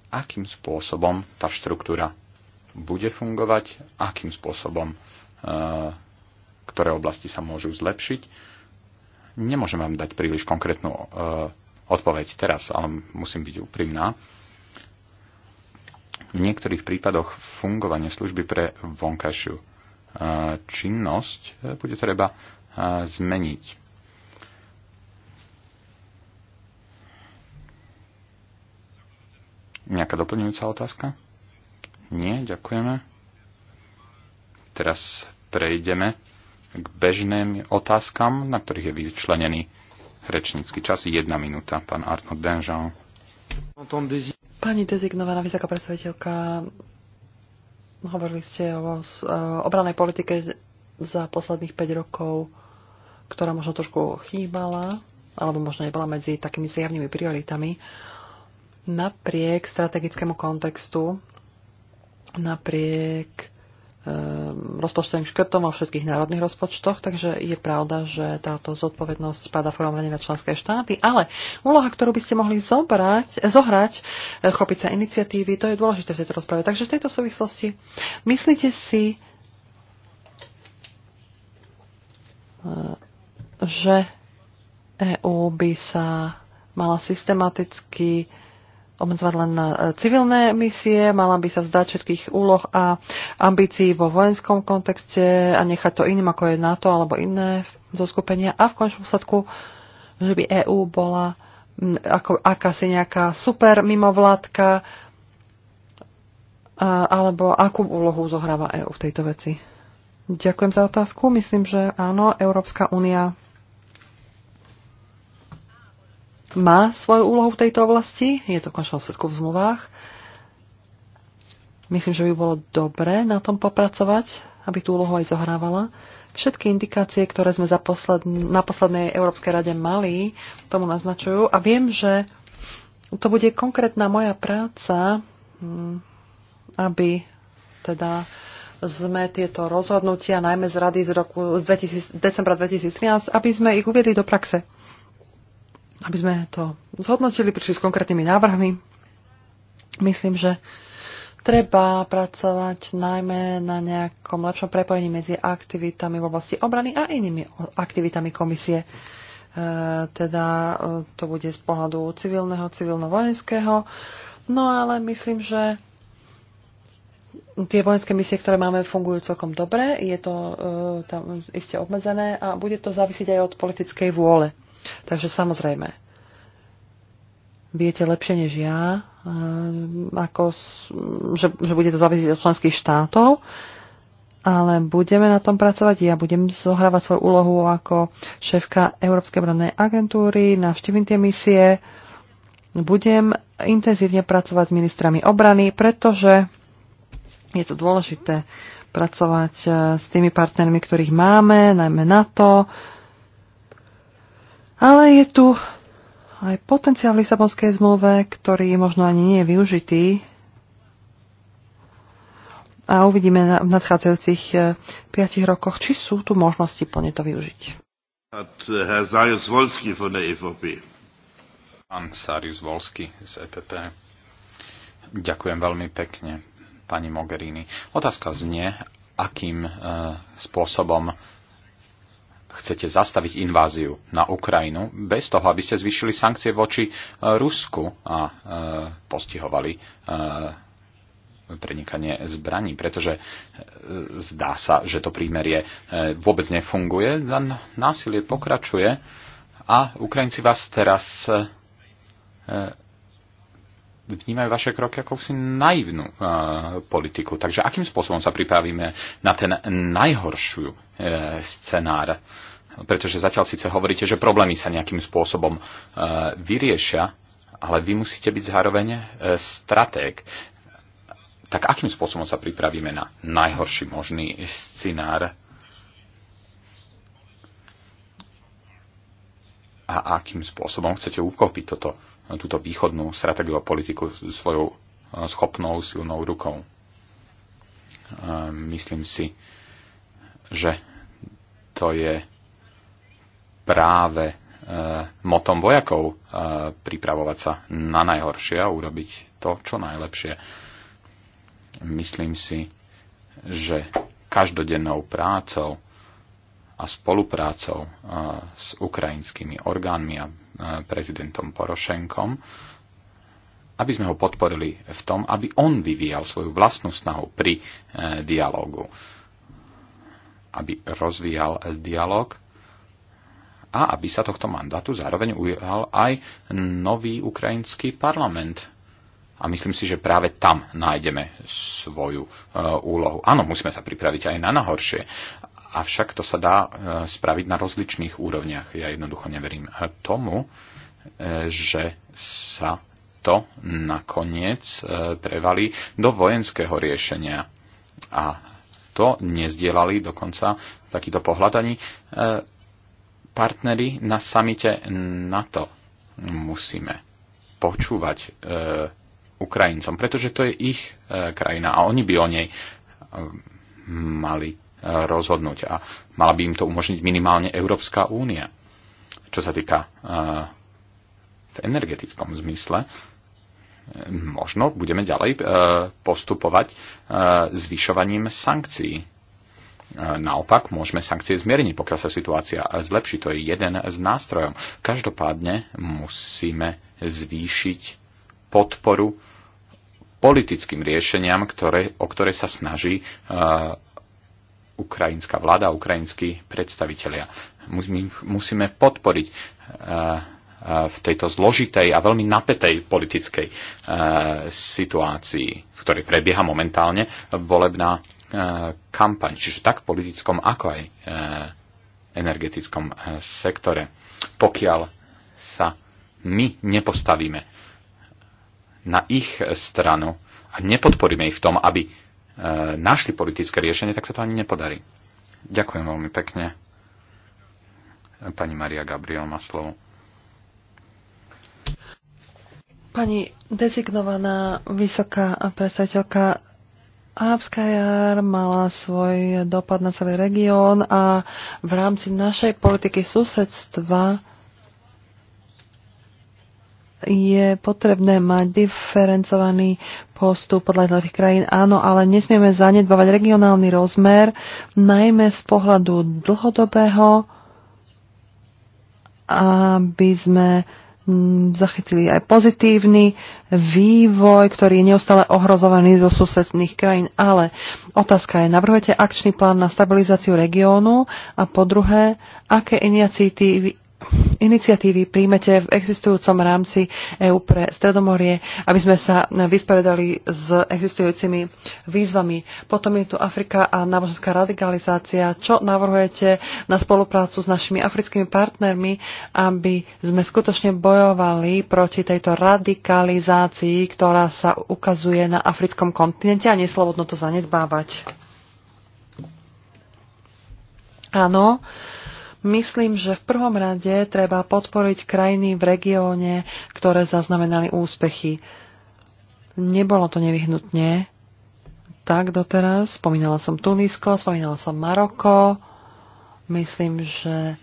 akým spôsobom tá štruktúra bude fungovať, akým spôsobom eh, ktoré oblasti sa môžu zlepšiť. Nemôžem vám dať príliš konkrétnu eh, odpoveď teraz, ale musím byť úprimná. V niektorých prípadoch fungovanie služby pre vonkajšiu e, činnosť e, bude treba e, zmeniť. Nejaká doplňujúca otázka? Nie, ďakujeme. Teraz prejdeme k bežným otázkam, na ktorých je vyčlenený rečnícky čas. Jedna minúta, pán Arnaud Denjean. Pani dezignovaná vysoká predstaviteľka, hovorili ste o obranej politike za posledných 5 rokov, ktorá možno trošku chýbala, alebo možno nebola medzi takými zjavnými prioritami. Napriek strategickému kontextu, napriek Ehm, rozpočtovým škrtom vo všetkých národných rozpočtoch, takže je pravda, že táto zodpovednosť spada formálne na členské štáty, ale úloha, ktorú by ste mohli zobrať, zohrať, e, chopiť sa iniciatívy, to je dôležité v tejto rozprave. Takže v tejto súvislosti myslíte si, e, že EÚ by sa mala systematicky obmedzovať len na e, civilné misie, mala by sa vzdať všetkých úloh a ambícií vo vojenskom kontexte a nechať to iným, ako je NATO alebo iné zoskupenia a v končnom sledku, že by EÚ bola ako akási nejaká super mimovládka, a, alebo akú úlohu zohráva EÚ v tejto veci? Ďakujem za otázku. Myslím, že áno, Európska únia má svoju úlohu v tejto oblasti, je to v všetko v zmluvách. Myslím, že by bolo dobre na tom popracovať, aby tú úlohu aj zohrávala. Všetky indikácie, ktoré sme za posledn- na poslednej Európskej rade mali, tomu naznačujú. A viem, že to bude konkrétna moja práca, hm, aby teda sme tieto rozhodnutia, najmä z rady z, roku, z 2000, decembra 2013, aby sme ich uviedli do praxe aby sme to zhodnotili, prišli s konkrétnymi návrhmi. Myslím, že treba pracovať najmä na nejakom lepšom prepojení medzi aktivitami v oblasti obrany a inými aktivitami komisie. E, teda e, to bude z pohľadu civilného, civilno-vojenského. No ale myslím, že tie vojenské misie, ktoré máme, fungujú celkom dobre. Je to e, tam iste obmedzené a bude to závisieť aj od politickej vôle. Takže samozrejme, viete lepšie než ja, eh, ako, že, že bude to závisieť od členských štátov, ale budeme na tom pracovať. Ja budem zohrávať svoju úlohu ako šéfka Európskej obrannej agentúry, navštívim tie misie, budem intenzívne pracovať s ministrami obrany, pretože je to dôležité pracovať eh, s tými partnermi, ktorých máme, najmä NATO, ale je tu aj potenciál v Lisabonskej zmluve, ktorý možno ani nie je využitý. A uvidíme v nadchádzajúcich e, piatich rokoch, či sú tu možnosti plne to využiť. Eh, e Pán Sarius Volsky z EPP. Ďakujem veľmi pekne, pani Mogherini. Otázka znie, akým e, spôsobom chcete zastaviť inváziu na Ukrajinu bez toho, aby ste zvýšili sankcie voči e, Rusku a e, postihovali e, prenikanie zbraní, pretože zdá sa, že to prímerie vôbec nefunguje, len násilie pokračuje a Ukrajinci vás teraz vnímajú vaše kroky ako si naivnú e, politiku. Takže akým spôsobom sa pripravíme na ten najhoršiu e, scenár? Pretože zatiaľ síce hovoríte, že problémy sa nejakým spôsobom e, vyriešia, ale vy musíte byť zároveň e, stratég. Tak akým spôsobom sa pripravíme na najhorší možný scenár? A akým spôsobom chcete ukopiť toto túto východnú stratégiu a politiku svojou schopnou, silnou rukou. Myslím si, že to je práve e, motom vojakov e, pripravovať sa na najhoršie a urobiť to, čo najlepšie. Myslím si, že každodennou prácou a spoluprácou e, s ukrajinskými orgánmi a e, prezidentom Porošenkom, aby sme ho podporili v tom, aby on vyvíjal svoju vlastnú snahu pri e, dialogu. Aby rozvíjal dialog a aby sa tohto mandátu zároveň ujal aj nový ukrajinský parlament. A myslím si, že práve tam nájdeme svoju e, úlohu. Áno, musíme sa pripraviť aj na nahoršie, Avšak to sa dá e, spraviť na rozličných úrovniach. Ja jednoducho neverím e, tomu, e, že sa to nakoniec prevalí do vojenského riešenia. A to nezdielali dokonca takýto pohľad ani partnery na samite NATO. Musíme počúvať Ukrajincom, pretože to je ich krajina a oni by o nej mali rozhodnúť a mala by im to umožniť minimálne Európska únia. Čo sa týka eh, v energetickom zmysle, možno budeme ďalej eh, postupovať eh, zvyšovaním sankcií. Naopak, môžeme sankcie zmierniť, pokiaľ sa situácia zlepší. To je jeden z nástrojov. Každopádne musíme zvýšiť podporu politickým riešeniam, ktoré, o ktoré sa snaží ukrajinská vláda, ukrajinskí predstavitelia. My Musíme podporiť eh, eh, v tejto zložitej a veľmi napetej politickej eh, situácii, v ktorej prebieha momentálne volebná kampaň, čiže tak v politickom, ako aj energetickom sektore. Pokiaľ sa my nepostavíme na ich stranu a nepodporíme ich v tom, aby E, našli politické riešenie, tak sa to ani nepodarí. Ďakujem veľmi pekne. Pani Maria Gabriel má slovo. Pani dezignovaná vysoká predstaviteľka Arabská jar mala svoj dopad na celý región a v rámci našej politiky susedstva je potrebné mať diferencovaný postup podľa jednotlivých krajín. Áno, ale nesmieme zanedbávať regionálny rozmer, najmä z pohľadu dlhodobého, aby sme mm, zachytili aj pozitívny vývoj, ktorý je neustále ohrozovaný zo susedných krajín. Ale otázka je, navrhujete akčný plán na stabilizáciu regiónu a po druhé, aké iniciatívy, iniciatívy príjmete v existujúcom rámci EÚ pre Stredomorie, aby sme sa vysporiadali s existujúcimi výzvami. Potom je tu Afrika a náboženská radikalizácia. Čo navrhujete na spoluprácu s našimi africkými partnermi, aby sme skutočne bojovali proti tejto radikalizácii, ktorá sa ukazuje na africkom kontinente a neslobodno to zanedbávať? Áno. Myslím, že v prvom rade treba podporiť krajiny v regióne, ktoré zaznamenali úspechy. Nebolo to nevyhnutne tak doteraz. Spomínala som Tunisko, spomínala som Maroko. Myslím, že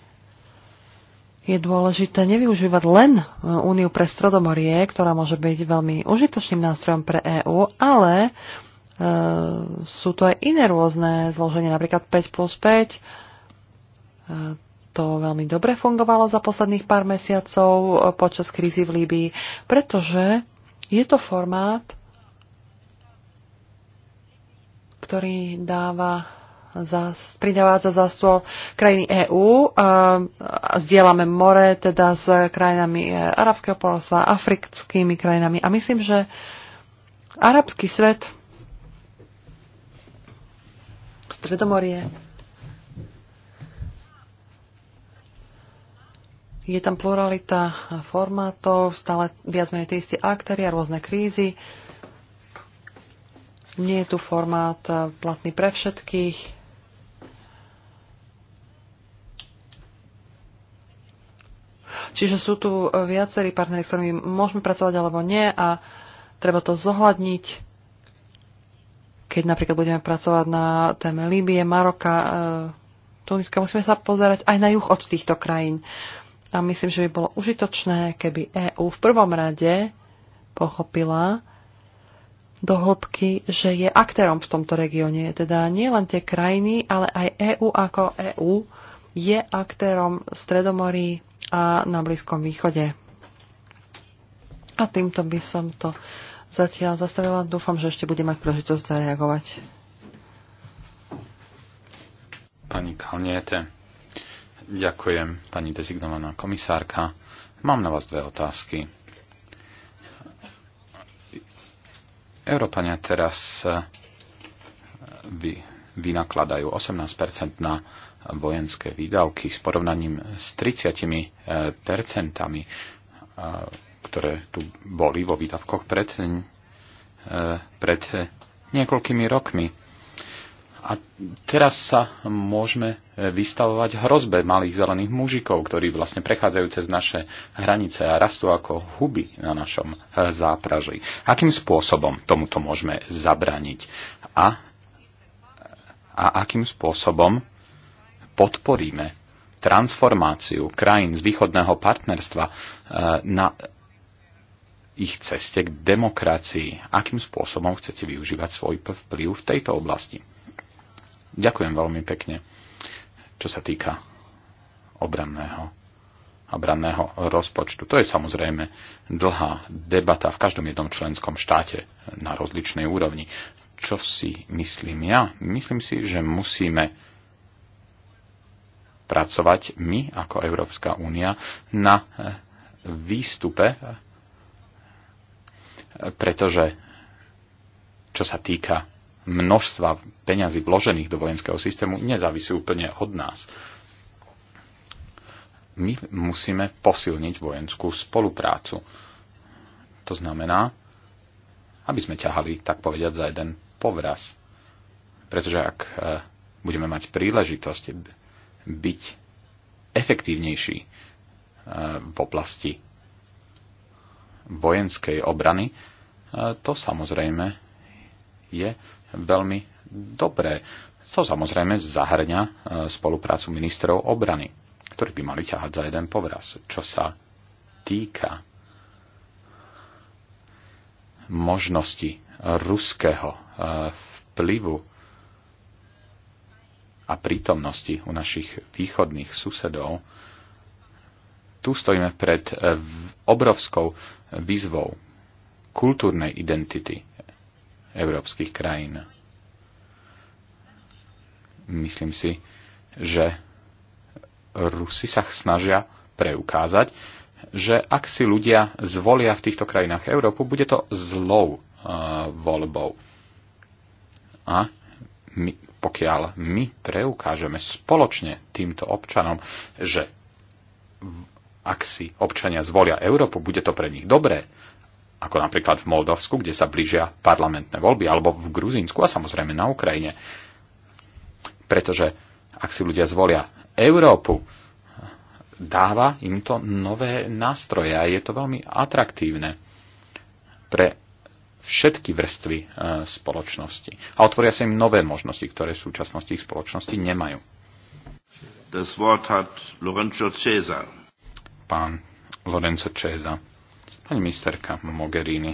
je dôležité nevyužívať len e, Úniu pre Stredomorie, ktorá môže byť veľmi užitočným nástrojom pre EÚ, ale e, sú to aj iné rôzne zloženie, napríklad 5 plus 5. E, to veľmi dobre fungovalo za posledných pár mesiacov e, počas krízy v Líbii, pretože je to formát, ktorý dáva za, pridáva za zástôl krajiny EÚ. E, zdieľame more teda s krajinami e, arabského polosva, africkými krajinami a myslím, že arabský svet, stredomorie, Je tam pluralita formátov, stále viac menej tie isté aktéry a rôzne krízy. Nie je tu formát eh, platný pre všetkých. Čiže sú tu eh, viacerí partnery, s ktorými môžeme pracovať alebo nie a treba to zohľadniť. Keď napríklad budeme pracovať na téme Líbie, Maroka, eh, Tuniska, musíme sa pozerať aj na juh od týchto krajín. Uh, a myslím, že by bolo užitočné, keby EÚ v prvom rade pochopila do hĺbky, že je aktérom v tomto regióne. Teda nie len tie krajiny, ale aj EÚ ako EÚ je aktérom v Stredomorí a na Blízkom východe. A týmto by som to zatiaľ zastavila. Dúfam, že ešte bude mať príležitosť zareagovať. Pani Kalniete. Ďakujem, pani dezignovaná komisárka. Mám na vás dve otázky. Európania teraz eh, vy, vynakladajú 18 na vojenské výdavky s porovnaním s 30 eh, percentami, eh, ktoré tu boli vo výdavkoch pred, pred niekoľkými rokmi a teraz sa môžeme e, vystavovať hrozbe malých zelených mužikov, ktorí vlastne prechádzajú cez naše hranice a rastú ako huby na našom e, zápraži. Akým spôsobom tomuto môžeme zabraniť? A, a akým spôsobom podporíme transformáciu krajín z východného partnerstva e, na ich ceste k demokracii? Akým spôsobom chcete využívať svoj vplyv v tejto oblasti? Ďakujem veľmi pekne, čo sa týka obranného obranného rozpočtu. To je samozrejme dlhá debata v každom jednom členskom štáte na rozličnej úrovni. Čo si myslím ja? Myslím si, že musíme pracovať my ako Európska únia na eh, výstupe, eh, pretože čo sa týka množstva peňazí vložených do vojenského systému nezávisí úplne od nás. My musíme posilniť vojenskú spoluprácu. To znamená, aby sme ťahali, tak povediať, za jeden povraz. Pretože ak e, budeme mať príležitosť byť efektívnejší e, v oblasti vojenskej obrany, e, to samozrejme je veľmi dobré. To samozrejme zahrňa e, spoluprácu ministrov obrany, ktorí by mali ťahať za jeden povraz. Čo sa týka možnosti ruského e, vplyvu a prítomnosti u našich východných susedov, tu stojíme pred e, obrovskou výzvou kultúrnej identity európskych krajín. Myslím si, že Rusi sa snažia preukázať, že ak si ľudia zvolia v týchto krajinách Európu, bude to zlou uh, voľbou. A my, pokiaľ my preukážeme spoločne týmto občanom, že ak si občania zvolia Európu, bude to pre nich dobré ako napríklad v Moldovsku, kde sa blížia parlamentné voľby, alebo v Gruzínsku a samozrejme na Ukrajine. Pretože ak si ľudia zvolia Európu, dáva im to nové nástroje a je to veľmi atraktívne pre všetky vrstvy e, spoločnosti. A otvoria sa im nové možnosti, ktoré v súčasnosti ich spoločnosti nemajú. Das Wort hat Lorenzo Cesar. Pán Lorenzo Cesar. Pani ministerka Mogherini,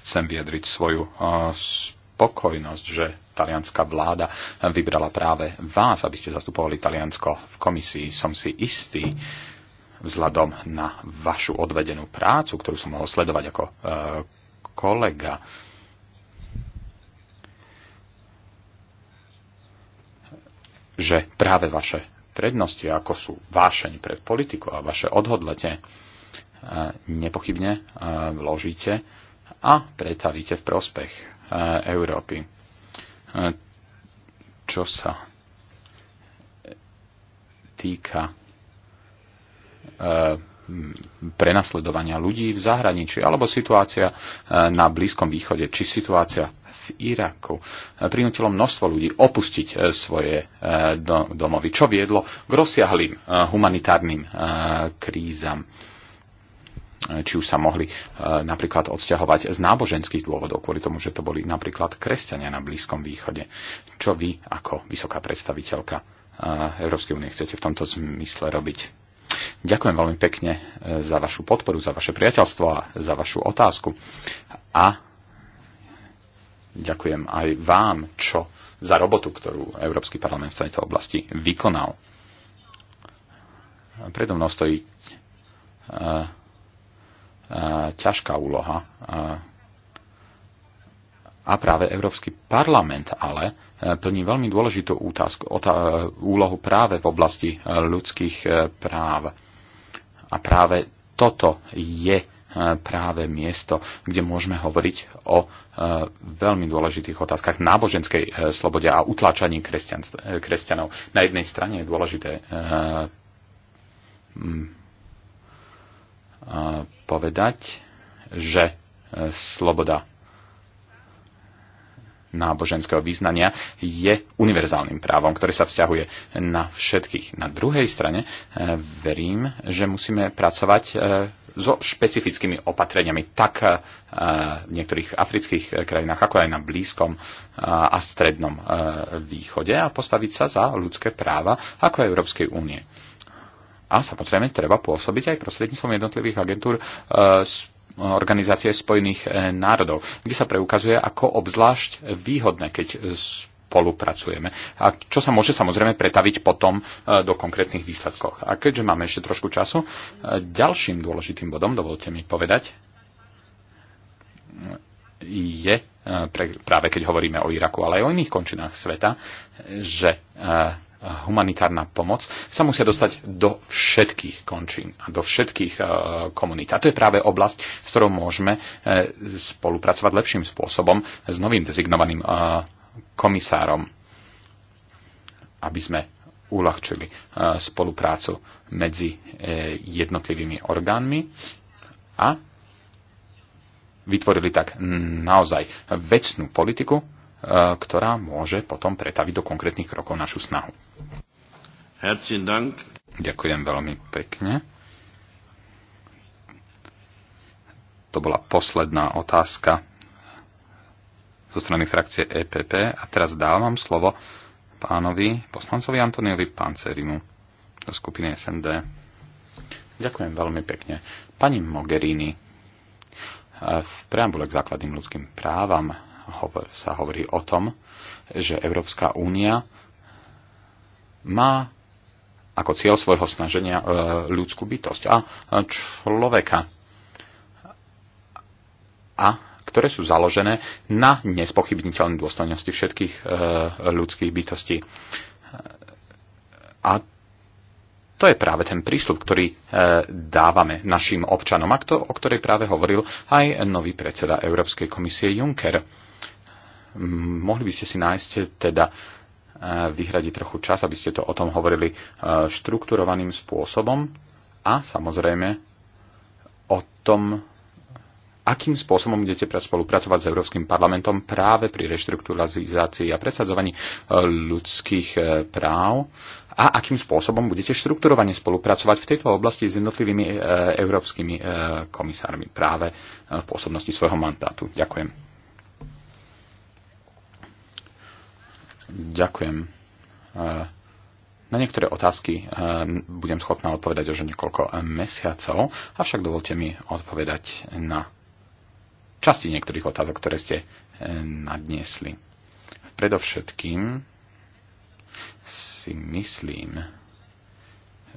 chcem vyjadriť svoju spokojnosť, že talianská vláda vybrala práve vás, aby ste zastupovali Taliansko v komisii. Som si istý, vzhľadom na vašu odvedenú prácu, ktorú som mohol sledovať ako e, kolega. že práve vaše prednosti, ako sú vášeň pre politiku a vaše odhodlete, nepochybne vložíte a pretavíte v prospech Európy. Čo sa e, týka e, prenasledovania ľudí v zahraničí alebo situácia e, na Blízkom východe či situácia v Iraku prinútilo množstvo ľudí opustiť svoje domovy, čo viedlo k rozsiahlým humanitárnym krízam E, či už sa mohli e, napríklad odsťahovať z náboženských dôvodov, kvôli tomu, že to boli napríklad kresťania na Blízkom východe. Čo vy ako vysoká predstaviteľka e, Európskej únie chcete v tomto zmysle robiť? Ďakujem veľmi pekne za vašu podporu, za vaše priateľstvo a za vašu otázku. A ďakujem aj vám, čo za robotu, ktorú Európsky parlament v tejto oblasti vykonal. Predo mnou stojí uh, ťažká úloha. A práve Európsky parlament ale e, plní veľmi dôležitú útazk, e, úlohu práve v oblasti e, ľudských práv. A práve toto je práve miesto, kde môžeme hovoriť o veľmi dôležitých otázkach náboženskej slobode a utláčaní kresťanov. Na jednej strane je dôležité povedať, že e, sloboda náboženského význania je univerzálnym právom, ktoré sa vzťahuje na všetkých. Na druhej strane e, verím, že musíme pracovať e, so špecifickými opatreniami tak v niektorých afrických krajinách, ako aj na Blízkom a Strednom východe a postaviť sa za ľudské práva ako Európskej únie. A samozrejme, treba pôsobiť aj prostredníctvom jednotlivých agentúr eh, Organizácie spojených eh, národov, kde sa preukazuje ako obzvlášť výhodné, keď spolupracujeme. A čo sa môže samozrejme pretaviť potom eh, do konkrétnych výsledkoch. A keďže máme ešte trošku času, ďalším dôležitým bodom, dovolte mi povedať, je, práve keď hovoríme o Iraku, ale aj o iných končinách sveta, že humanitárna pomoc sa musia dostať do všetkých končín a do všetkých e, komunít. A to je práve oblasť, s ktorou môžeme e, spolupracovať lepším spôsobom s novým dezignovaným e, komisárom, aby sme uľahčili spoluprácu medzi jednotlivými orgánmi a vytvorili tak naozaj vecnú politiku, ktorá môže potom pretaviť do konkrétnych krokov našu snahu. Herzlichen Dank. Ďakujem veľmi pekne. To bola posledná otázka zo strany frakcie EPP. A teraz dávam slovo pánovi poslancovi Antoniovi Pancerimu do skupiny SND. Ďakujem veľmi pekne. Pani Mogherini, v preambule k základným ľudským právam sa hovorí o tom, že Európska únia má ako cieľ svojho snaženia e, ľudskú bytosť a človeka. A ktoré sú založené na nespochybniteľnej dôstojnosti všetkých e, ľudských bytostí. A to je práve ten prístup, ktorý e, dávame našim občanom, a to, o ktorej práve hovoril aj nový predseda Európskej komisie Juncker Mohli by ste si nájsť teda e, vyhradiť trochu čas, aby ste to o tom hovorili e, štrukturovaným spôsobom a samozrejme o tom, akým spôsobom budete spolupracovať s Európskym parlamentom práve pri reštrukturalizácii a presadzovaní e, ľudských práv a akým spôsobom budete štrukturovane spolupracovať v tejto oblasti s jednotlivými európskymi komisármi práve v pôsobnosti svojho mandátu. Ďakujem. Ďakujem. E, na niektoré otázky e, budem schopná odpovedať už niekoľko mesiacov, avšak dovolte mi odpovedať na časti niektorých otázok, ktoré ste e, nadniesli. Predovšetkým si myslím,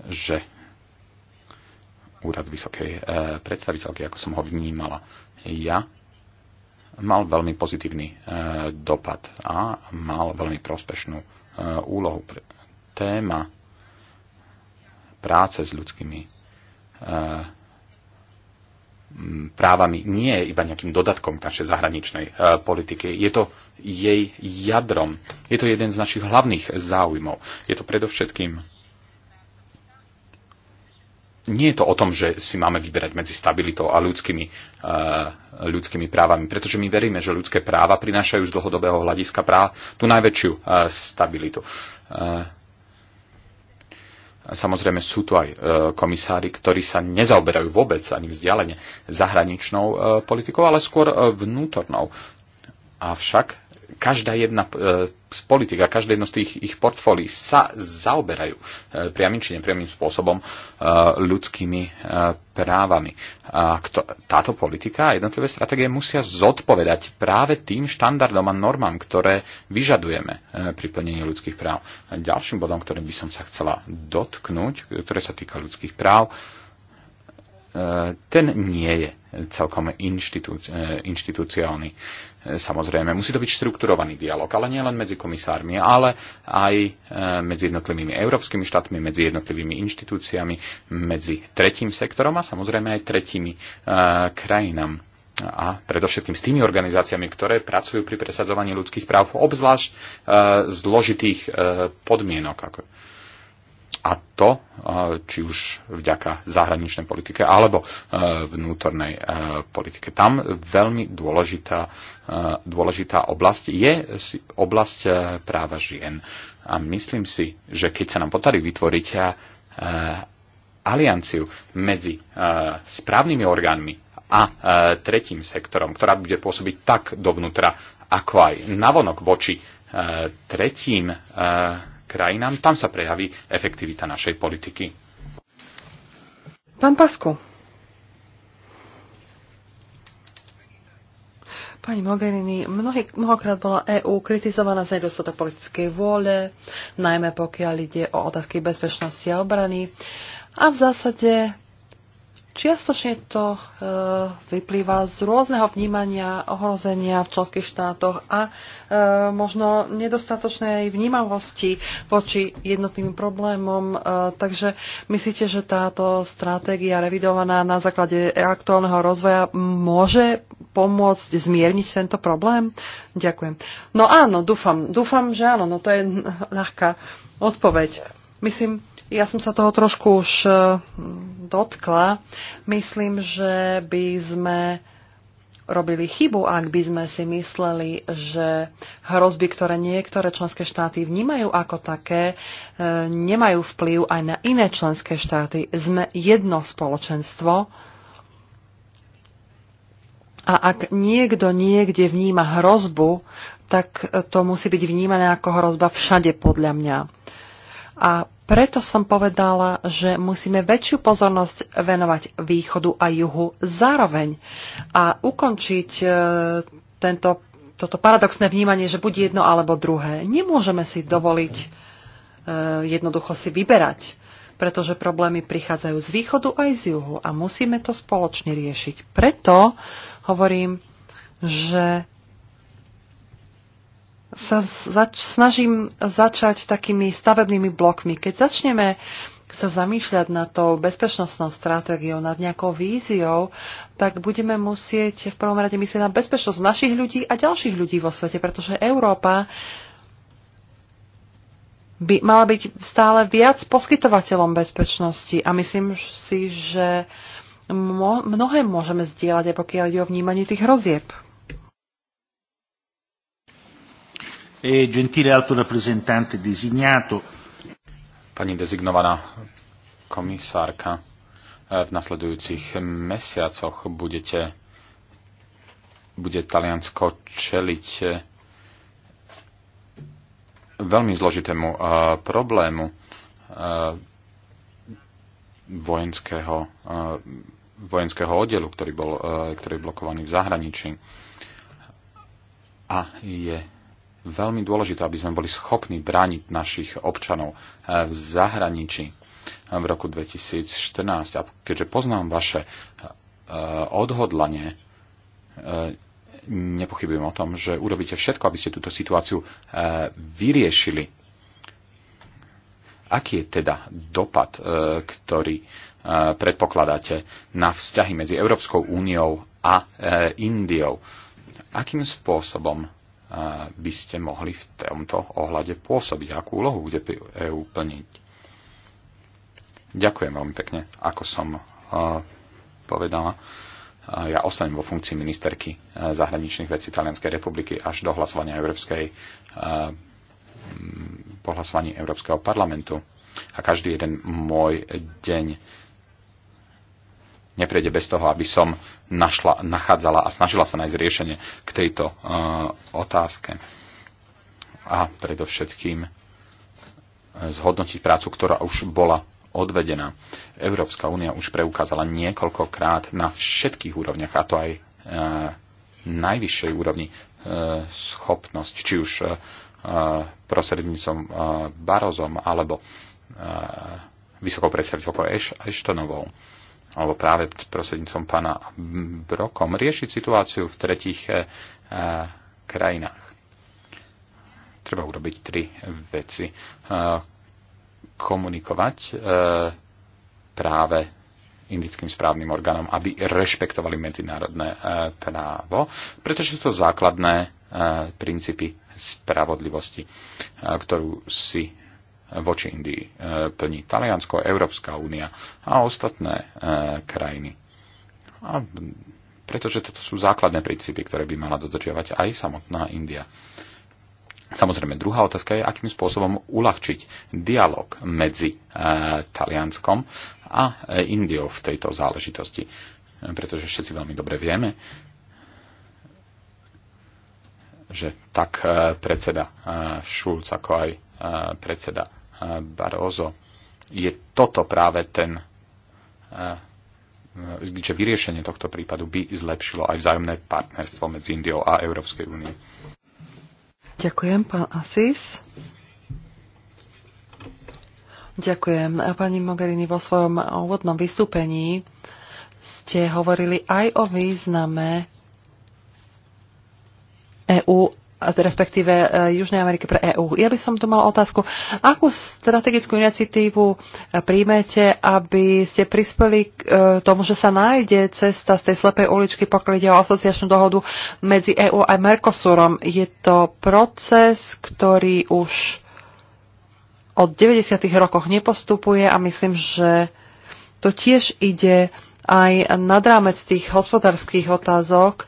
že úrad vysokej predstaviteľky, ako som ho vnímala ja, mal veľmi pozitívny e, dopad a mal veľmi prospešnú e, úlohu. Téma práce s ľudskými e, právami nie je iba nejakým dodatkom k našej zahraničnej politike. Je to jej jadrom. Je to jeden z našich hlavných záujmov. Je to predovšetkým nie je to o tom, že si máme vyberať medzi stabilitou a ľudskými, eh, ľudskými právami, pretože my veríme, že ľudské práva prinášajú z dlhodobého hľadiska práv tú najväčšiu eh, stabilitu. Eh, samozrejme sú tu aj komisári, ktorí sa nezaoberajú vôbec ani vzdialene zahraničnou politikou, ale skôr vnútornou. Avšak každá jedna e, z politik a každé jedno z tých ich portfólií sa zaoberajú e, priamým či nepriamým spôsobom e, ľudskými právami. A táto politika a jednotlivé stratégie musia zodpovedať práve tým štandardom a normám, ktoré vyžadujeme pri plnení ľudských práv. A ďalším bodom, ktorým by som sa chcela dotknúť, ktoré sa týka ľudských práv, ten nie je celkom inštitúciálny. Samozrejme, musí to byť štrukturovaný dialog, ale nielen medzi komisármi, ale aj e, medzi jednotlivými európskymi štátmi, medzi jednotlivými inštitúciami, medzi tretím sektorom a samozrejme aj tretími e, krajinami a predovšetkým s tými organizáciami, ktoré pracujú pri presadzovaní ľudských práv obzvlášť e, zložitých e, podmienok. Ako, e, a to, e, či už vďaka zahraničnej politike alebo e, vnútornej e, politike. Tam veľmi dôležitá, dôležitá oblasť je oblasť práva žien. A myslím si, že keď sa nám podarí vytvoriť alianciu medzi správnymi orgánmi a tretím sektorom, ktorá bude pôsobiť tak dovnútra, ako aj navonok voči tretím krajinám, tam sa prejaví efektivita našej politiky. Pán Pasko. Pani Mogherini, mnohý, mnohokrát bola EÚ kritizovaná za nedostatok politickej vôle, najmä pokiaľ ide o otázky bezpečnosti a obrany. A v zásade Čiastočne to e, vyplýva z rôzneho vnímania ohrozenia v členských štátoch a e, možno nedostatočnej vnímavosti voči jednotným problémom. E, takže myslíte, že táto stratégia revidovaná na základe aktuálneho rozvoja môže pomôcť zmierniť tento problém? Ďakujem. No áno, dúfam, dúfam, že áno, no to je ľahká odpoveď. Myslím, ja som sa toho trošku už e, dotkla. Myslím, že by sme robili chybu, ak by sme si mysleli, že hrozby, ktoré niektoré členské štáty vnímajú ako také, e, nemajú vplyv aj na iné členské štáty. Sme jedno spoločenstvo a ak niekto niekde vníma hrozbu, tak to musí byť vnímané ako hrozba všade podľa mňa. A preto som povedala, že musíme väčšiu pozornosť venovať východu a juhu zároveň a ukončiť e, tento, toto paradoxné vnímanie, že buď jedno alebo druhé. Nemôžeme si dovoliť e, jednoducho si vyberať, pretože problémy prichádzajú z východu aj z juhu a musíme to spoločne riešiť. Preto hovorím, že sa zač- snažím začať takými stavebnými blokmi. Keď začneme sa zamýšľať nad tou bezpečnostnou stratégiou, nad nejakou víziou, tak budeme musieť v prvom rade myslieť na bezpečnosť našich ľudí a ďalších ľudí vo svete, pretože Európa by mala byť stále viac poskytovateľom bezpečnosti a myslím si, že mnohé môžeme zdieľať aj pokiaľ ide o vnímanie tých hrozieb. e gentile alto rappresentante designato. Pani dezignovaná komisárka, e, v nasledujúcich mesiacoch budete, bude Taliansko čeliť e, veľmi zložitému e, problému vojenského, vojenského oddelu, ktorý bol, ktorý je blokovaný v zahraničí. A je veľmi dôležité, aby sme boli schopní brániť našich občanov eh, v zahraničí eh, v roku 2014. A keďže poznám vaše eh, odhodlanie, nepochybujem o tom, že urobíte všetko, aby ste túto situáciu vyriešili. Aký je teda dopad, ktorý predpokladáte na vzťahy medzi Európskou úniou a Indiou? Akým spôsobom by ste mohli v tomto ohľade pôsobiť, akú úlohu bude EU plniť. Ďakujem veľmi pekne. Ako som e, povedala, e, ja ostanem vo funkcii ministerky e, zahraničných vecí Talianskej republiky až do hlasovania Európskej po hlasovaní Európskeho parlamentu. A každý jeden môj deň neprejde bez toho, aby som našla, nachádzala a snažila sa nájsť riešenie k tejto uh, otázke. A predovšetkým eh, zhodnotiť prácu, ktorá už bola odvedená. Európska únia už preukázala niekoľkokrát na všetkých úrovniach, a to aj e, najvyššej úrovni, e, schopnosť, či už e, prostrednícom e, Barozom alebo e, vysokou predstaviteľkou Eštonovou. Eš, alebo práve prosednícom pána Brokom, riešiť situáciu v tretích e, krajinách. Treba urobiť tri eh, veci. E, komunikovať e, práve indickým správnym orgánom, aby rešpektovali medzinárodné právo, pretože sú to základné princípy spravodlivosti, ktorú si voči Indii e, plní Taliansko, Európska únia a ostatné e, krajiny. A pretože toto sú základné princípy, ktoré by mala dodržiavať aj samotná India. Samozrejme, druhá otázka je, akým spôsobom uľahčiť dialog medzi e, Talianskom a Indiou v tejto záležitosti. pretože všetci veľmi dobre vieme, že tak predseda Šulc, ako aj predseda Barozo, Je toto práve ten, eh, že vyriešenie tohto prípadu by zlepšilo aj vzájomné partnerstvo medzi Indiou a Európskej únie. Ďakujem, pán Asis. Ďakujem. Pani Mogherini, vo svojom úvodnom vystúpení ste hovorili aj o význame EÚ respektíve e, Južnej Ameriky pre EÚ. Ja by som tu mal otázku, akú strategickú iniciatívu e, príjmete, aby ste prispeli k e, tomu, že sa nájde cesta z tej slepej uličky, pokiaľ ide o asociačnú dohodu medzi EÚ a Mercosurom. Je to proces, ktorý už od 90. rokoch nepostupuje a myslím, že to tiež ide aj nad rámec tých hospodárskych otázok.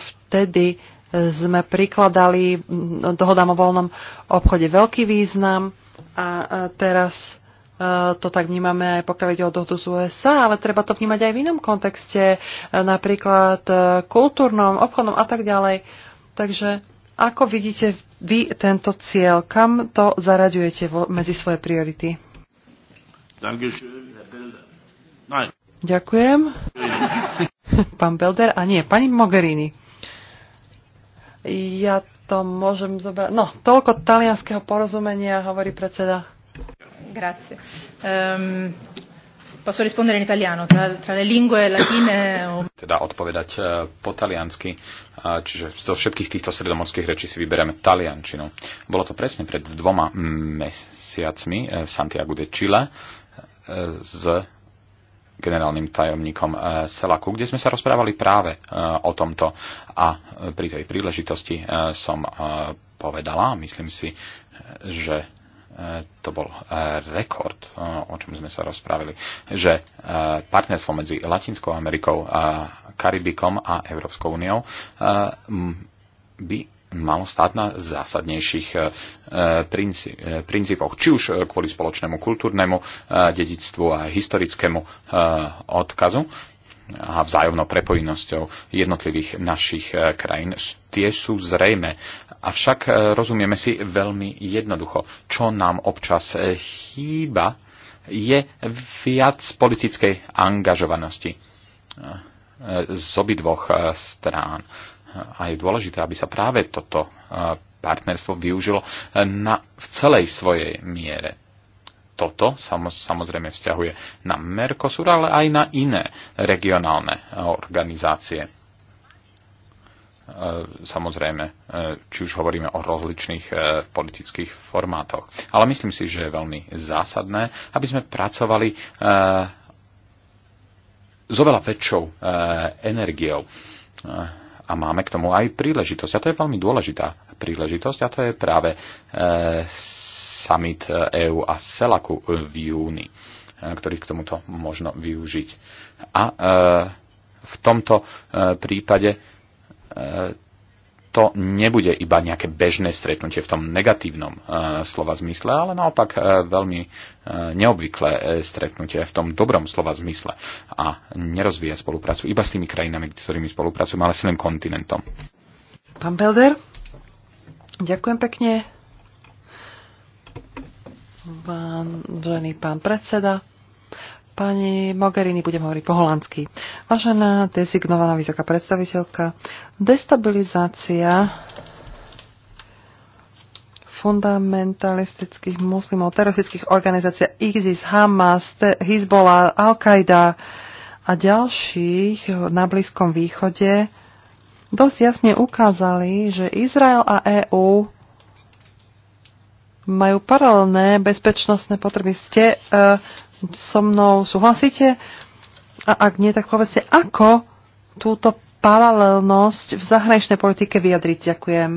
Vtedy sme prikladali no, dohodám o voľnom obchode veľký význam a teraz e, to tak vnímame aj pokiaľ ide o dohodu z USA, ale treba to vnímať aj v inom kontexte, e, napríklad e, kultúrnom, obchodnom a tak ďalej. Takže ako vidíte vy tento cieľ? Kam to zaraďujete medzi svoje priority? Ďakujem. Pán Belder a nie, pani Mogherini. Ja to môžem zobrať. No, toľko talianského porozumenia, hovorí predseda. Grazie. Um, posso rispondere in italiano, tra, tra le lingue latine... O... Teda odpovedať eh, po taliansky, čiže zo všetkých týchto stredomorských rečí si vyberieme taliančinu. Bolo to presne pred dvoma mesiacmi eh, v Santiago de Chile eh, z generálnym tajomníkom eh, Selaku, kde sme sa rozprávali práve eh, o tomto. A eh, pri tej príležitosti som povedala, myslím si, že to bol rekord, o čom sme sa rozprávili, že partnerstvo medzi Latinskou Amerikou, Karibikom a Európskou úniou by malo stáť na zásadnejších e, e, princípoch, či už kvôli spoločnému kultúrnemu e, dedictvu a historickému odkazu a vzájomnou prepojenosťou jednotlivých našich krajín. Tie sú zrejme, avšak rozumieme si veľmi jednoducho, čo nám občas chýba, je viac politickej angažovanosti z obidvoch strán a je dôležité, aby sa práve toto e, partnerstvo využilo e, na, v celej svojej miere. Toto samozrejme vzťahuje na Mercosur, ale aj na iné regionálne e, organizácie. Samozrejme, či už hovoríme o rozličných politických formátoch. Ale myslím si, že je veľmi zásadné, aby sme pracovali s oveľa väčšou energiou a máme k tomu aj príležitosť. A to je veľmi dôležitá príležitosť a to je práve e, summit EU e a CELACu e, v júni, e, ktorý k tomuto možno využiť. A e, v tomto e, prípade e, to nebude iba nejaké bežné stretnutie v tom negatívnom e, slova zmysle, ale naopak e, veľmi e, neobvyklé e, stretnutie v tom dobrom slova zmysle a nerozvíja spoluprácu iba s tými krajinami, s ktorými spolupracujeme, ale s celým kontinentom. Pán Belder, ďakujem pekne. Pán, pán predseda, Pani Mogherini, budem hovoriť po holandsky. Vážená dezignovaná vysoká predstaviteľka, destabilizácia fundamentalistických muslimov, teroristických organizácií ISIS, Hamas, Hezbollah, Al-Qaida a ďalších na Blízkom východe dosť jasne ukázali, že Izrael a EÚ majú paralelné bezpečnostné potreby. Ste uh, so mnou súhlasíte? A ak nie, tak povedzte, ako túto paralelnosť v zahraničnej politike vyjadriť. Ďakujem.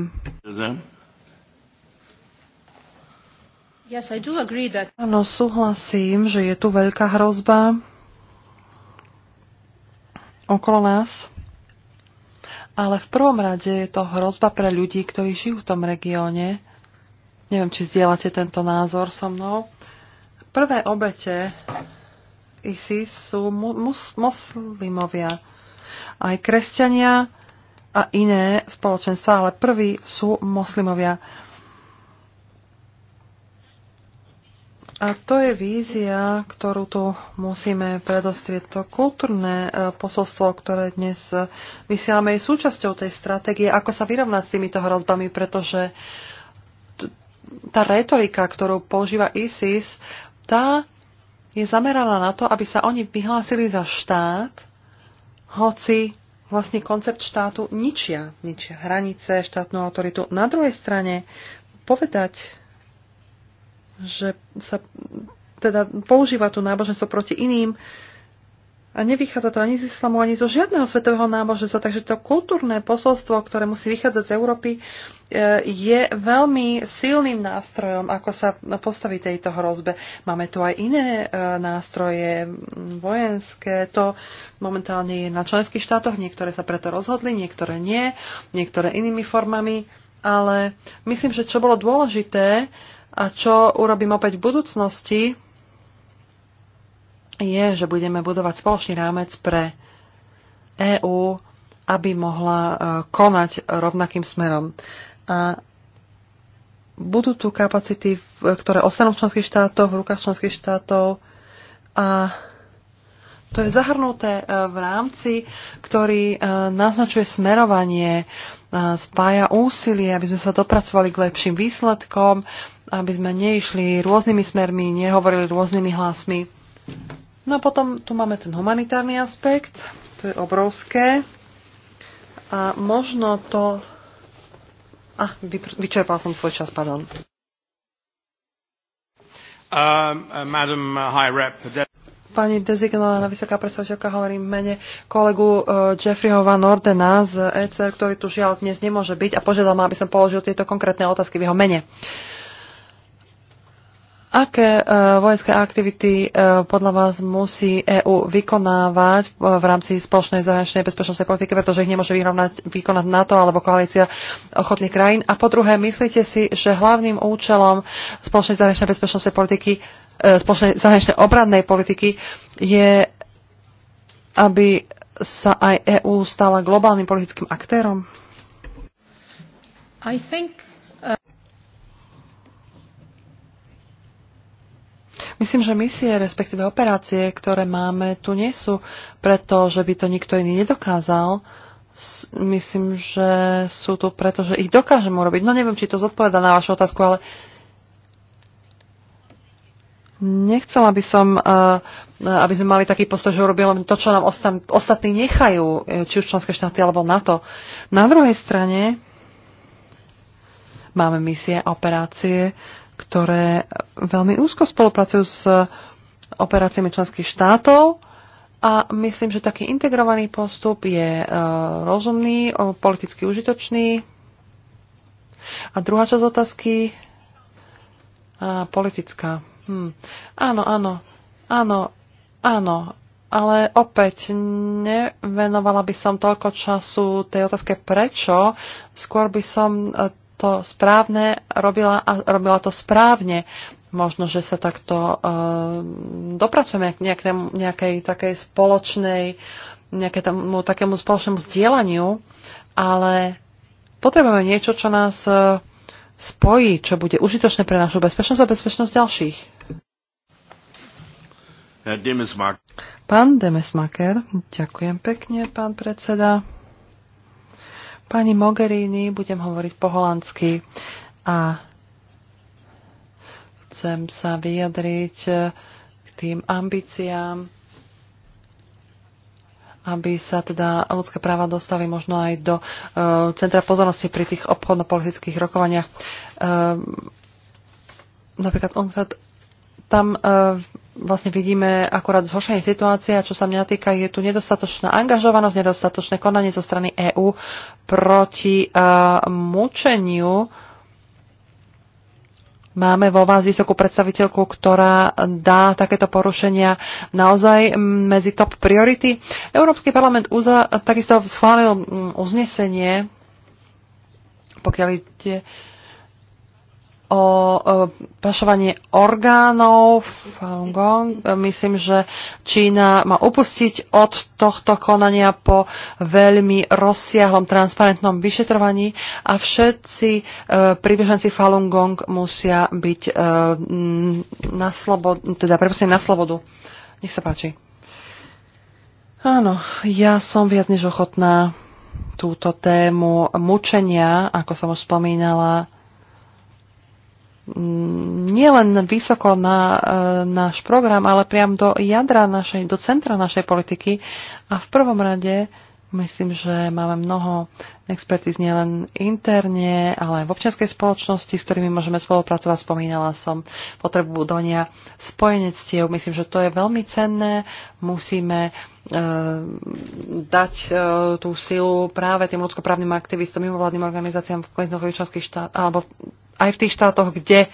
Yes, I do agree that... Áno, súhlasím, že je tu veľká hrozba okolo nás. Ale v prvom rade je to hrozba pre ľudí, ktorí žijú v tom regióne. Neviem, či zdieľate tento názor so mnou. Prvé obete ISIS sú mus, moslimovia, aj kresťania a iné spoločenstva, ale prví sú moslimovia. A to je vízia, ktorú tu musíme predostrieť. To kultúrne e, posolstvo, ktoré dnes e, vysielame, je súčasťou tej stratégie, ako sa vyrovnať s týmito hrozbami, pretože tá retorika, ktorú používa ISIS, tá je zameraná na to, aby sa oni vyhlásili za štát, hoci vlastne koncept štátu ničia, ničia hranice, štátnu autoritu. Na druhej strane povedať, že sa teda používa tu náboženstvo proti iným a nevychádza to ani z islamu, ani zo žiadneho svetového náboženstva, takže to kultúrne posolstvo, ktoré musí vychádzať z Európy, e, je veľmi silným nástrojom, ako sa postaví tejto hrozbe. Máme tu aj iné e, nástroje vojenské, to momentálne je na členských štátoch, niektoré sa preto rozhodli, niektoré nie, niektoré inými formami, ale myslím, že čo bolo dôležité a čo urobím opäť v budúcnosti, je, že budeme budovať spoločný rámec pre EÚ, aby mohla e, konať rovnakým smerom. A budú tu kapacity, ktoré ostanú v členských štátoch, v rukách členských štátov a to je zahrnuté e, v rámci, ktorý e, naznačuje smerovanie, spája úsilie, aby sme sa dopracovali k lepším výsledkom, aby sme neišli rôznymi smermi, nehovorili rôznymi hlasmi. No a potom tu máme ten humanitárny aspekt, to je obrovské. A možno to... A, vyčerpal som svoj čas, pardon. Um, uh, Pani dezignovaná vysoká predstaviteľka hovorí v mene kolegu uh, Jeffreyho Van Ordena z ECR, ktorý tu žiaľ dnes nemôže byť a požiadal ma, aby som položil tieto konkrétne otázky v jeho mene. Uh, Aké e, vojenské aktivity e, podľa vás musí EÚ vykonávať e, v rámci spoločnej zahraničnej bezpečnostnej politiky, pretože ich nemôže vyrovnať, vykonať NATO alebo koalícia ochotných krajín? A po druhé, myslíte si, že hlavným účelom spoločnej zahraničnej bezpečnostnej politiky, spoločnej zahraničnej obrannej politiky je, aby sa aj EÚ stala globálnym politickým aktérom? I think Myslím, že misie, respektíve operácie, ktoré máme, tu nie sú preto, že by to nikto iný nedokázal. Myslím, že sú tu preto, že ich dokážem urobiť. No neviem, či to zodpoveda na vašu otázku, ale Nechcela by som, eh, eh, aby sme mali taký postoj, že urobíme to, čo nám ostatní nechajú, eh, či už členské štáty alebo NATO. Na druhej strane máme misie a operácie, ktoré veľmi úzko spolupracujú s operáciami členských štátov a myslím, že taký integrovaný postup je e, rozumný, politicky užitočný. A druhá časť otázky, a e, politická. Hm. Áno, áno, áno, áno, ale opäť nevenovala by som toľko času tej otázke prečo, skôr by som e, to správne, robila, a robila to správne. Možno, že sa takto e, dopracujeme k nejakému, nejakej takej spoločnej, nejakému takému spoločnému zdieľaniu, ale potrebujeme niečo, čo nás e, spojí, čo bude užitočné pre našu bezpečnosť a bezpečnosť ďalších. Pán Demesmaker, ďakujem pekne, pán predseda. Pani Mogherini, budem hovoriť po holandsky a chcem sa vyjadriť eh, k tým ambíciám, aby sa teda ľudské práva dostali možno aj do uh, centra pozornosti pri tých obchodno-politických rokovaniach. Uh, napríklad UNCTAD tam e, vlastne vidíme akorát zhoršenie situácie a čo sa mňa týka, je tu nedostatočná angažovanosť, nedostatočné konanie zo strany EÚ proti uh, mučeniu. Máme vo vás vysokú predstaviteľku, ktorá dá takéto porušenia naozaj medzi top priority. Európsky parlament UZA takisto schválil mm, uznesenie, pokiaľ ide o pašovanie orgánov Falun Gong. Myslím, že Čína má upustiť od tohto konania po veľmi rozsiahlom transparentnom vyšetrovaní a všetci e, príbeženci Falun Gong musia byť e, na slobodu, teda prepustení na slobodu. Nech sa páči. Áno, ja som viac než ochotná túto tému mučenia, ako som už spomínala, Mm, nielen vysoko na e, náš program, ale priam do jadra našej, do centra našej politiky. A v prvom rade myslím, že máme mnoho expertíz nielen interne, ale aj v občianskej spoločnosti, s ktorými môžeme spolupracovať. Spomínala som potrebu budovania spojenectiev. Myslím, že to je veľmi cenné. Musíme e, dať e, tú silu práve tým ľudskoprávnym aktivistom, mimovládnym organizáciám v klientoch členských štát, alebo aj v tých štátoch, kde e,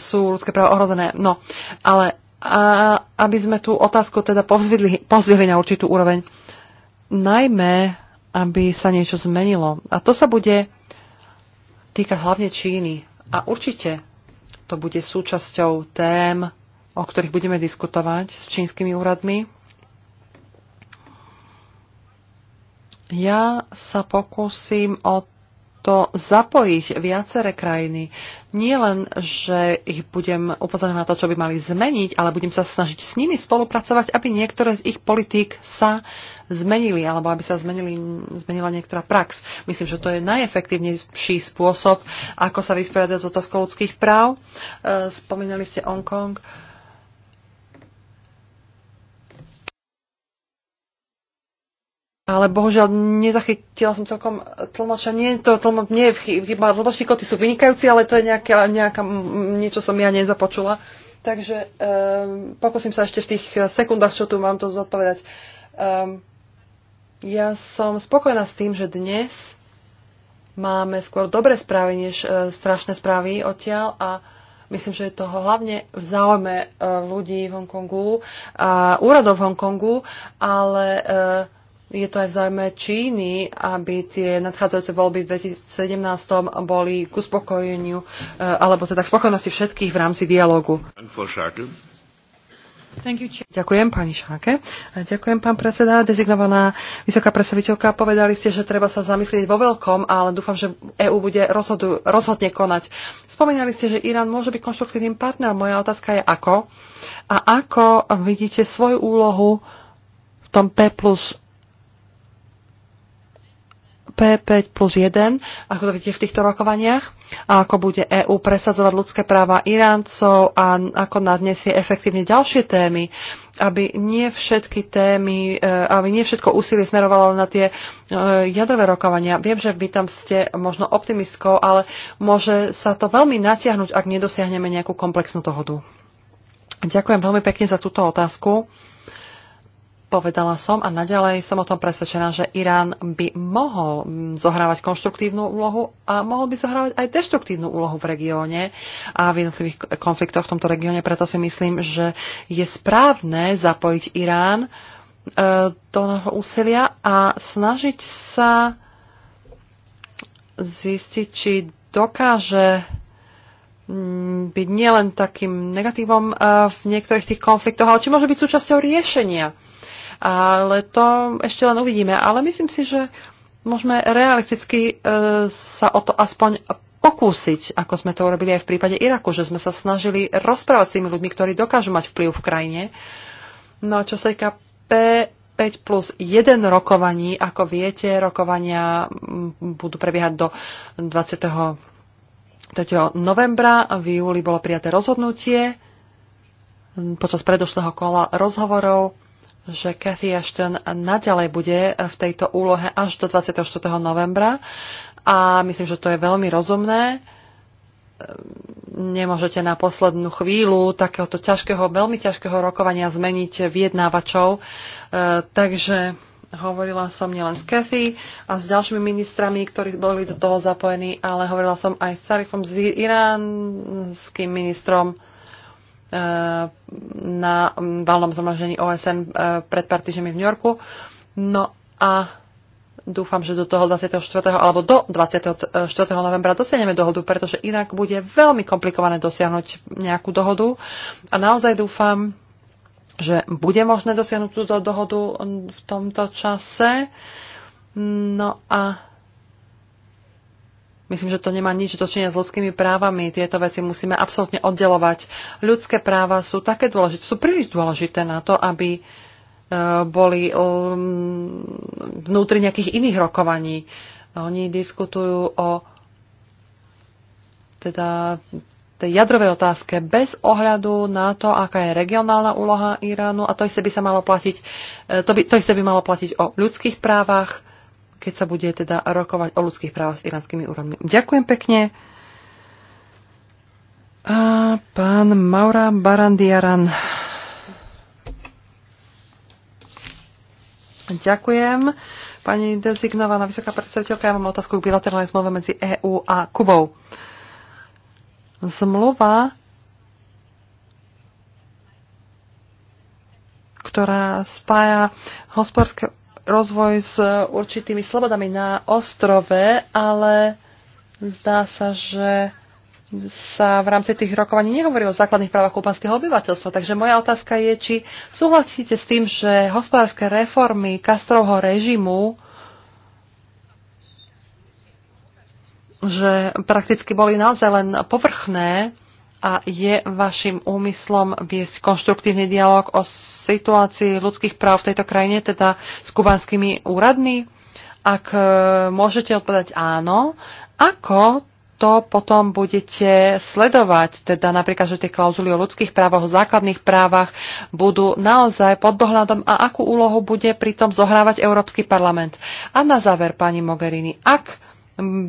sú ľudské práva ohrozené. No, ale a aby sme tú otázku teda pozvihli, pozvihli na určitú úroveň, najmä aby sa niečo zmenilo. A to sa bude týkať hlavne Číny. A určite to bude súčasťou tém, o ktorých budeme diskutovať s čínskymi úradmi. Ja sa pokúsim o to zapojiť viaceré krajiny. Nie len, že ich budem upozorňovať na to, čo by mali zmeniť, ale budem sa snažiť s nimi spolupracovať, aby niektoré z ich politík sa zmenili, alebo aby sa zmenili, zmenila niektorá prax. Myslím, že to je najefektívnejší spôsob, ako sa vysporiadať s otázkou ľudských práv. E, spomínali ste Hongkong. Kong Ale bohužiaľ nezachytila som celkom e, tlmoča. Nie, to tlmo, nie je chyba. Tlmočníkov koty sú vynikajúci, ale to je nejaká, nejaká, niečo som ja nezapočula. Takže um, pokúsim sa ešte v tých e, sekundách, čo tu mám to zodpovedať. Um, ja som spokojná s tým, že dnes máme skôr dobré správy, než uh, strašné správy odtiaľ a myslím, že je toho hlavne v záujme ľudí v Hongkongu a úradov v Hongkongu, ale je to aj v zájme Číny, aby tie nadchádzajúce voľby v 2017 boli k uspokojeniu, e, alebo teda k spokojnosti všetkých v rámci dialogu. Ďakujem pani Šáke. Ďakujem pán predseda. Dezignovaná vysoká predstaviteľka, povedali ste, že treba sa zamyslieť vo veľkom, ale dúfam, že EÚ bude rozhodu, rozhodne konať. Spomínali ste, že Irán môže byť konštruktívnym partnerom. Moja otázka je ako. A ako vidíte svoju úlohu v tom P plus P5 plus 1, ako to vidíte v týchto rokovaniach, a ako bude EÚ presadzovať ľudské práva Iráncov a ako nadnesie efektívne ďalšie témy, aby nie všetky témy, e, aby nie všetko úsilie smerovalo na tie e, jadrové rokovania. Viem, že vy tam ste možno optimistkou, ale môže sa to veľmi natiahnuť, ak nedosiahneme nejakú komplexnú dohodu. Ďakujem veľmi pekne za túto otázku. Povedala som a naďalej som o tom presvedčená, že Irán by mohol mm, zohrávať konštruktívnu úlohu a mohol by zohrávať aj deštruktívnu úlohu v regióne a v jednotlivých konfliktoch v tomto regióne. Preto si myslím, že je správne zapojiť Irán e, do nášho úsilia a snažiť sa zistiť, či dokáže mm, byť nielen takým negatívom e, v niektorých tých konfliktoch, ale či môže byť súčasťou riešenia ale to ešte len uvidíme. Ale myslím si, že môžeme realisticky e, sa o to aspoň pokúsiť, ako sme to urobili aj v prípade Iraku, že sme sa snažili rozprávať s tými ľuďmi, ktorí dokážu mať vplyv v krajine. No a čo sa týka P5 plus 1 rokovaní, ako viete, rokovania budú prebiehať do 20. 3. novembra. V júli bolo prijaté rozhodnutie počas predošlého kola rozhovorov že Cathy Ashton naďalej bude v tejto úlohe až do 24. novembra a myslím, že to je veľmi rozumné. Ehm, nemôžete na poslednú chvíľu takéhoto ťažkého, veľmi ťažkého rokovania zmeniť vyjednávačov. Ehm, takže hovorila som nielen s Cathy a s ďalšími ministrami, ktorí boli do toho zapojení, ale hovorila som aj s Sarifom, s iránským ministrom Eh, na mm, valnom zhromaždení OSN eh, pred pár týždňami v New Yorku. No a dúfam, že do toho 24. alebo do 24. Eh, novembra dosiahneme dohodu, pretože inak bude veľmi komplikované dosiahnuť nejakú dohodu. A naozaj dúfam, že bude možné dosiahnuť túto dohodu mm, v tomto čase. No a Myslím, že to nemá nič dočenia s ľudskými právami. Tieto veci musíme absolútne oddelovať. Ľudské práva sú také dôležité, sú príliš dôležité na to, aby e, boli vnútri nejakých iných rokovaní. Oni diskutujú o teda tej jadrovej otázke bez ohľadu na to, aká je regionálna úloha Iránu a to isté by sa malo platiť, e, to, by, to isté by malo platiť o ľudských právach, keď sa bude teda rokovať o ľudských právach s iránskymi úradmi. Ďakujem pekne. A pán Maura Barandiaran. Ďakujem. Pani dezignovaná vysoká predstaviteľka, ja mám otázku k bilaterálnej zmluve medzi EÚ a Kubou. Zmluva, ktorá spája hospodárske rozvoj s určitými slobodami na ostrove, ale zdá sa, že sa v rámci tých rokovaní nehovorí o základných právach kubanského obyvateľstva. Takže moja otázka je, či súhlasíte s tým, že hospodárske reformy Kastrovho režimu že prakticky boli naozaj len povrchné a je vašim úmyslom viesť konštruktívny dialog o situácii ľudských práv v tejto krajine, teda s kubanskými úradmi? Ak e, môžete odpovedať áno, ako to potom budete sledovať, teda napríklad, že tie klauzuly o ľudských právoch, o základných právach budú naozaj pod dohľadom a akú úlohu bude pritom zohrávať Európsky parlament. A na záver, pani Mogherini, ak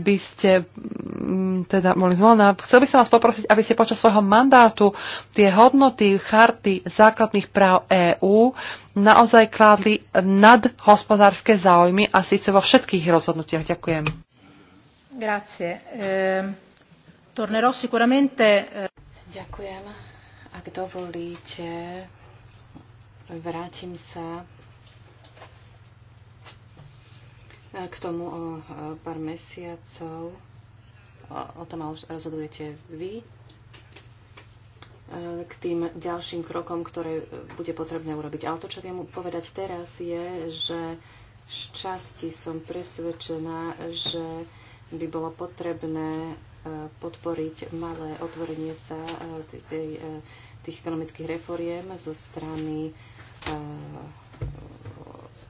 by ste mm, teda boli zvolená. Chcel by som vás poprosiť, aby ste počas svojho mandátu tie hodnoty charty základných práv EÚ naozaj kládli nad hospodárske záujmy a síce vo všetkých rozhodnutiach. Ďakujem. Grazie. E, tornerò sicuramente... Eh, Ďakujem. Ak dovolíte, vrátim sa K tomu o e, pár mesiacov o tom rozhodujete vy e, k tým ďalším krokom, ktoré bude potrebné urobiť. Ale to, čo viem povedať teraz, je, že z časti som presvedčená, že by bolo potrebné e, podporiť malé otvorenie sa tých ekonomických reforiem zo strany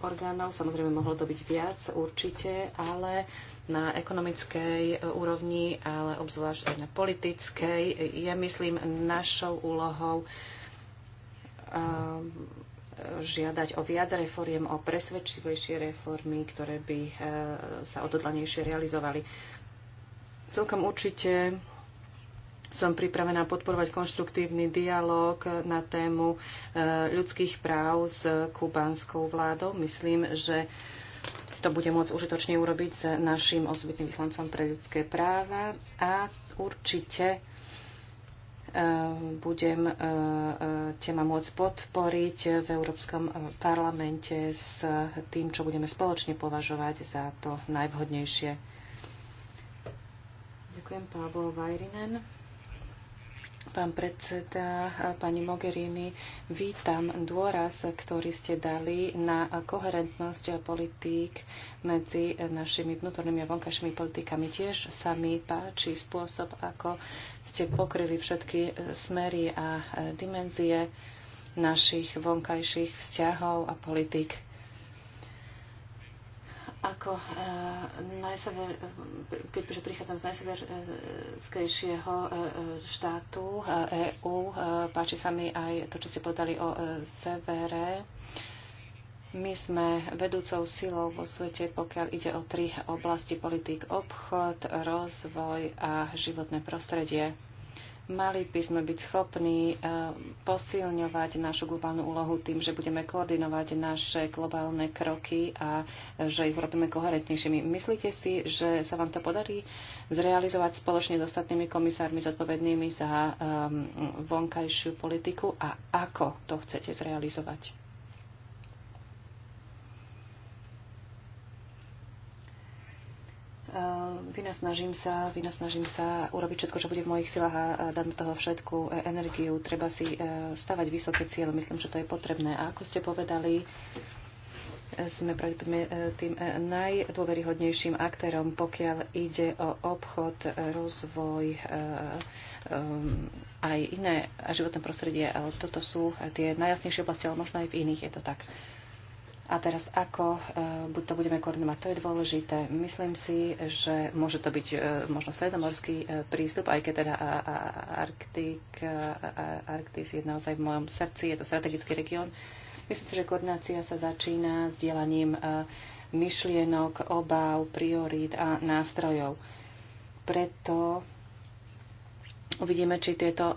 orgánov. Samozrejme, mohlo to byť viac určite, ale na ekonomickej e, úrovni, ale obzvlášť aj na politickej, e, je, myslím, našou úlohou e, žiadať o viac reforiem, o presvedčivejšie reformy, ktoré by sa odhodlanejšie realizovali. Celkom určite som pripravená podporovať konštruktívny dialog na tému e, ľudských práv s kubánskou vládou. Myslím, že to bude môcť užitočne urobiť s našim osobitným vyslancom pre ľudské práva a určite e, budem e, téma môcť podporiť v Európskom parlamente s tým, čo budeme spoločne považovať za to najvhodnejšie. Ďakujem, Pavlo Vajrinen. Pán predseda, pani Mogherini, vítam dôraz, ktorý ste dali na koherentnosť politík medzi našimi vnútornými a vonkajšími politikami. Tiež sa mi páči spôsob, ako ste pokryli všetky smery a dimenzie našich vonkajších vzťahov a politik ako uh, najsever, keďže prichádzam z najseverskejšieho uh, štátu EÚ, uh, páči sa mi aj to, čo ste povedali o uh, severe. My sme vedúcou silou vo svete, pokiaľ ide o tri oblasti politik, obchod, rozvoj a životné prostredie. Mali by sme byť schopní e, posilňovať našu globálnu úlohu tým, že budeme koordinovať naše globálne kroky a e, že ich robíme koherentnejšími. Myslíte si, že sa vám to podarí zrealizovať spoločne s ostatnými komisármi zodpovednými za e, vonkajšiu politiku a ako to chcete zrealizovať? Ehm, vynasnažím sa, vynasnažím sa urobiť všetko, čo bude v mojich silách a dať do toho všetku e, energiu. Treba si e, stavať vysoké cieľe, myslím, že to je potrebné. A ako ste povedali, e, sme pravdepodobne tým najdôveryhodnejším aktérom, pokiaľ ide o obchod, rozvoj, aj iné životné prostredie. Toto sú tie najjasnejšie oblasti, ale možno aj v iných je to tak. A teraz ako e, buď to budeme koordinovať, to je dôležité. Myslím si, že môže to byť e, možno stredomorský e, prístup, aj keď teda Arktik, Arktis je naozaj v mojom srdci, je to strategický región. Myslím si, že koordinácia sa začína s dielaním myšlienok, obáv, priorít a nástrojov. Preto uvidíme, či tieto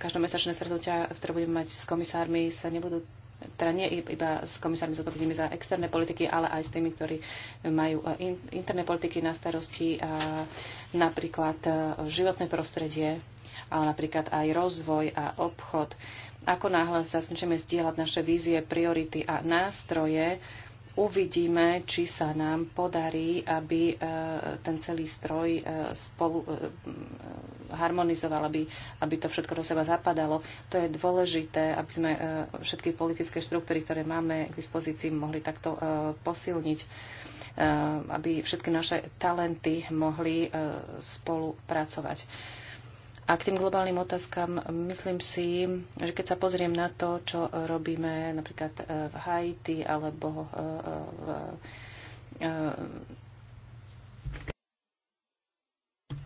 každomesačné stretnutia, ktoré budeme mať s komisármi, sa nebudú teda nie iba s komisármi zodpovednými za externé politiky, ale aj s tými, ktorí majú eh, interné politiky na starosti, a eh, napríklad eh, životné prostredie, ale napríklad aj rozvoj a obchod. Ako náhle sa snažíme zdieľať naše vízie, priority a nástroje, uvidíme, či sa nám podarí, aby e, ten celý stroj e, spolu e, harmonizoval, aby, aby to všetko do seba zapadalo. To je dôležité, aby sme všetky politické štruktúry, ktoré máme k dispozícii, mohli takto posilniť, aby všetky naše talenty mohli spolupracovať. A k tým globálnym otázkam myslím si, že keď sa pozriem na to, čo robíme napríklad e, v Haiti alebo e, e, v,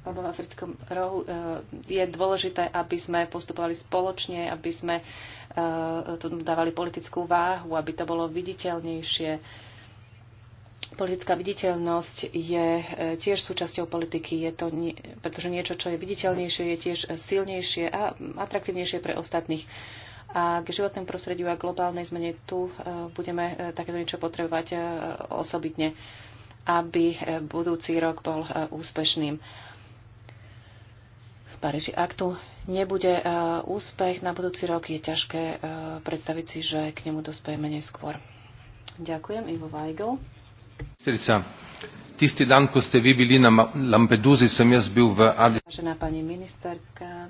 alebo v africkom rohu, je dôležité, aby sme postupovali spoločne, aby sme tu dávali politickú váhu, aby to bolo viditeľnejšie Politická viditeľnosť je e, tiež súčasťou politiky, je to, pretože niečo, čo je viditeľnejšie, je tiež e, silnejšie a atraktívnejšie pre ostatných. A k životnému prostrediu a globálnej zmene tu e, budeme takéto niečo potrebovať osobitne, aby budúci rok bol úspešným. Paríži. Ak tu nebude úspech na budúci rok, je ťažké predstaviť si, že k nemu dospejeme neskôr. Ďakujem, Ivo Weigl tisti dan, ko ste vi bili na Lampeduzi, sem jaz bil v Adi... Vážená pani ministerka,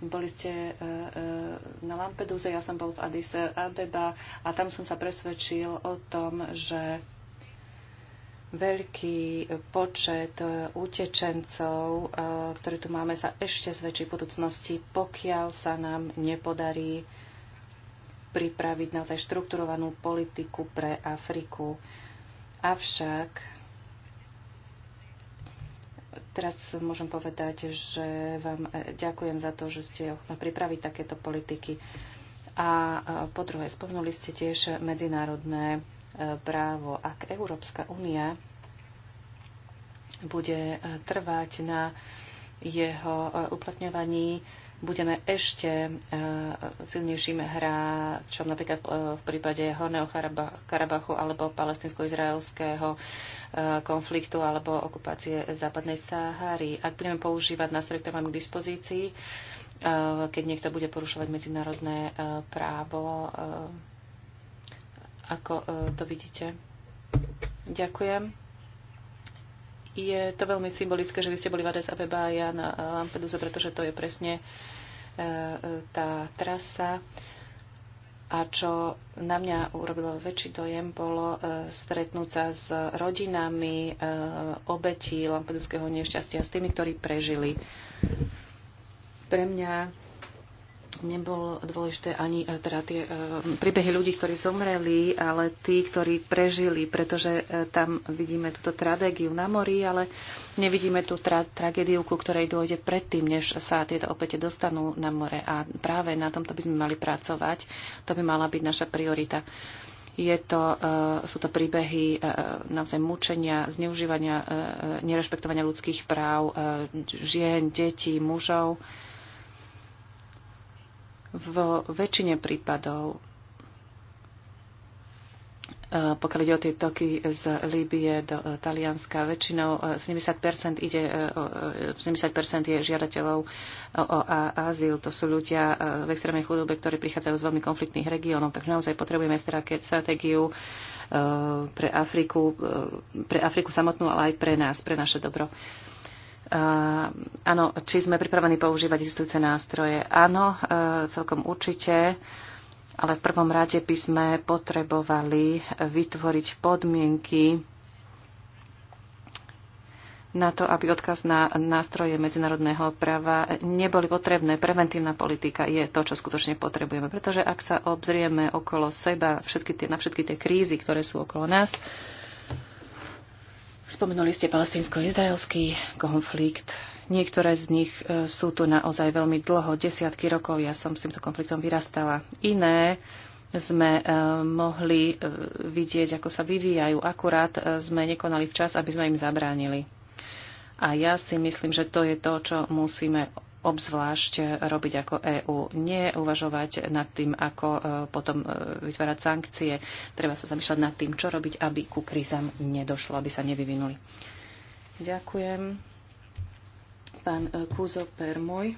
boli ste e, e, na Lampeduze, ja som bol v Addis Abeba a tam som sa presvedčil o tom, že veľký počet e, utečencov, ktoré tu máme, sa ešte zväčší v budúcnosti, pokiaľ sa nám nepodarí pripraviť naozaj štrukturovanú politiku pre Afriku. Avšak teraz môžem povedať, že vám e, ďakujem za to, že ste ochotní pripraviť takéto politiky. A e, po druhé, spomnuli ste tiež medzinárodné e, právo. Ak Európska únia bude trvať na jeho uplatňovaní, budeme ešte e, silnejším hráčom, napríklad e, v prípade Horného Karabachu alebo palestinsko-izraelského e, konfliktu alebo okupácie západnej Sahary. Ak budeme používať nástroje, ktoré máme k dispozícii, keď niekto bude porušovať medzinárodné právo, ako to vidíte. Ďakujem je to veľmi symbolické, že vy ste boli v Ades Abeba a ja na eh, Lampedusa, pretože to je presne eh, eh, tá trasa. A čo na mňa urobilo väčší dojem, bolo stretnúť sa s rodinami obetí Lampedusského nešťastia, s tými, ktorí prežili. Pre mňa nebolo dôležité ani e, teda tie e, príbehy ľudí, ktorí zomreli, ale tí, ktorí prežili, pretože e, tam vidíme túto tragédiu na mori, ale nevidíme tú tra- tragédiu, ku ktorej dôjde predtým, než sa tieto opäte dostanú na more. A práve na tomto by sme mali pracovať. To by mala byť naša priorita. Je to, sú to príbehy naozaj mučenia, zneužívania, nerešpektovania ľudských práv žien, detí, mužov vo väčšine prípadov, e, pokiaľ ide o tie toky z Líbie do e, Talianska, väčšinou 70%, e, ide, 70% je žiadateľov o azyl. To sú ľudia v extrémnej chudobe, ktorí prichádzajú z veľmi konfliktných regiónov. Takže naozaj potrebujeme stratégiu pre Afriku, pre Afriku samotnú, ale aj pre nás, pre naše dobro. Uh, áno, či sme pripravení používať existujúce nástroje. Áno, e, celkom určite, ale v prvom rade by sme potrebovali vytvoriť podmienky na to, aby odkaz na nástroje medzinárodného práva neboli potrebné. Preventívna politika je to, čo skutočne potrebujeme. Pretože ak sa obzrieme okolo seba všetky tie, na všetky tie krízy, ktoré sú okolo nás, uh, Spomenuli ste palestinsko izraelský konflikt. Niektoré z nich e, sú tu naozaj veľmi dlho, desiatky rokov. Ja som s týmto konfliktom vyrastala. Iné sme e, mohli e, vidieť, ako sa vyvíjajú. Akurát sme nekonali včas, aby sme im zabránili. A ja si myslím, že to je to, čo musíme obzvlášť robiť ako EÚ. Nie uvažovať nad tým, ako e, potom e, vytvárať sankcie. Treba sa zamýšľať nad tým, čo robiť, aby ku krízam nedošlo, aby sa nevyvinuli. Ďakujem. Pán e, Kúzo Permuj.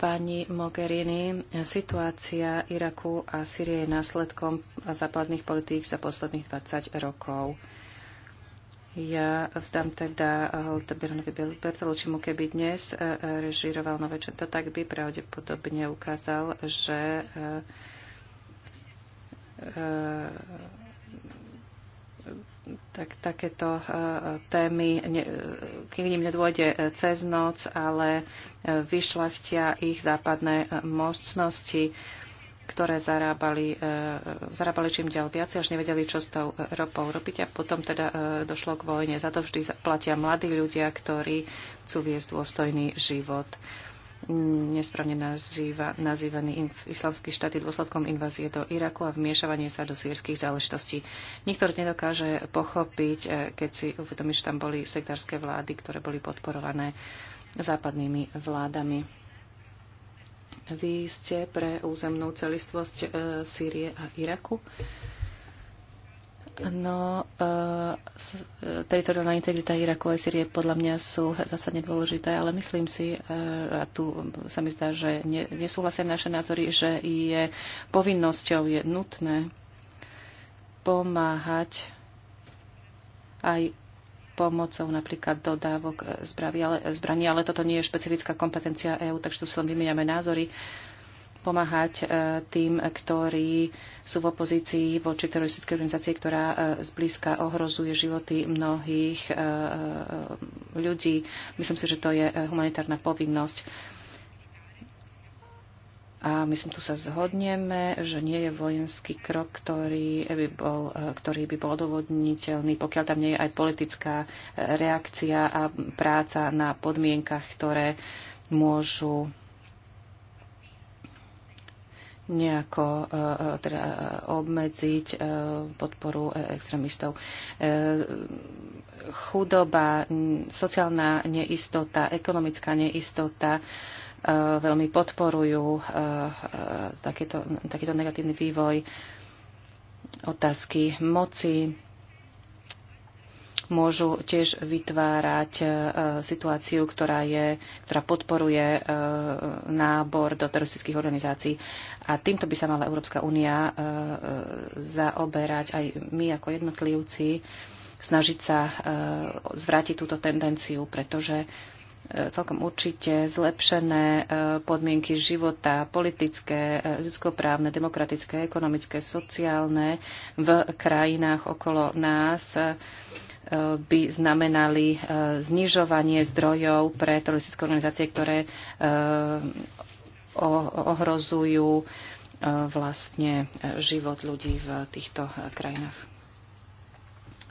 Pani Mogherini, situácia Iraku a Syrie je následkom západných politík za posledných 20 rokov. Ja vzdám teda Holtebernovi Bertolučimu, keby dnes e, e, režíroval na večer, to tak by pravdepodobne ukázal, že e, tak, takéto témy, ne, k nim nedôjde cez noc, ale vyšľachtia ich západné mocnosti ktoré zarábali, e, zarábali čím ďal viac, až nevedeli, čo s tou ropou robiť. A potom teda e, došlo k vojne. Za to vždy platia mladí ľudia, ktorí chcú viesť dôstojný život. Mm, nesprávne nazýva, nazývaný islamský štát dôsledkom invázie do Iraku a vmiešavanie sa do sírskych záležitostí. Nikto nedokáže pochopiť, e, keď si uvedomí, že tam boli sektárske vlády, ktoré boli podporované západnými vládami. Vy ste pre územnú celistvosť e, Sýrie a Iraku. No, e, e, teritoriálna integrita Iraku a Sýrie podľa mňa sú zásadne dôležité, ale myslím si, e, a tu sa mi zdá, že ne, nesúhlasia naše názory, že je povinnosťou, je nutné pomáhať aj pomocou napríklad dodávok e, zbraní, ale, e, zbraní, ale toto nie je špecifická kompetencia EÚ, takže tu si len vymieňame názory pomáhať e, tým, ktorí sú v opozícii voči teroristickej organizácii, ktorá zblízka ohrozuje životy mnohých ľudí. Myslím si, že to je humanitárna povinnosť. A myslím, tu sa zhodneme, že nie je vojenský krok, ktorý eh, by bol, eh, ktorý by bol odôvodniteľný, pokiaľ tam nie je aj politická eh, reakcia a práca na podmienkach, ktoré môžu nejako teda obmedziť podporu extrémistov. Chudoba, sociálna neistota, ekonomická neistota, veľmi podporujú eh, eh, takýto, takýto negatívny vývoj otázky moci môžu tiež vytvárať eh, situáciu, ktorá, je, ktorá podporuje nábor do teroristických organizácií. A týmto by sa mala Európska únia zaoberať aj my ako jednotlivci, snažiť sa zvrátiť túto tendenciu, pretože E, celkom určite zlepšené e, podmienky života, politické, e, ľudskoprávne, demokratické, ekonomické, sociálne v krajinách okolo nás by znamenali znižovanie zdrojov pre teroristické organizácie, ktoré ohrozujú vlastne život ľudí v týchto krajinách.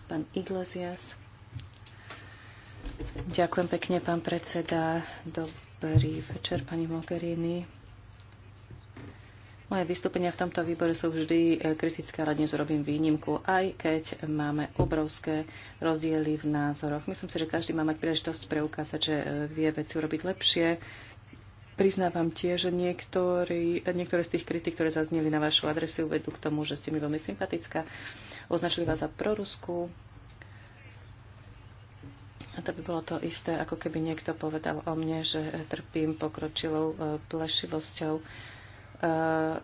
Pán Iglesias. Ďakujem pekne, pán predseda. Dobrý večer, pani Mogherini. Moje vystúpenia v tomto výbore sú vždy e, kritické, ale dnes robím výnimku, aj keď máme obrovské rozdiely v názoroch. Myslím si, že každý má mať príležitosť preukázať, že e, vie veci urobiť lepšie. Priznávam tiež, že niektorí, e, niektoré z tých kritik, ktoré zazneli na vašu adresu, vedú k tomu, že ste mi veľmi sympatická. Označili vás za proruskú, a to by bolo to isté, ako keby niekto povedal o mne, že trpím pokročilou e, plešivosťou. Uh,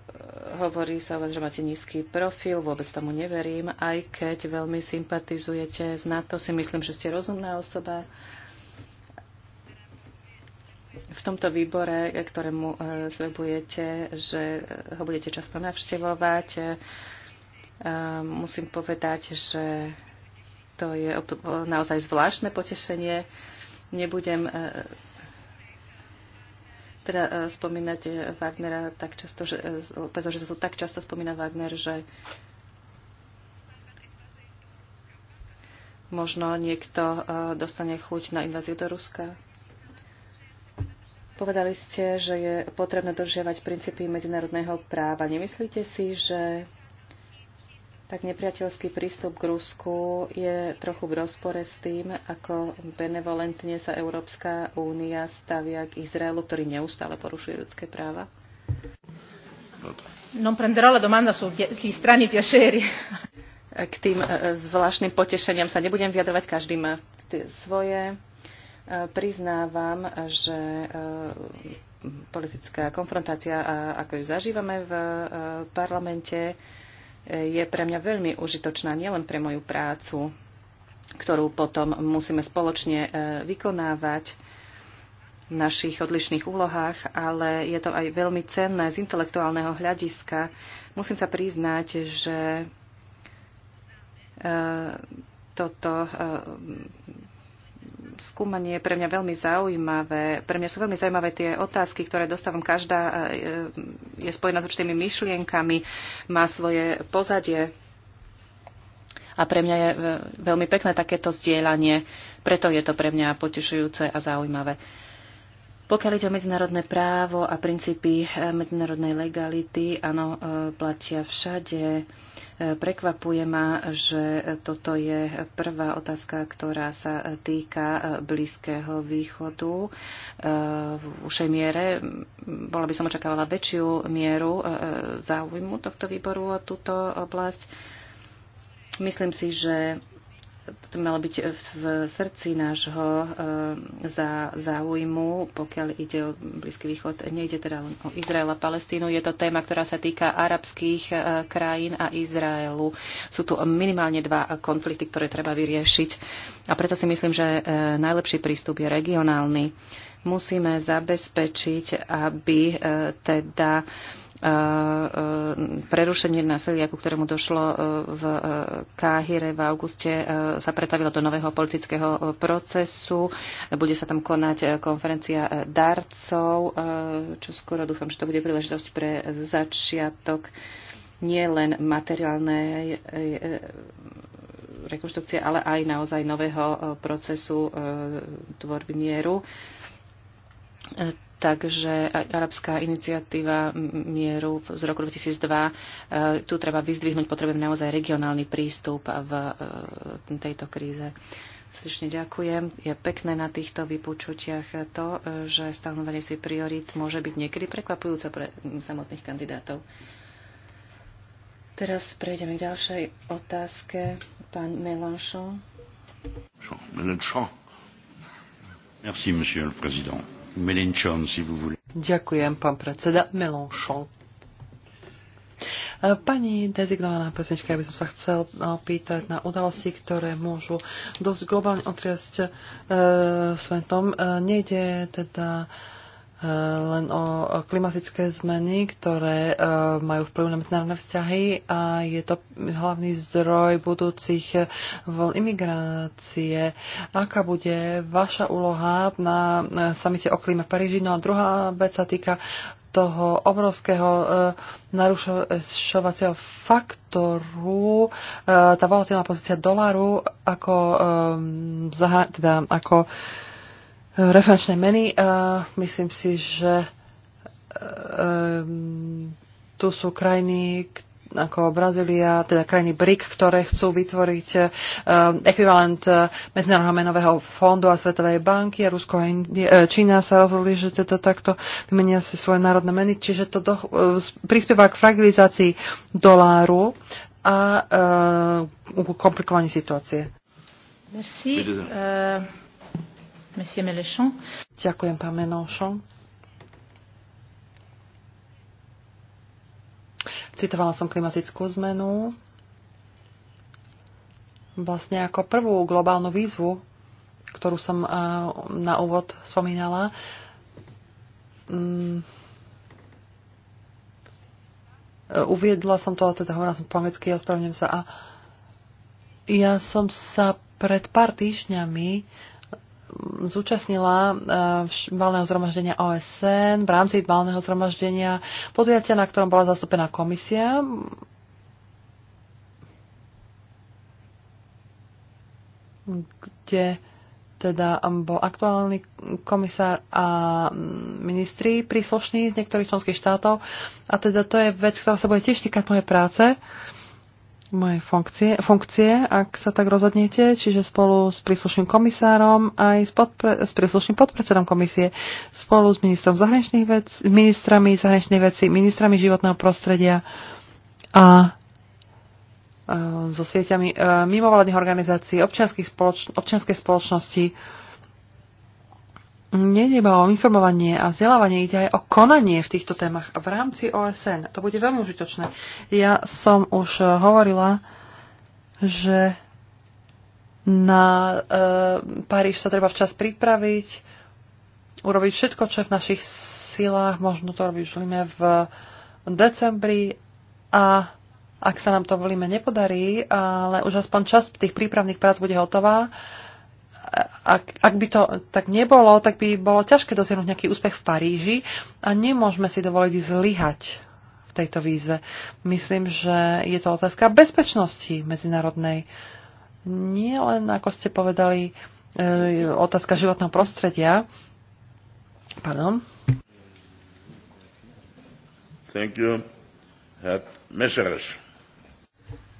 hovorí sa o vás, že máte nízky profil, vôbec tomu neverím, aj keď veľmi sympatizujete s NATO, si myslím, že ste rozumná osoba. V tomto výbore, ktorému uh, že ho budete často navštevovať, uh, musím povedať, že to je naozaj zvláštne potešenie. Nebudem e, teda e, spomínať e, Wagnera tak často, že, pretože sa to tak často spomína Wagner, že možno niekto dostane chuť na inváziu do Ruska. Povedali ste, že je potrebné dodržiavať princípy medzinárodného práva. Nemyslíte si, že tak nepriateľský prístup k Rusku je trochu v rozpore s tým, ako benevolentne sa Európska únia stavia k Izraelu, ktorý neustále porušuje ľudské práva? Non prenderò la domanda sugli strani piaceri. K tým e, zvláštnym potešeniam sa nebudem vyjadrovať, každý má svoje. E, priznávam, že e, politická konfrontácia, ako ju zažívame v parlamente, je pre mňa veľmi užitočná nielen pre moju prácu, ktorú potom musíme spoločne e, vykonávať v našich odlišných úlohách, ale je to aj veľmi cenné z intelektuálneho hľadiska. Musím sa priznať, že e, toto e, skúmanie je pre mňa veľmi zaujímavé. Pre mňa sú veľmi zaujímavé tie otázky, ktoré dostávam. Každá e, je spojená s určitými myšlienkami, má svoje pozadie. A pre mňa je e, veľmi pekné takéto zdieľanie, preto je to pre mňa potešujúce a zaujímavé. Pokiaľ ide o medzinárodné právo a princípy e, medzinárodnej legality, áno, platia všade. Prekvapuje ma, že toto je prvá otázka, ktorá sa týka e, Blízkeho východu e, v ušej miere. Bola by som očakávala väčšiu mieru e, záujmu tohto výboru o túto oblasť. Myslím si, že to malo byť v srdci nášho eh, za záujmu, pokiaľ ide o Blízky východ. Nejde teda len o Izrael a Palestínu, je to téma, ktorá sa týka arabských eh, krajín a Izraelu. Sú tu minimálne dva konflikty, ktoré treba vyriešiť. A preto si myslím, že eh, najlepší prístup je regionálny. Musíme zabezpečiť, aby teda prerušenie násilia, ku ktorému došlo e, v e, Káhire v auguste, e, sa pretavilo do nového politického procesu. Bude sa tam konať konferencia darcov, čo skoro dúfam, že to bude príležitosť pre začiatok nie len materiálnej rekonštrukcie, ale aj naozaj nového procesu tvorby mieru Takže arabská iniciatíva mieru z roku 2002, e, tu treba vyzdvihnúť, potrebujeme naozaj regionálny prístup v e, tejto kríze. Srdečne ďakujem. Je pekné na týchto vypočutiach to, e, že stanovenie si priorit môže byť niekedy prekvapujúce pre samotných kandidátov. Teraz prejdeme k ďalšej otázke. Pán Mélenchon. Mélenchon. Merci, monsieur le président. Mélenchon, si vous voulez. Ďakujem, pán predseda Mélenchon. E, pani dezignovaná pesnička, ja by som sa chcel opýtať e, na udalosti, ktoré môžu dosť globálne otriasť e, svetom. E, nejde teda e, len o klimatické zmeny, ktoré e, majú vplyv na medzinárodné vzťahy a je to hlavný zdroj budúcich vln imigrácie. Aká bude vaša úloha na e, samite o klíme Paríži? No a druhá vec sa týka toho obrovského e, narušovacieho faktoru, tá volatilná pozícia dolaru ako, teda ako Referenčné meny. Myslím si, že e, tu sú krajiny, ako Brazília, teda krajiny BRIC, ktoré chcú vytvoriť um, ekvivalent e, Medzinárodného menového fondu a Svetovej banky a Rusko a Indie, Čína sa rozhodli, že teda takto vymenia si svoje národné meny, čiže to do, uh, prispieva k fragilizácii doláru a uh, komplikovaní situácie. Merci. Uh... Monsieur Mélenchon. Ďakujem, pán Mélenchon. Citovala som klimatickú zmenu vlastne ako prvú globálnu výzvu, ktorú som eh, na úvod spomínala. Mm, eh, uviedla som to, teda hovorila som po anglicky, ospravedlňujem sa. A ja som sa pred pár týždňami zúčastnila e, valného zhromaždenia OSN, v rámci valného zhromaždenia podujatia, na ktorom bola zastúpená komisia. kde teda bol aktuálny komisár a ministri príslušní z niektorých členských štátov. A teda to je vec, ktorá sa bude tiež týkať mojej práce. Uh, moje funkcie, funkcie, ak sa tak rozhodnete, čiže spolu s príslušným komisárom aj s, podpre, s príslušným podpredsedom komisie, spolu s ministrom zahraničných vec, ministrami zahraničných vecí, ministrami životného prostredia a e, so sieťami e, mimovládnych organizácií, občianskej spoloč, občianskej spoločnosti, nie je iba o informovanie a vzdelávanie, ide aj o konanie v týchto témach v rámci OSN. To bude veľmi užitočné. Ja som už eh, hovorila, že na e, Paríž sa treba včas pripraviť, urobiť všetko, čo je v našich silách, možno to robiť už Lime v decembri a ak sa nám to v Lime nepodarí, ale už aspoň časť tých prípravných prác bude hotová, ak, ak by to tak nebolo, tak by bolo ťažké dosiahnuť nejaký úspech v Paríži a nemôžeme si dovoliť zlyhať v tejto výzve. Myslím, že je to otázka bezpečnosti medzinárodnej. Nie len, ako ste povedali, e, otázka životného prostredia. Pardon. Thank you.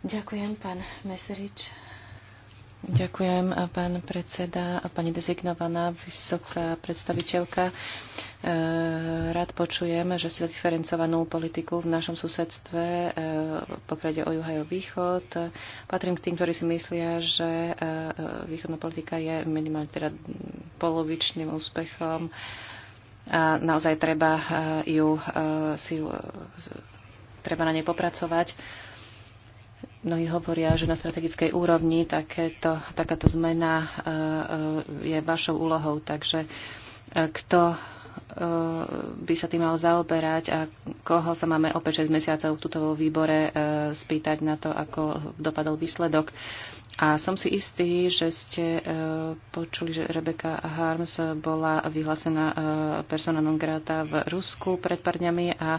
Ďakujem, pán Meserič. Ďakujem, pán predseda a pani dezignovaná vysoká predstaviteľka. E, rád počujem, že si diferencovanú politiku v našom susedstve, e, pokrade o juh o východ. Patrím k tým, ktorí si myslia, že e, východná politika je minimálne teda polovičným úspechom a naozaj treba ju, si ju, treba na nej popracovať Mnohí hovoria, že na strategickej úrovni takéto, takáto zmena e, e, je vašou úlohou, takže e, kto by sa tým mal zaoberať a koho sa máme opäť 6 mesiacov tuto výbore spýtať na to, ako dopadol výsledok. A som si istý, že ste počuli, že Rebecca Harms bola vyhlásená persona non grata v Rusku pred pár dňami a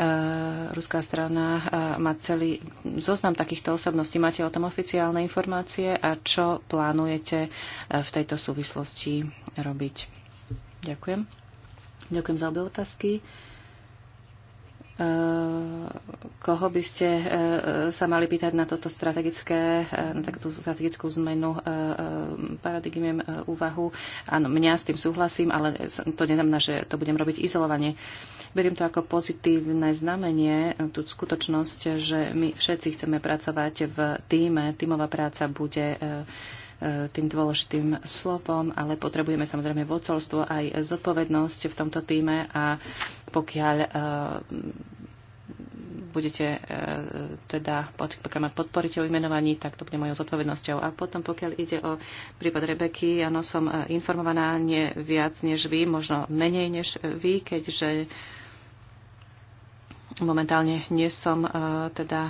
E, ruská strana e, má celý zoznam takýchto osobností. Máte o tom oficiálne informácie a čo plánujete e, v tejto súvislosti robiť? Ďakujem. Ďakujem za obe otázky. Eh, koho by ste eh, sa mali pýtať na toto strategické, eh, na takúto strategickú zmenu paradigmiem úvahu. Áno, mňa s tým súhlasím, ale to neznamená, že to budem robiť izolovanie. Beriem to ako pozitívne znamenie, tú skutočnosť, že my všetci chceme pracovať v týme. Tímová práca bude tým dôležitým slovom, ale potrebujeme samozrejme vocolstvo aj zodpovednosť v tomto týme a pokiaľ eh, budete eh, teda, pokiaľ ma podporiť o vymenovaní, tak to bude mojou zodpovednosťou. A potom, pokiaľ ide o prípad Rebeky, áno, som eh, informovaná nie viac než vy, možno menej než vy, keďže momentálne nie som teda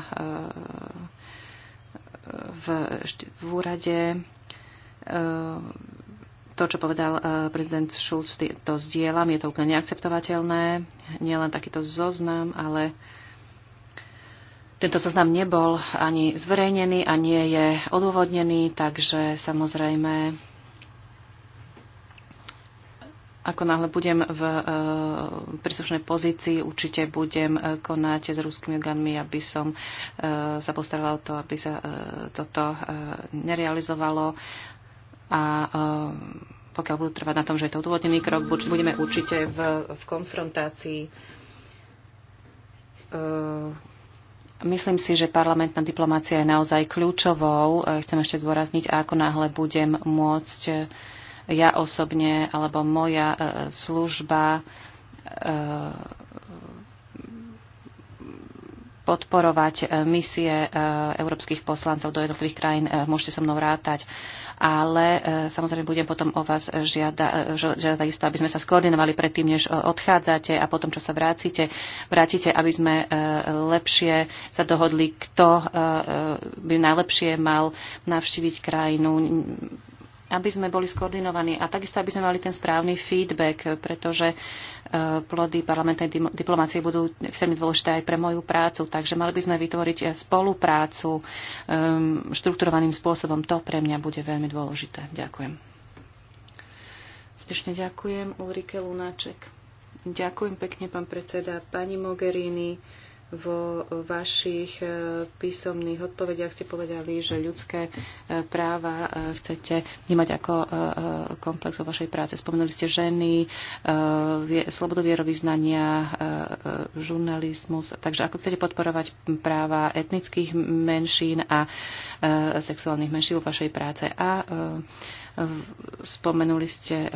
v, v úrade Eh, to, čo povedal eh, prezident Schulz, to zdieľam, je to úplne neakceptovateľné. Nielen takýto zoznam, ale tento zoznam nebol ani zverejnený a nie je odôvodnený, takže samozrejme, ako náhle budem v eh, príslušnej pozícii, určite budem konať s ruskými orgánmi, aby som sa postarala o to, aby sa toto nerealizovalo a eh, pokiaľ budú trvať na tom, že je to odvodnený krok, budeme určite v, v konfrontácii. Eh, myslím si, že parlamentná diplomácia je naozaj kľúčovou. Eh, chcem ešte zdôrazniť, ako náhle budem môcť ja osobne alebo moja služba podporovať misie európskych poslancov do jednotlivých krajín. Môžete so mnou rátať ale e, samozrejme budem potom o vás žiada, e, žiadať isto, aby sme sa skoordinovali predtým, než e, odchádzate a potom, čo sa vrátite, vrátite, aby sme lepšie sa dohodli, kto by najlepšie mal navštíviť krajinu aby sme boli skoordinovaní a takisto, aby sme mali ten správny feedback, pretože e, plody parlamentnej diplomácie budú extrémne dôležité aj pre moju prácu, takže mali by sme vytvoriť e, spoluprácu e, štrukturovaným spôsobom. To pre mňa bude veľmi dôležité. Ďakujem. Srdečne ďakujem Ulrike Lunáček. Ďakujem pekne, pán predseda, pani Mogherini vo vašich e, písomných odpovediach ste povedali, že ľudské e, práva e, chcete vnímať ako komplex vo vašej práce. Spomenuli ste ženy, slobodu vierovýznania, žurnalizmus. Takže ako chcete podporovať práva etnických menšín a sexuálnych menšín vo vašej práce? A Spomenuli ste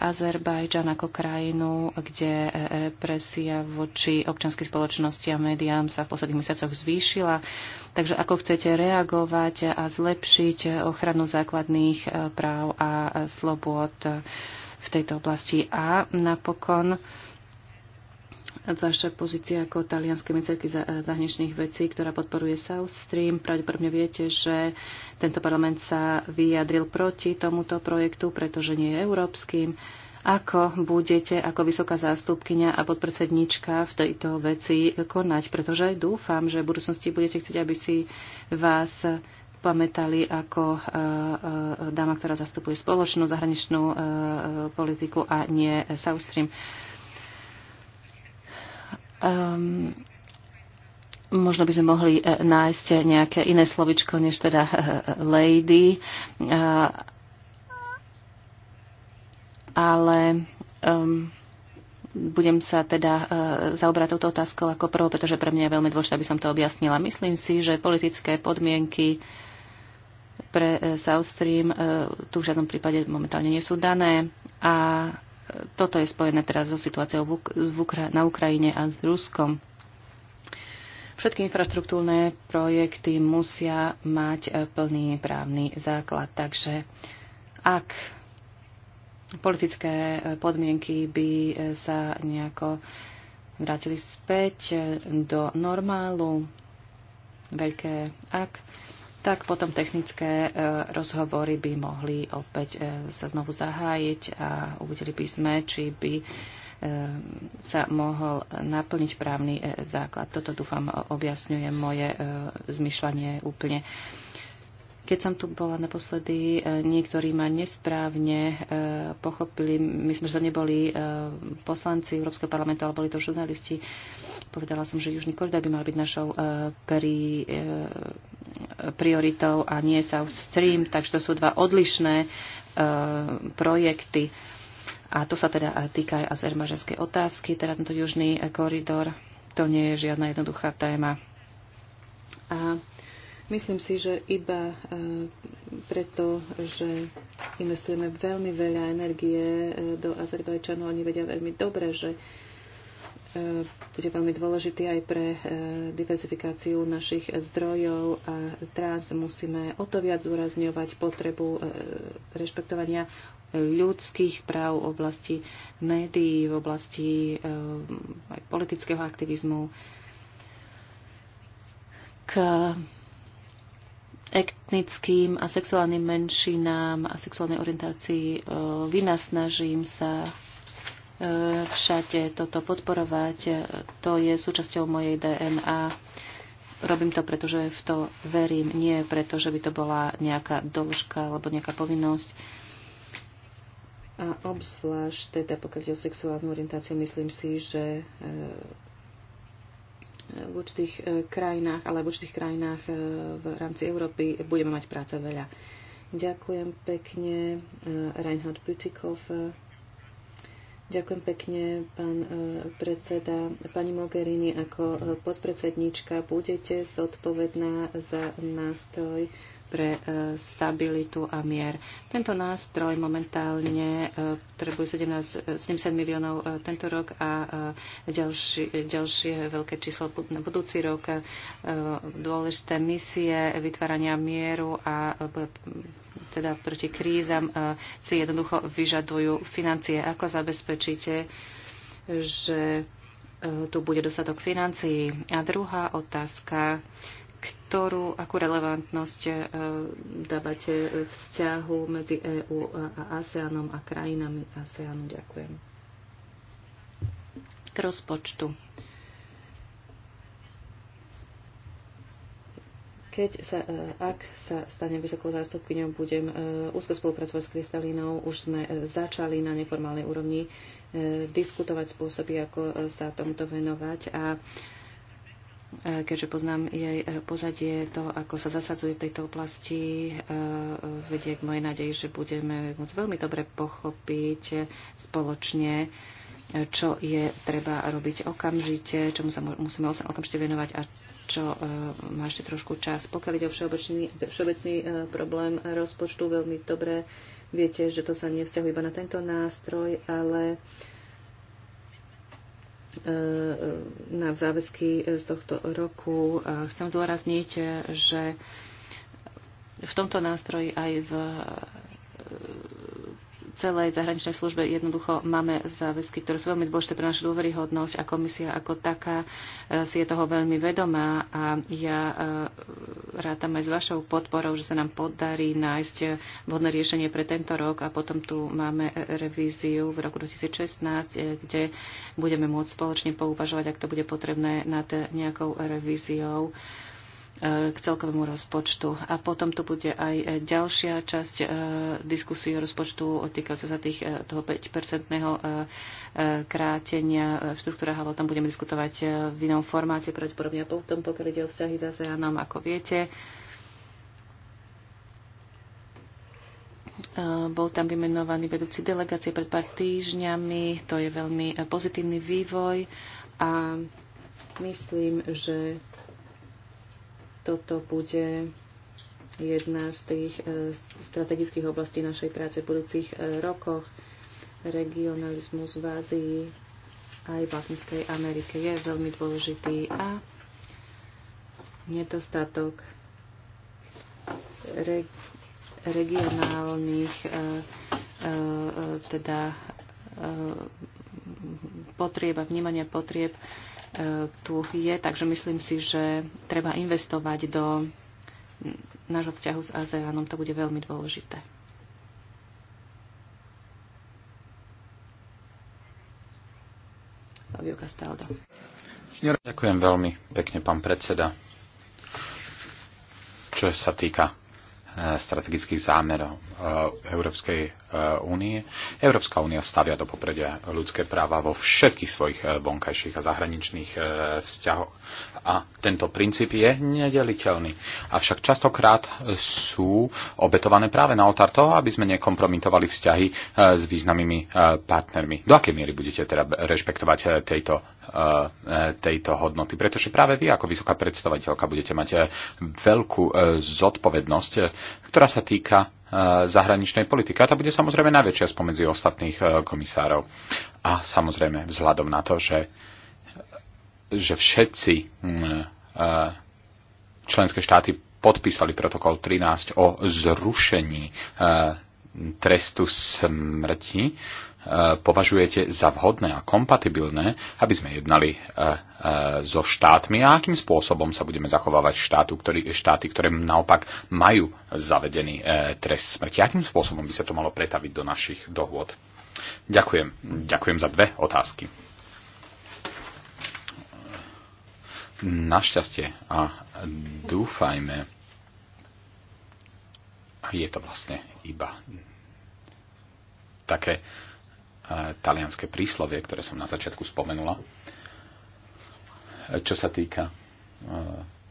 Azerbajdžan ako krajinu, kde represia voči občanskej spoločnosti verejnosti a médiám sa v posledných mesiacoch zvýšila. Takže ako chcete reagovať a zlepšiť ochranu základných e, práv a e, slobod e, v tejto oblasti. A napokon vaša pozícia ako talianskej ministerky zahraničných vecí, ktorá podporuje South Stream. Pravdepodobne viete, že tento parlament sa vyjadril proti tomuto projektu, pretože nie je európskym ako budete ako vysoká zástupkynia a podpredsednička v tejto veci konať, pretože dúfam, že v budúcnosti budete chcieť, aby si vás pamätali ako e, e, dáma, ktorá zastupuje spoločnú zahraničnú e, politiku a nie South Stream. Um, Možno by sme mohli nájsť nejaké iné slovičko než teda lady, ale um, budem sa teda uh, zaobrať touto otázkou ako prvou, pretože pre mňa je veľmi dôležité, aby som to objasnila. Myslím si, že politické podmienky pre uh, South Stream uh, tu v žiadnom prípade momentálne nie sú dané a toto je spojené teraz so situáciou na Ukrajine a s Ruskom. Všetky infraštruktúrne projekty musia mať plný právny základ, takže ak politické e, podmienky by e, sa nejako vrátili späť e, do normálu, veľké ak, tak potom technické rozhovory by mohli opäť sa znovu zahájiť a uvideli by sme, či by sa mohol naplniť právny základ. Toto dúfam objasňuje moje zmyšľanie úplne. Keď som tu bola naposledy, e, niektorí ma nesprávne e, pochopili. My sme, že to neboli e, poslanci Európskeho parlamentu, ale boli to žurnalisti. Povedala som, že Južný koridor by mal byť našou pri, prioritou a nie South Stream, takže to sú dva odlišné projekty. A to sa teda týka aj azermaženskej otázky, teda tento južný koridor. To nie je žiadna jednoduchá téma. A Myslím si, že iba e, preto, že investujeme veľmi veľa energie e, do Azerbajčanu, oni vedia veľmi dobre, že e, bude veľmi dôležitý aj pre diverzifikáciu našich zdrojov a teraz musíme o to viac zúrazňovať potrebu rešpektovania ľudských práv v oblasti médií, v oblasti aj politického aktivizmu. K etnickým a sexuálnym menšinám a sexuálnej orientácii e, vynasnažím sa e, všade toto podporovať. E, to je súčasťou mojej DNA. Robím to, pretože v to verím, nie preto, že by to bola nejaká doložka alebo nejaká povinnosť. A obzvlášť, teda pokiaľ o sexuálnu orientáciu, myslím si, že v určitých e, krajinách, ale v určitých krajinách e, v rámci Európy budeme mať práce veľa. Ďakujem pekne, e, Reinhard Butikov. Ďakujem pekne, pán predseda. Pani Mogherini, ako podpredsedníčka budete zodpovedná za nástroj pre e, stabilitu a mier. Tento nástroj momentálne potrebuje 17, 70 miliónov e, tento rok a e, ďalší, ďalšie veľké číslo na budúci rok. Dôležité misie vytvárania mieru a teda proti krízam si jednoducho vyžadujú financie. Ako zabezpečíte, že tu bude dostatok financií? A druhá otázka ktorú, akú relevantnosť e, dávate vzťahu medzi EÚ a ASEANom a krajinami ASEANu. Ďakujem. K rozpočtu. Keď sa, e, ak sa stane vysokou zástupkyňou, budem e, úzko spolupracovať s Kristalínou. Už sme začali na neformálnej úrovni diskutovať spôsoby, ako sa tomuto venovať. A E, keďže poznám jej e, pozadie, to, ako sa zasadzuje v tejto oblasti, e, vedie k mojej nádeji, že budeme môcť veľmi dobre pochopiť spoločne, čo je treba robiť okamžite, čomu sa musíme okamžite venovať a čo má ešte trošku čas. Pokiaľ ide o všeobecný, všeobecný problém rozpočtu, veľmi dobre viete, že to sa nevzťahuje iba na tento nástroj, ale uh, na záväzky z tohto roku. Chcem zdôrazniť, že v tomto nástroji aj v celej zahraničnej službe jednoducho máme záväzky, ktoré sú veľmi dôležité pre našu dôveryhodnosť a komisia ako taká e, si je toho veľmi vedomá a ja e, rátam aj s vašou podporou, že sa nám podarí nájsť vhodné riešenie pre tento rok a potom tu máme revíziu v roku 2016, e, kde budeme môcť spoločne pouvažovať, ak to bude potrebné nad nejakou revíziou Eh, k celkovému rozpočtu. A potom tu bude aj eh, ďalšia časť eh, diskusie o rozpočtu týkajúce sa tých, toho 5-percentného krátenia v štruktúrach, ale tam budeme diskutovať v inom formáte, pravdepodobne a potom pokiaľ ide o vzťahy s ASEANom, ako viete. Bol tam vymenovaný vedúci delegácie pred pár týždňami, to je veľmi pozitívny vývoj a myslím, že toto bude jedna z tých e, strategických oblastí našej práce v budúcich e, rokoch. Regionalizmus v Ázii aj v Latinskej Amerike je veľmi dôležitý a nedostatok re, regionálnych e, e, e teda e, potrieb a vnímania potrieb e, E, tu je, takže myslím si, že treba investovať do nášho vzťahu s ASEANom, to bude veľmi dôležité. Fabio Castaldo. Ďakujem veľmi pekne, pán predseda. Čo sa týka E, strategických zámerov e, Európskej e, únie. Európska únia stavia do popredia ľudské práva vo všetkých svojich vonkajších a zahraničných vzťahoch. A tento princíp je nedeliteľný. Avšak častokrát sú obetované práve na otár toho, aby sme nekompromitovali vzťahy s významnými partnermi. Do akej miery budete teda rešpektovať tejto E, tejto hodnoty. Pretože práve vy ako vysoká predstaviteľka budete mať e, veľkú e, zodpovednosť, ktorá sa týka zahraničnej politiky. A tá bude samozrejme najväčšia spomedzi ostatných komisárov. A samozrejme vzhľadom na to, že, že všetci mm, členské štáty podpísali protokol 13 o zrušení trestu smrti e, považujete za vhodné a kompatibilné, aby sme jednali e, e, so štátmi a akým spôsobom sa budeme zachovávať štátu, ktorý, štáty, ktoré naopak majú zavedený trest smrti. Akým spôsobom by sa to malo pretaviť do našich dohôd? Ďakujem. Ďakujem za dve otázky. Našťastie a dúfajme, je to vlastne iba také e, talianské príslovie, ktoré som na začiatku spomenula, e, čo sa týka e,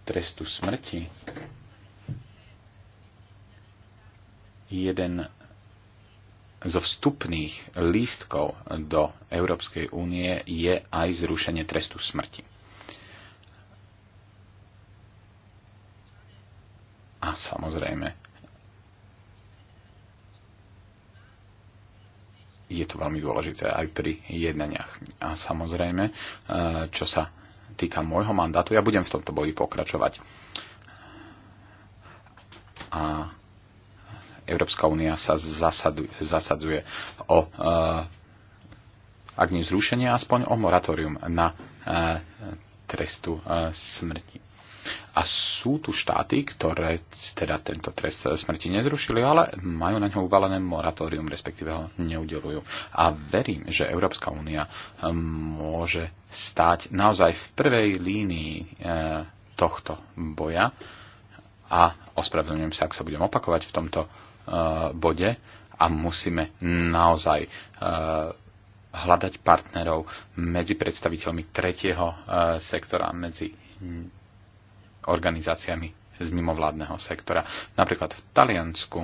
trestu smrti. Jeden zo vstupných lístkov do Európskej únie je aj zrušenie trestu smrti. A samozrejme, je to veľmi dôležité aj pri jednaniach. A samozrejme, e, čo sa týka môjho mandátu, ja budem v tomto boji pokračovať. A Európska únia sa zasaduje zasadzuje o, e, ak nie zrušenie, aspoň o moratórium na e, trestu smrti. A sú tu štáty, ktoré teda tento trest smrti nezrušili, ale majú na ňo uvalené moratórium, respektíve ho neudelujú. A verím, že Európska únia eh, môže stáť naozaj v prvej línii eh, tohto boja a ospravedlňujem sa, ak sa budem opakovať v tomto eh, bode a musíme naozaj hľadať partnerov medzi predstaviteľmi tretieho sektora, medzi organizáciami z mimovládneho sektora. Napríklad v Taliansku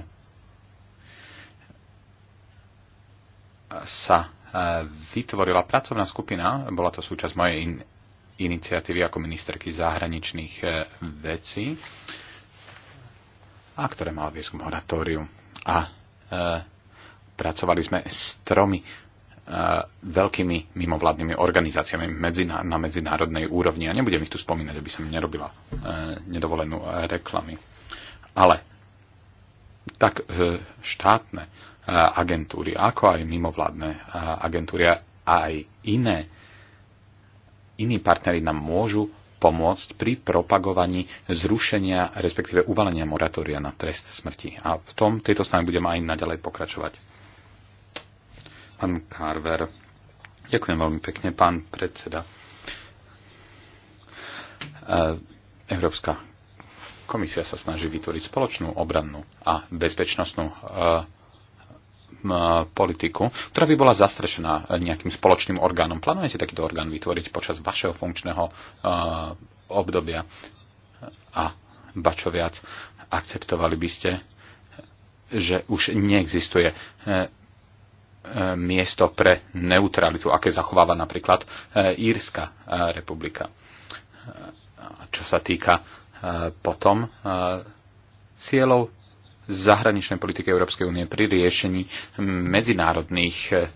sa e, vytvorila pracovná skupina, bola to súčasť mojej in, iniciatívy ako ministerky zahraničných e, vecí, a ktoré mal viesť k moratóriu. A e, pracovali sme s tromi veľkými mimovládnymi organizáciami medzina, na medzinárodnej úrovni. A nebudem ich tu spomínať, aby som nerobila e, nedovolenú e, reklamy. Ale tak e, štátne e, agentúry, ako aj mimovládne e, agentúry aj iné, iní partnery nám môžu pomôcť pri propagovaní zrušenia, respektíve uvalenia moratória na trest smrti. A v tom tejto s budeme aj naďalej pokračovať. Pán Carver. Ďakujem veľmi pekne, pán predseda. E, Európska komisia sa snaží vytvoriť spoločnú obrannú a bezpečnostnú e, politiku, ktorá by bola zastrešená nejakým spoločným orgánom. Plánujete takýto orgán vytvoriť počas vašeho funkčného e, obdobia? A ba čo viac, akceptovali by ste, že už neexistuje E, miesto pre neutralitu, aké zachováva napríklad e, Írska e, republika. Čo sa týka potom cieľov zahraničnej politiky Európskej únie pri riešení medzinárodných,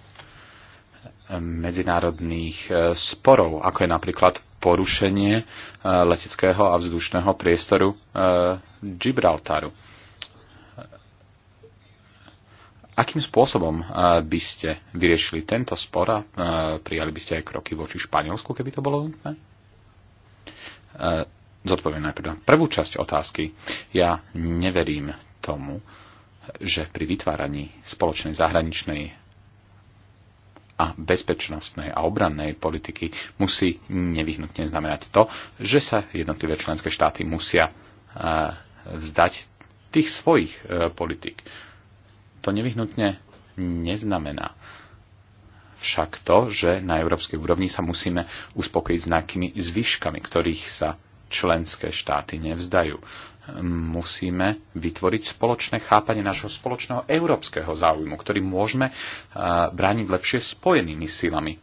medzinárodných sporov, ako je napríklad porušenie leteckého a vzdušného priestoru Gibraltaru Akým spôsobom eh, by ste vyriešili tento spor a eh, prijali by ste aj kroky voči Španielsku, keby to bolo nutné? Eh, zodpoviem najprv prvú časť otázky. Ja neverím tomu, že pri vytváraní spoločnej zahraničnej a bezpečnostnej a obrannej politiky musí nevyhnutne znamenať to, že sa jednotlivé členské štáty musia vzdať tých svojich politik to nevyhnutne neznamená však to, že na európskej úrovni sa musíme uspokojiť s nejakými zvyškami, ktorých sa členské štáty nevzdajú. Musíme vytvoriť spoločné chápanie našho spoločného európskeho záujmu, ktorý môžeme eh, brániť lepšie spojenými silami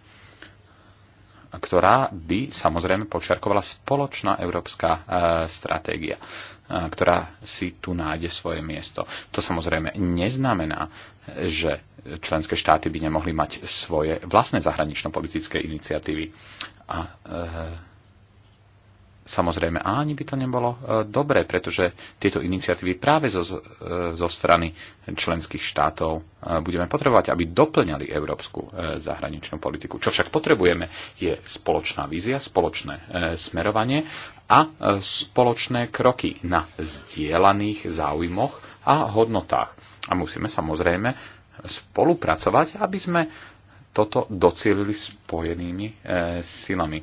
ktorá by samozrejme počarkovala spoločná európska e, stratégia ktorá si tu nájde svoje miesto. To samozrejme neznamená, že členské štáty by nemohli mať svoje vlastné zahranično-politické iniciatívy. A e, Samozrejme, ani by to nebolo e, dobré, pretože tieto iniciatívy práve zo, e, zo strany členských štátov e, budeme potrebovať, aby doplňali európsku zahraničnú politiku. Čo však potrebujeme, je spoločná vízia, spoločné smerovanie a spoločné kroky na zdieľaných záujmoch a hodnotách. A musíme samozrejme spolupracovať, aby sme toto docielili spojenými silami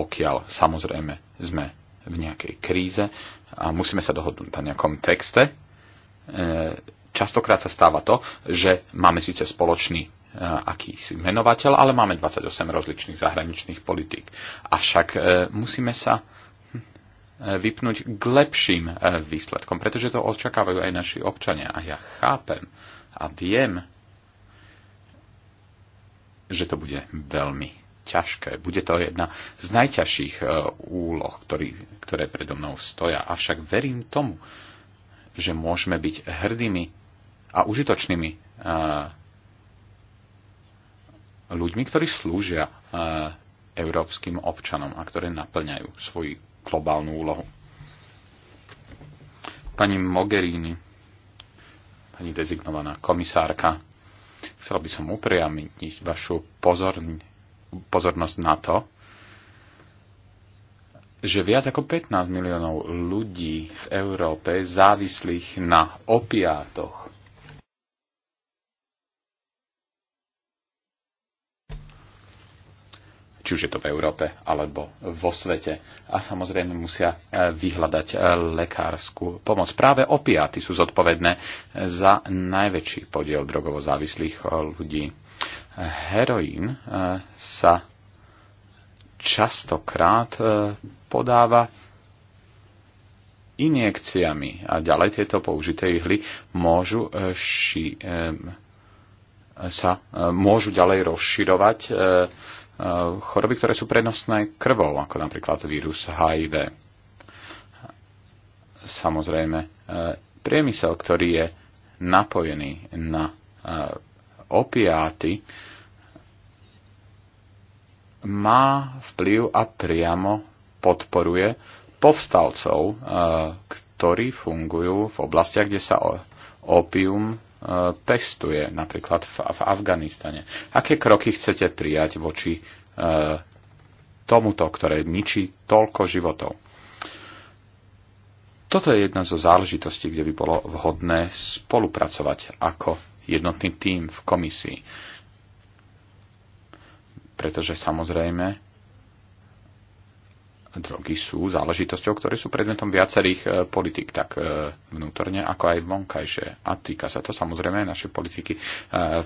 pokiaľ samozrejme sme v nejakej kríze a musíme sa dohodnúť na nejakom texte, e, častokrát sa stáva to, že máme síce spoločný e, akýsi menovateľ, ale máme 28 rozličných zahraničných politík. Avšak e, musíme sa hm, vypnúť k lepším výsledkom, pretože to očakávajú aj naši občania. A ja chápem a viem, že to bude veľmi ťažké. Bude to jedna z najťažších e, úloh, ktorý, ktoré predo mnou stoja. Avšak verím tomu, že môžeme byť hrdými a užitočnými e, ľuďmi, ktorí slúžia e, európskym občanom a ktoré naplňajú svoju globálnu úlohu. Pani Mogherini, pani dezignovaná komisárka, chcel by som upriamiť vašu pozornosť pozornosť na to, že viac ako 15 miliónov ľudí v Európe závislých na opiátoch. Či už je to v Európe alebo vo svete. A samozrejme musia e, vyhľadať e, lekárskú pomoc. Práve opiáty sú zodpovedné za najväčší podiel drogovo závislých e, ľudí heroín eh, sa častokrát eh, podáva injekciami a ďalej tieto použité ihly môžu eh, ši, sa môžu ďalej rozširovať choroby, ktoré sú prenosné krvou, ako napríklad vírus HIV. Samozrejme, priemysel, ktorý je napojený na opiáty má vplyv a priamo podporuje povstalcov, eh, ktorí fungujú v oblastiach, kde sa opium eh, pestuje, napríklad v Afganistane. Aké kroky chcete prijať voči eh, tomuto, ktoré ničí toľko životov? Toto je jedna zo záležitostí, kde by bolo vhodné spolupracovať ako jednotný tím v komisii. Pretože samozrejme drogy sú záležitosťou, ktoré sú predmetom viacerých e, politik, tak e, vnútorne ako aj vonkajšie. A týka sa to samozrejme aj našej politiky e,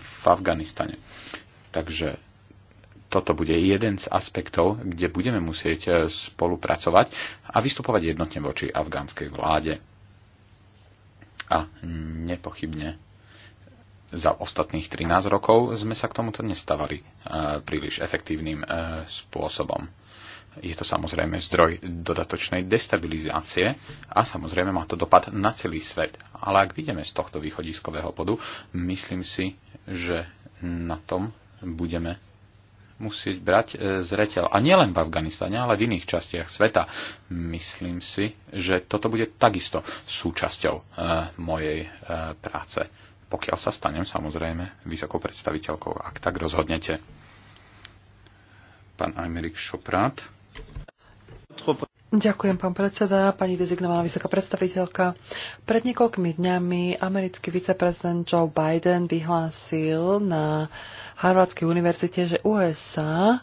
v Afganistane. Takže toto bude jeden z aspektov, kde budeme musieť spolupracovať a vystupovať jednotne voči afgánskej vláde. A nepochybne za ostatných 13 rokov sme sa k tomuto nestávali e, príliš efektívnym e, spôsobom. Je to samozrejme zdroj dodatočnej destabilizácie a samozrejme má to dopad na celý svet. Ale ak vidíme z tohto východiskového bodu, myslím si, že na tom budeme musieť brať e, zreteľ. A nielen v Afganistane, ale v iných častiach sveta. Myslím si, že toto bude takisto súčasťou mojej práce pokiaľ sa stanem samozrejme vysokou predstaviteľkou, ak tak rozhodnete. Pán Ajmerik Šoprát. Ďakujem, pán predseda, pani dezignovaná vysoká predstaviteľka. Pred niekoľkými dňami americký viceprezident Joe Biden vyhlásil na Harvardskej univerzite, že USA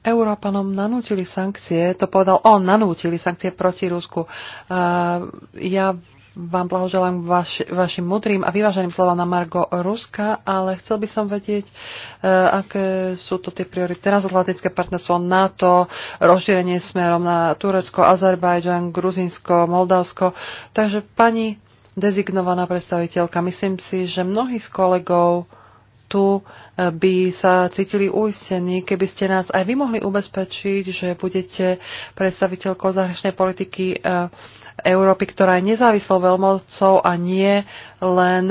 Európanom nanútili sankcie, to povedal on, nanútili sankcie proti Rusku. Uh, ja vám blahoželám vaš, vašim mudrým a vyváženým slovám na Margo Ruska, ale chcel by som vedieť, uh, aké sú to tie priority. Transatlantické partnerstvo NATO, rozšírenie smerom na Turecko, Azerbajdžan, Gruzinsko, Moldavsko. Takže pani dezignovaná predstaviteľka, myslím si, že mnohí z kolegov tu e, by sa cítili uistení, keby ste nás aj vy mohli ubezpečiť, že budete predstaviteľkou zahraničnej politiky e, Európy, ktorá je nezávislou veľmocou a nie len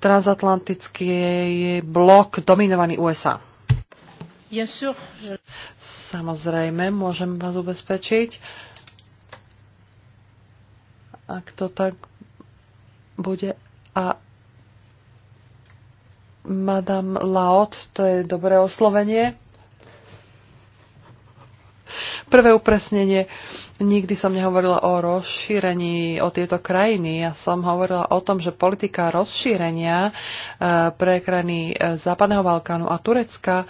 transatlantický blok dominovaný USA. Samozrejme, môžem vás ubezpečiť. Ak to tak bude a Madame Laot, to je dobré oslovenie. Prvé upresnenie. Nikdy som nehovorila o rozšírení o tieto krajiny. Ja som hovorila o tom, že politika rozšírenia e, pre krajiny e, Západného Balkánu a Turecka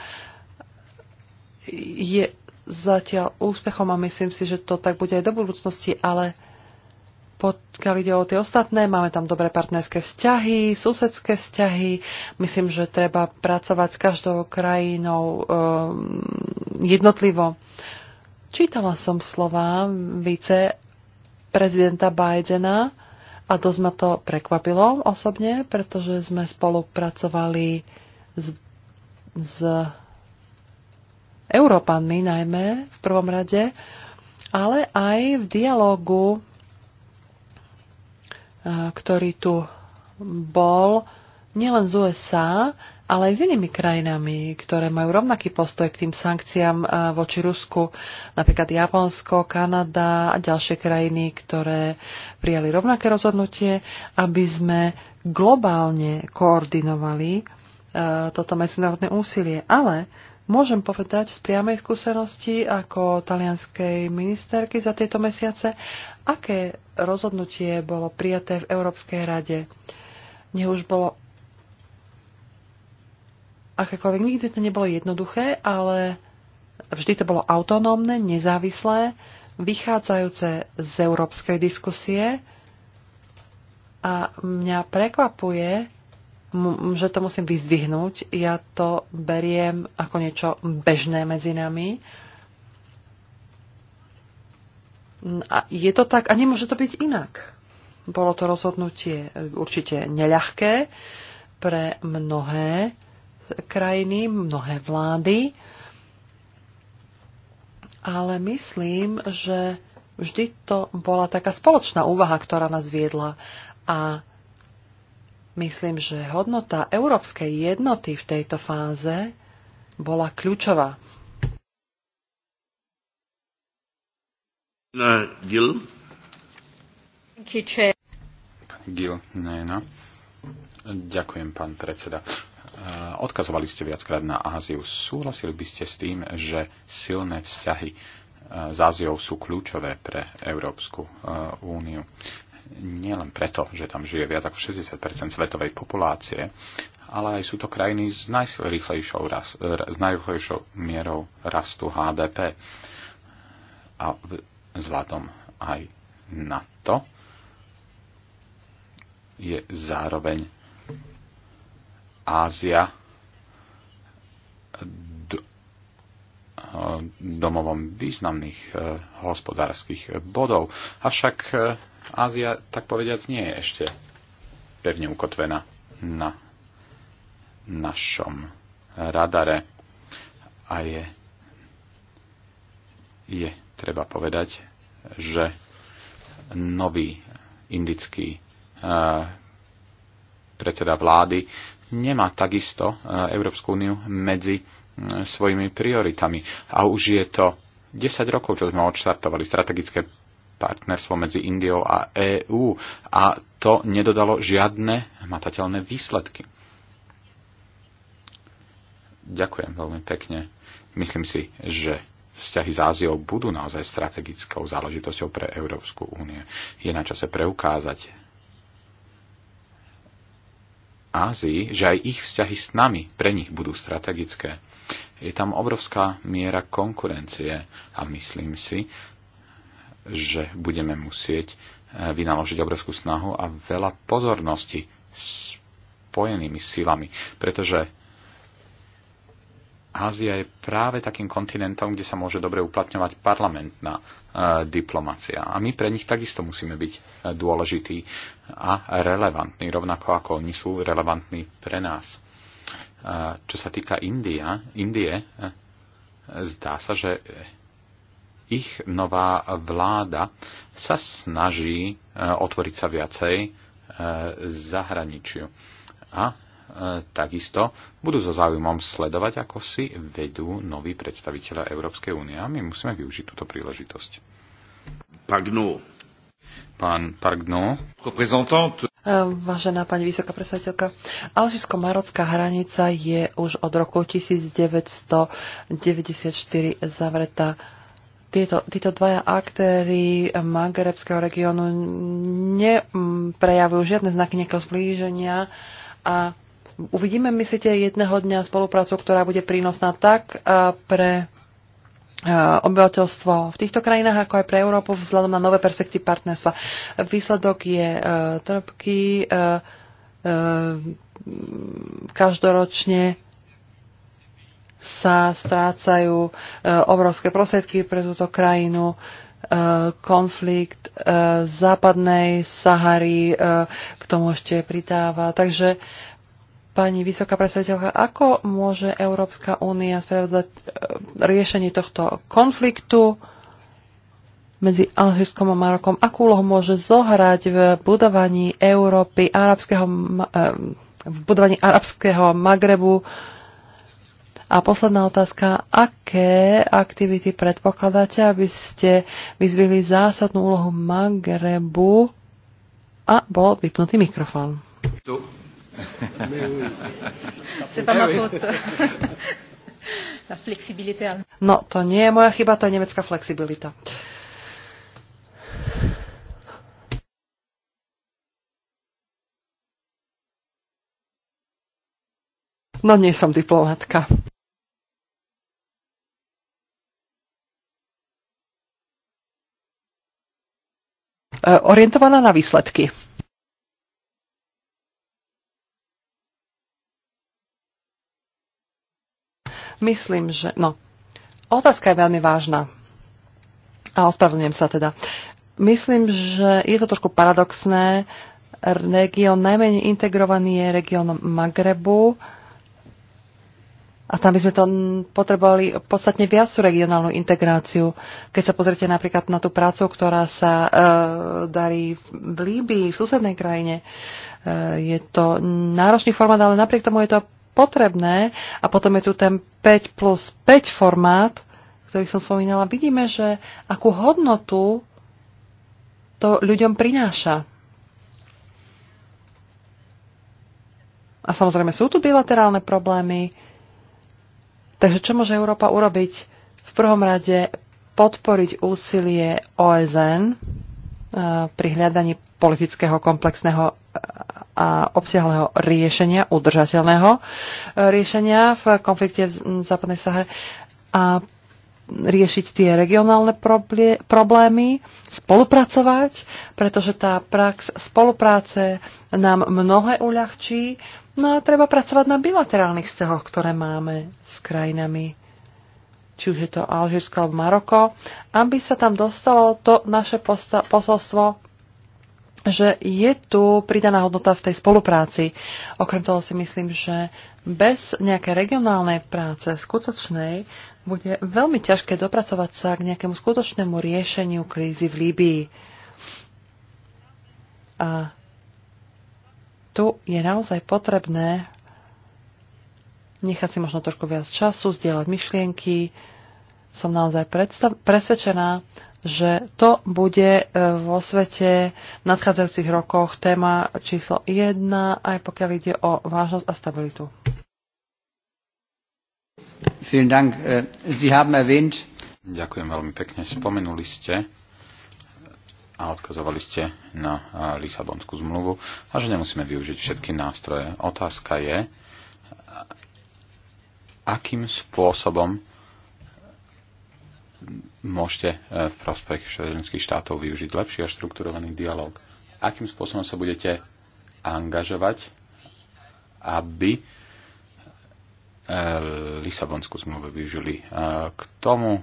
je zatiaľ úspechom a myslím si, že to tak bude aj do budúcnosti, ale pokiaľ ide o tie ostatné, máme tam dobré partnerské vzťahy, susedské vzťahy. Myslím, že treba pracovať s každou krajinou e, jednotlivo. Čítala som slova vice prezidenta Bidena a dosť ma to prekvapilo osobne, pretože sme spolupracovali s, s Európanmi najmä v prvom rade, ale aj v dialogu Eh, ktorý tu bol nielen z USA, ale aj s inými krajinami, ktoré majú rovnaký postoj k tým sankciám eh, voči Rusku, napríklad Japonsko, Kanada a ďalšie krajiny, ktoré prijali rovnaké rozhodnutie, aby sme globálne koordinovali eh, toto medzinárodné úsilie. Ale Môžem povedať z priamej skúsenosti ako talianskej ministerky za tieto mesiace, aké rozhodnutie bolo prijaté v Európskej rade. Nech už bolo akékoľvek, nikdy to nebolo jednoduché, ale vždy to bolo autonómne, nezávislé, vychádzajúce z európskej diskusie. A mňa prekvapuje, že to musím vyzdvihnúť. Ja to beriem ako niečo bežné medzi nami. A je to tak a nemôže to byť inak. Bolo to rozhodnutie e, určite neľahké pre mnohé krajiny, mnohé vlády, ale myslím, že vždy to bola taká spoločná úvaha, ktorá nás viedla a Myslím, že hodnota európskej jednoty v tejto fáze bola kľúčová. Gil. Gil, ne, no. Ďakujem, pán predseda. Eh, odkazovali ste viackrát na Áziu. Súhlasili by ste s tým, že silné vzťahy s eh, Áziou sú kľúčové pre Európsku eh, úniu nielen preto, že tam žije viac ako 60 svetovej populácie, ale aj sú to krajiny s najrýchlejšou, rast, s mierou rastu HDP. A vzhľadom aj na to je zároveň Ázia Eh, domovom významných eh, hospodárskych bodov. Avšak eh, Ázia, tak povediac, nie je ešte pevne ukotvená na našom radare a je, je treba povedať, že nový indický predseda vlády nemá takisto Európsku úniu medzi svojimi prioritami. A už je to 10 rokov, čo sme odštartovali strategické partnerstvo medzi Indiou a EÚ a to nedodalo žiadne matateľné výsledky. Ďakujem veľmi pekne. Myslím si, že vzťahy s Áziou budú naozaj strategickou záležitosťou pre Európsku únie. Je na čase preukázať Ázii, že aj ich vzťahy s nami pre nich budú strategické. Je tam obrovská miera konkurencie a myslím si, že budeme musieť e, vynaložiť obrovskú snahu a veľa pozornosti spojenými silami, pretože Ázia je práve takým kontinentom, kde sa môže dobre uplatňovať parlamentná e, diplomácia. A my pre nich takisto musíme byť e, dôležití a relevantní, rovnako ako oni sú relevantní pre nás. E, čo sa týka India, Indie, e, zdá sa, že ich nová vláda sa snaží e, otvoriť sa viacej e, zahraničiu. A E, takisto budú so záujmom sledovať, ako si vedú noví predstaviteľa Európskej únie. A my musíme využiť túto príležitosť. Pagno. Pán Pagno. Reprezentant e, Vážená pani vysoká predstaviteľka, Alžisko-Marocká hranica je už od roku 1994 zavretá. Tieto, títo dvaja aktéry Magrebského regiónu neprejavujú žiadne znaky nejakého zblíženia a Uvidíme, myslíte, jedného dňa spoluprácu, ktorá bude prínosná tak e, pre e, obyvateľstvo v týchto krajinách, ako aj pre Európu, vzhľadom na nové perspektívy partnerstva. Výsledok je uh, trpký. Uh, uh, každoročne sa strácajú obrovské prostriedky pre túto krajinu. Konflikt západnej Sahary k tomu ešte pridáva. Takže Pani vysoká predstaviteľka, ako môže Európska únia sprevádzať e, riešenie tohto konfliktu medzi Alžírskom a Marokom? Akú úlohu môže zohrať v budovaní Európy, arabského, e, v budovaní arabského Magrebu? A posledná otázka, aké aktivity predpokladáte, aby ste vyzvili zásadnú úlohu Magrebu? A bol vypnutý mikrofón. Eh no, to nie je moja chyba, to je nemecká flexibilita. No nie som diplomatka. E, orientovaná na výsledky. Myslím, že... No, otázka je veľmi vážna. A ospravedlňujem sa teda. Myslím, že je to trošku paradoxné. Región najmenej integrovaný je región Magrebu. A tam by sme to potrebovali podstatne viac regionálnu integráciu. Keď sa pozrite napríklad na tú prácu, ktorá sa e, darí v Líbii, v susednej krajine, e, je to náročný formát, ale napriek tomu je to potrebné. A potom je tu ten 5 plus 5 formát, ktorý som spomínala. Vidíme, že akú hodnotu to ľuďom prináša. A samozrejme sú tu bilaterálne problémy. Takže čo môže Európa urobiť? V prvom rade podporiť úsilie OSN eh, pri hľadaní politického komplexného a obsiahleho riešenia, udržateľného e, riešenia v konflikte v západnej Sahare a riešiť tie regionálne problémy, spolupracovať, pretože tá prax spolupráce nám mnohé uľahčí. No a treba pracovať na bilaterálnych vzťahoch, ktoré máme s krajinami, či už je to Alžírsko alebo Maroko, aby sa tam dostalo to naše posolstvo že je tu pridaná hodnota v tej spolupráci. Okrem toho si myslím, že bez nejakej regionálnej práce skutočnej bude veľmi ťažké dopracovať sa k nejakému skutočnému riešeniu krízy v Líbii. A tu je naozaj potrebné nechať si možno trošku viac času, zdieľať myšlienky. Som naozaj presvedčená, že to bude e, vo svete v nadchádzajúcich rokoch téma číslo 1, aj pokiaľ ide o vážnosť a stabilitu. Äh, Ďakujem veľmi pekne. Spomenuli ste a odkazovali ste na e, Lisabonskú zmluvu a že nemusíme využiť všetky nástroje. Otázka je, akým spôsobom môžete e, v prospech členských štátov využiť lepší a štrukturovaný dialog. Akým spôsobom sa budete angažovať, aby e, Lisabonskú zmluvu využili e, k tomu,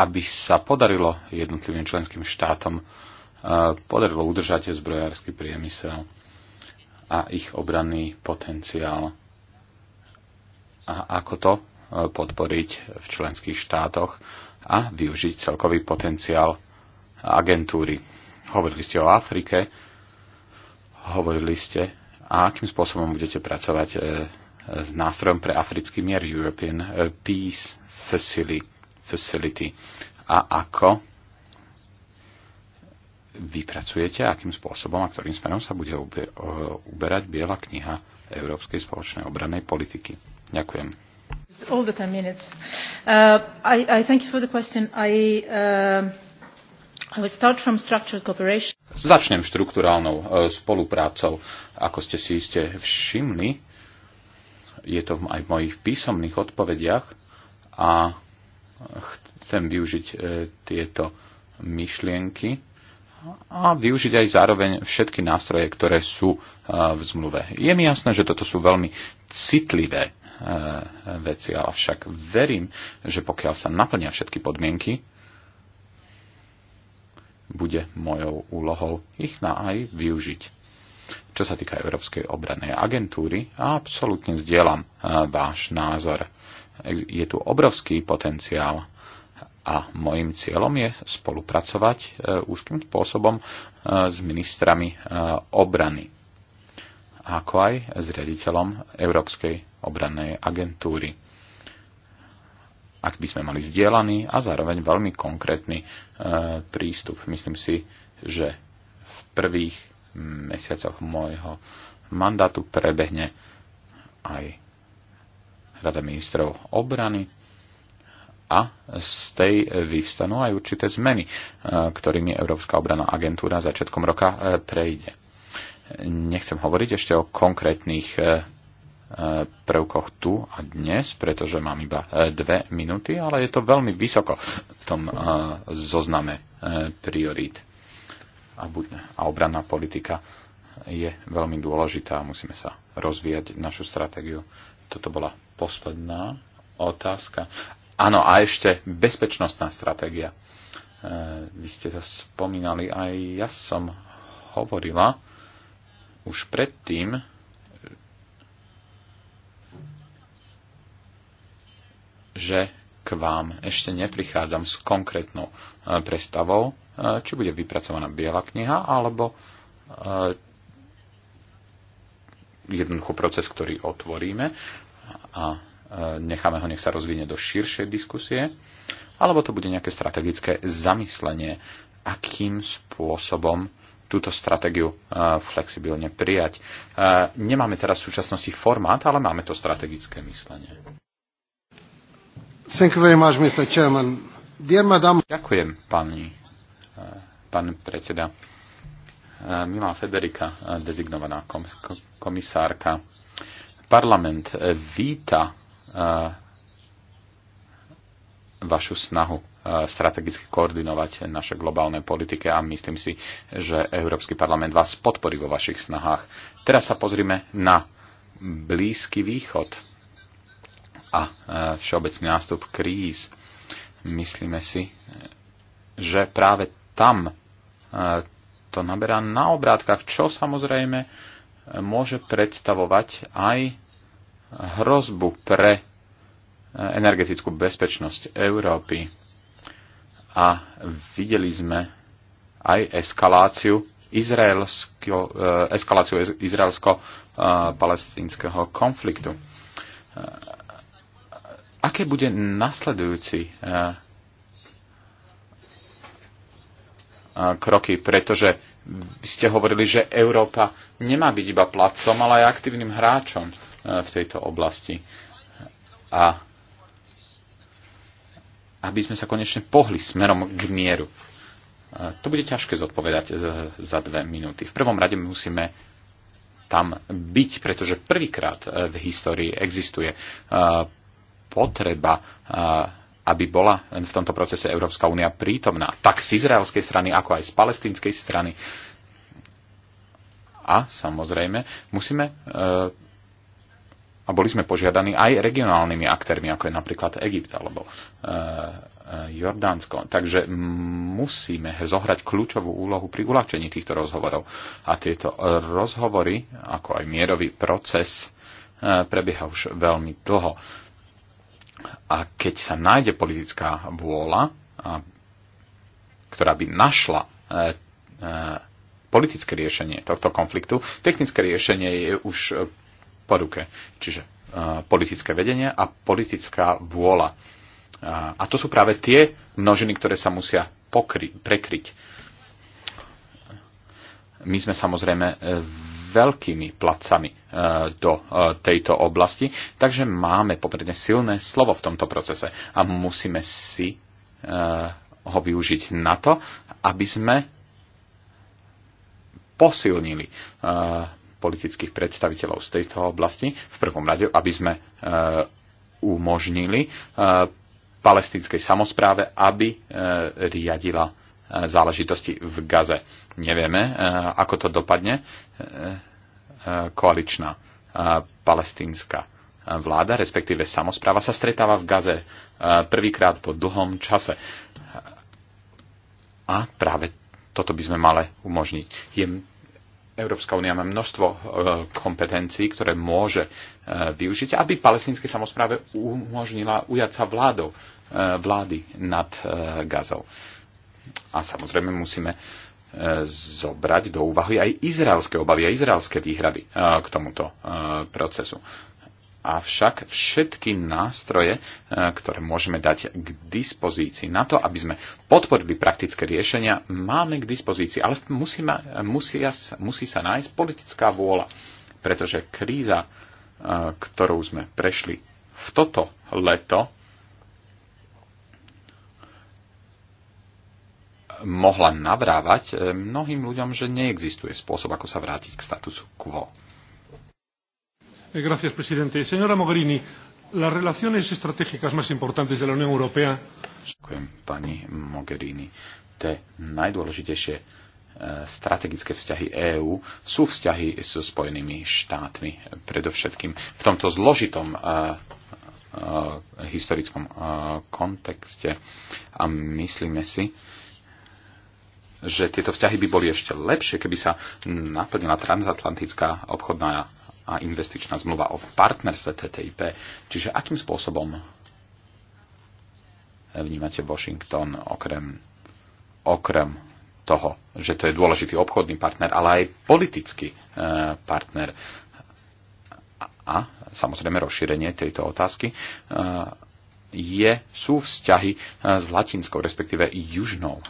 aby sa podarilo jednotlivým členským štátom podarilo udržať zbrojársky priemysel a ich obranný potenciál. A ako to podporiť v členských štátoch a využiť celkový potenciál agentúry. Hovorili ste o Afrike, hovorili ste a akým spôsobom budete pracovať e, s nástrojom pre africký mier European e, Peace Facility a ako vypracujete, akým spôsobom a ktorým smerom sa bude e, uberať Biela kniha Európskej spoločnej obrannej politiky. Ďakujem. All the 10 minutes. Uh, I, I thank you for the question. I, uh, I will start from structured cooperation. Začnem štruktúrálnou uh, spoluprácou. Ako ste si iste všimli, je to aj v mojich písomných odpovediach a chcem využiť uh, tieto myšlienky a využiť aj zároveň všetky nástroje, ktoré sú uh, v zmluve. Je mi jasné, že toto sú veľmi citlivé E, veci, ale však verím, že pokiaľ sa naplnia všetky podmienky, bude mojou úlohou ich na aj využiť. Čo sa týka Európskej obranej agentúry, absolútne zdieľam e, váš názor. Je tu obrovský potenciál a mojim cieľom je spolupracovať e, úzkým spôsobom s ministrami obrany ako aj s riaditeľom Európskej obrannej agentúry. Ak by sme mali zdieľaný a zároveň veľmi konkrétny e, prístup, myslím si, že v prvých mesiacoch môjho mandátu prebehne aj Rada ministrov obrany a z tej vyvstanú aj určité zmeny, e, ktorými Európska obrana agentúra začiatkom roka e, prejde. Nechcem hovoriť ešte o konkrétnych e, e, prvkoch tu a dnes, pretože mám iba e, dve minúty, ale je to veľmi vysoko v tom zozname priorít. A obranná politika je veľmi dôležitá a musíme sa rozvíjať našu stratégiu. Toto bola posledná otázka. Áno, a ešte bezpečnostná stratégia. Vy ste to spomínali, aj ja som hovorila už predtým e, že k vám ešte neprichádzam s konkrétnou e, prestavou, e, či bude vypracovaná biela kniha, alebo jednoducho proces, ktorý otvoríme a necháme ho, nech sa rozvinie do širšej diskusie, alebo to bude nejaké strategické zamyslenie, akým spôsobom túto stratégiu e, flexibilne prijať. E, nemáme teraz v súčasnosti formát, ale máme to strategické myslenie. Thank you very much, Mr. Chairman. Dear Madam... Ďakujem, pani, e, pán predseda. Milá Federika, dezignovaná komisárka. Parlament víta vašu snahu strategicky koordinovať naše globálne politiky a myslím si, že Európsky parlament vás podporí vo vašich snahách. Teraz sa pozrime na Blízky východ a e, všeobecný nástup kríz. Myslíme si, že práve tam e, to naberá na obrátkach, čo samozrejme e, môže predstavovať aj hrozbu pre energetickú bezpečnosť Európy a videli sme aj eskaláciu izraelsko, eh, eskaláciu izraelsko-palestínskeho eh, konfliktu. Eh, aké bude nasledujúci kroky, pretože ste hovorili, že Európa nemá byť iba placom, ale aj aktívnym hráčom v tejto oblasti. A aby sme sa konečne pohli smerom k mieru. To bude ťažké zodpovedať e, za dve minúty. V prvom rade musíme tam byť, pretože prvýkrát e, v histórii existuje e, potreba, aby bola v tomto procese Európska únia prítomná, tak z izraelskej strany, ako aj z palestinskej strany. A samozrejme, musíme a boli sme požiadaní aj regionálnymi aktérmi, ako je napríklad Egypt alebo e, e, Jordánsko. Takže musíme zohrať kľúčovú úlohu pri uľahčení týchto rozhovorov. A tieto rozhovory, ako aj mierový proces, e, prebieha už veľmi dlho. A keď sa nájde politická vôľa, ktorá by našla politické riešenie tohto konfliktu, technické riešenie je už po ruke. Čiže e, politické vedenie a politická vôľa. E, a to sú práve tie množiny, ktoré sa musia pokry- prekryť. My sme samozrejme e, veľkými placami do tejto oblasti, takže máme pomerne silné slovo v tomto procese a musíme si ho využiť na to, aby sme posilnili politických predstaviteľov z tejto oblasti. V prvom rade, aby sme e, umožnili e, palestinskej samozpráve, aby e, riadila záležitosti v Gaze. Nevieme, ako to dopadne. Koaličná palestínska vláda, respektíve samozpráva, sa stretáva v Gaze prvýkrát po dlhom čase. A práve toto by sme mali umožniť. Je Európska únia má množstvo e, kompetencií, ktoré môže e, využiť, aby palestinskej samozpráve umožnila ujať sa vládou, e, vlády nad Gazou. A samozrejme musíme zobrať do úvahy aj izraelské obavy a izraelské výhrady k tomuto procesu. Avšak všetky nástroje, e, ktoré môžeme dať k dispozícii na to, aby sme podporili praktické riešenia, máme k dispozícii. Ale musí, ma, musí, musí sa nájsť politická vôľa, pretože kríza, e, ktorou sme prešli v toto leto, mohla navrávať e, mnohým ľuďom, že neexistuje spôsob, ako sa vrátiť k statusu quo. Eh, Señor presidente. Señora Mogherini, las relaciones estratégicas más importantes de la Unión Europea. Ďakujem, pani Mogherini. Tie najdôležitejšie eh, strategické vzťahy EÚ sú vzťahy so Spojenými štátmi. Predovšetkým v tomto zložitom uh, uh, historickom uh, kontexte a myslíme si, že tieto vzťahy by boli ešte lepšie, keby sa naplnila transatlantická obchodná uh, a investičná zmluva o partnerstve TTIP. Čiže akým spôsobom vnímate Washington okrem, okrem toho, že to je dôležitý obchodný partner, ale aj politický e, partner. A, a samozrejme rozšírenie tejto otázky e, je, sú vzťahy e, s Latinskou, respektíve Južnou e,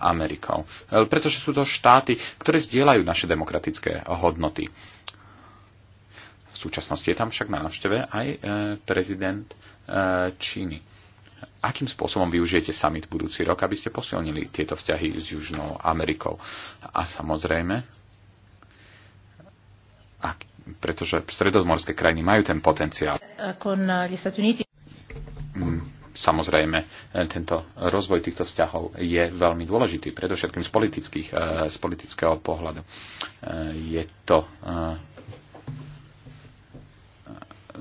Amerikou. E, pretože sú to štáty, ktoré zdieľajú naše demokratické hodnoty. V súčasnosti je tam však na návšteve aj e, prezident e, Číny. Akým spôsobom využijete summit budúci rok, aby ste posilnili tieto vzťahy s Južnou Amerikou? A samozrejme, a, pretože stredozmorské krajiny majú ten potenciál. Eh, mm, samozrejme, eh, tento rozvoj týchto vzťahov je veľmi dôležitý, predovšetkým z, politických, eh, z politického pohľadu. Je to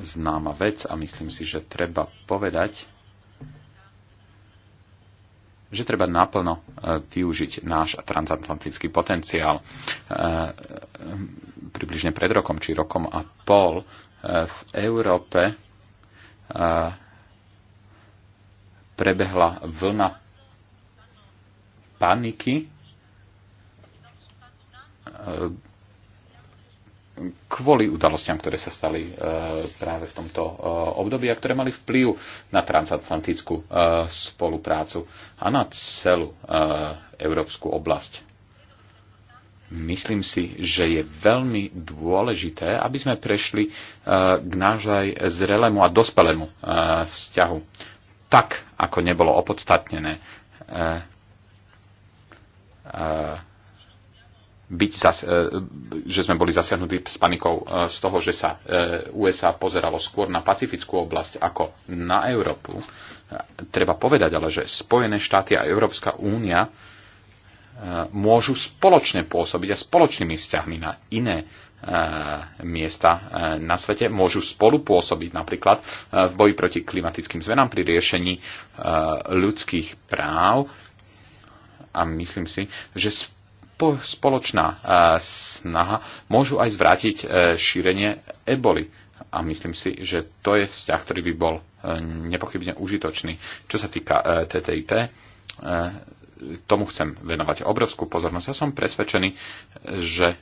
známa vec a myslím si, že treba povedať, že treba naplno e, využiť náš transatlantický potenciál. E, e, približne pred rokom, či rokom a pol, v Európe prebehla vlna paniky kvôli udalostiam, ktoré sa stali e, práve v tomto e, období a ktoré mali vplyv na transatlantickú e, spoluprácu a na celú európsku oblasť. Myslím si, že je veľmi dôležité, aby sme prešli k nážaj zrelému a dospelému vzťahu. Tak, ako nebolo opodstatnené byť zas, e, že sme boli zasiahnutí s panikou e, z toho, že sa e, USA pozeralo skôr na pacifickú oblasť ako na Európu. Treba povedať ale, že Spojené štáty a Európska únia môžu spoločne pôsobiť a spoločnými vzťahmi na iné miesta na svete. Môžu spolu pôsobiť napríklad v boji proti klimatickým zmenám pri riešení ľudských práv a myslím si, že spoločná e, snaha môžu aj zvrátiť e, šírenie eboli. A myslím si, že to je vzťah, ktorý by bol e, nepochybne užitočný. Čo sa týka TTIP, tomu chcem venovať obrovskú pozornosť. Ja som presvedčený, že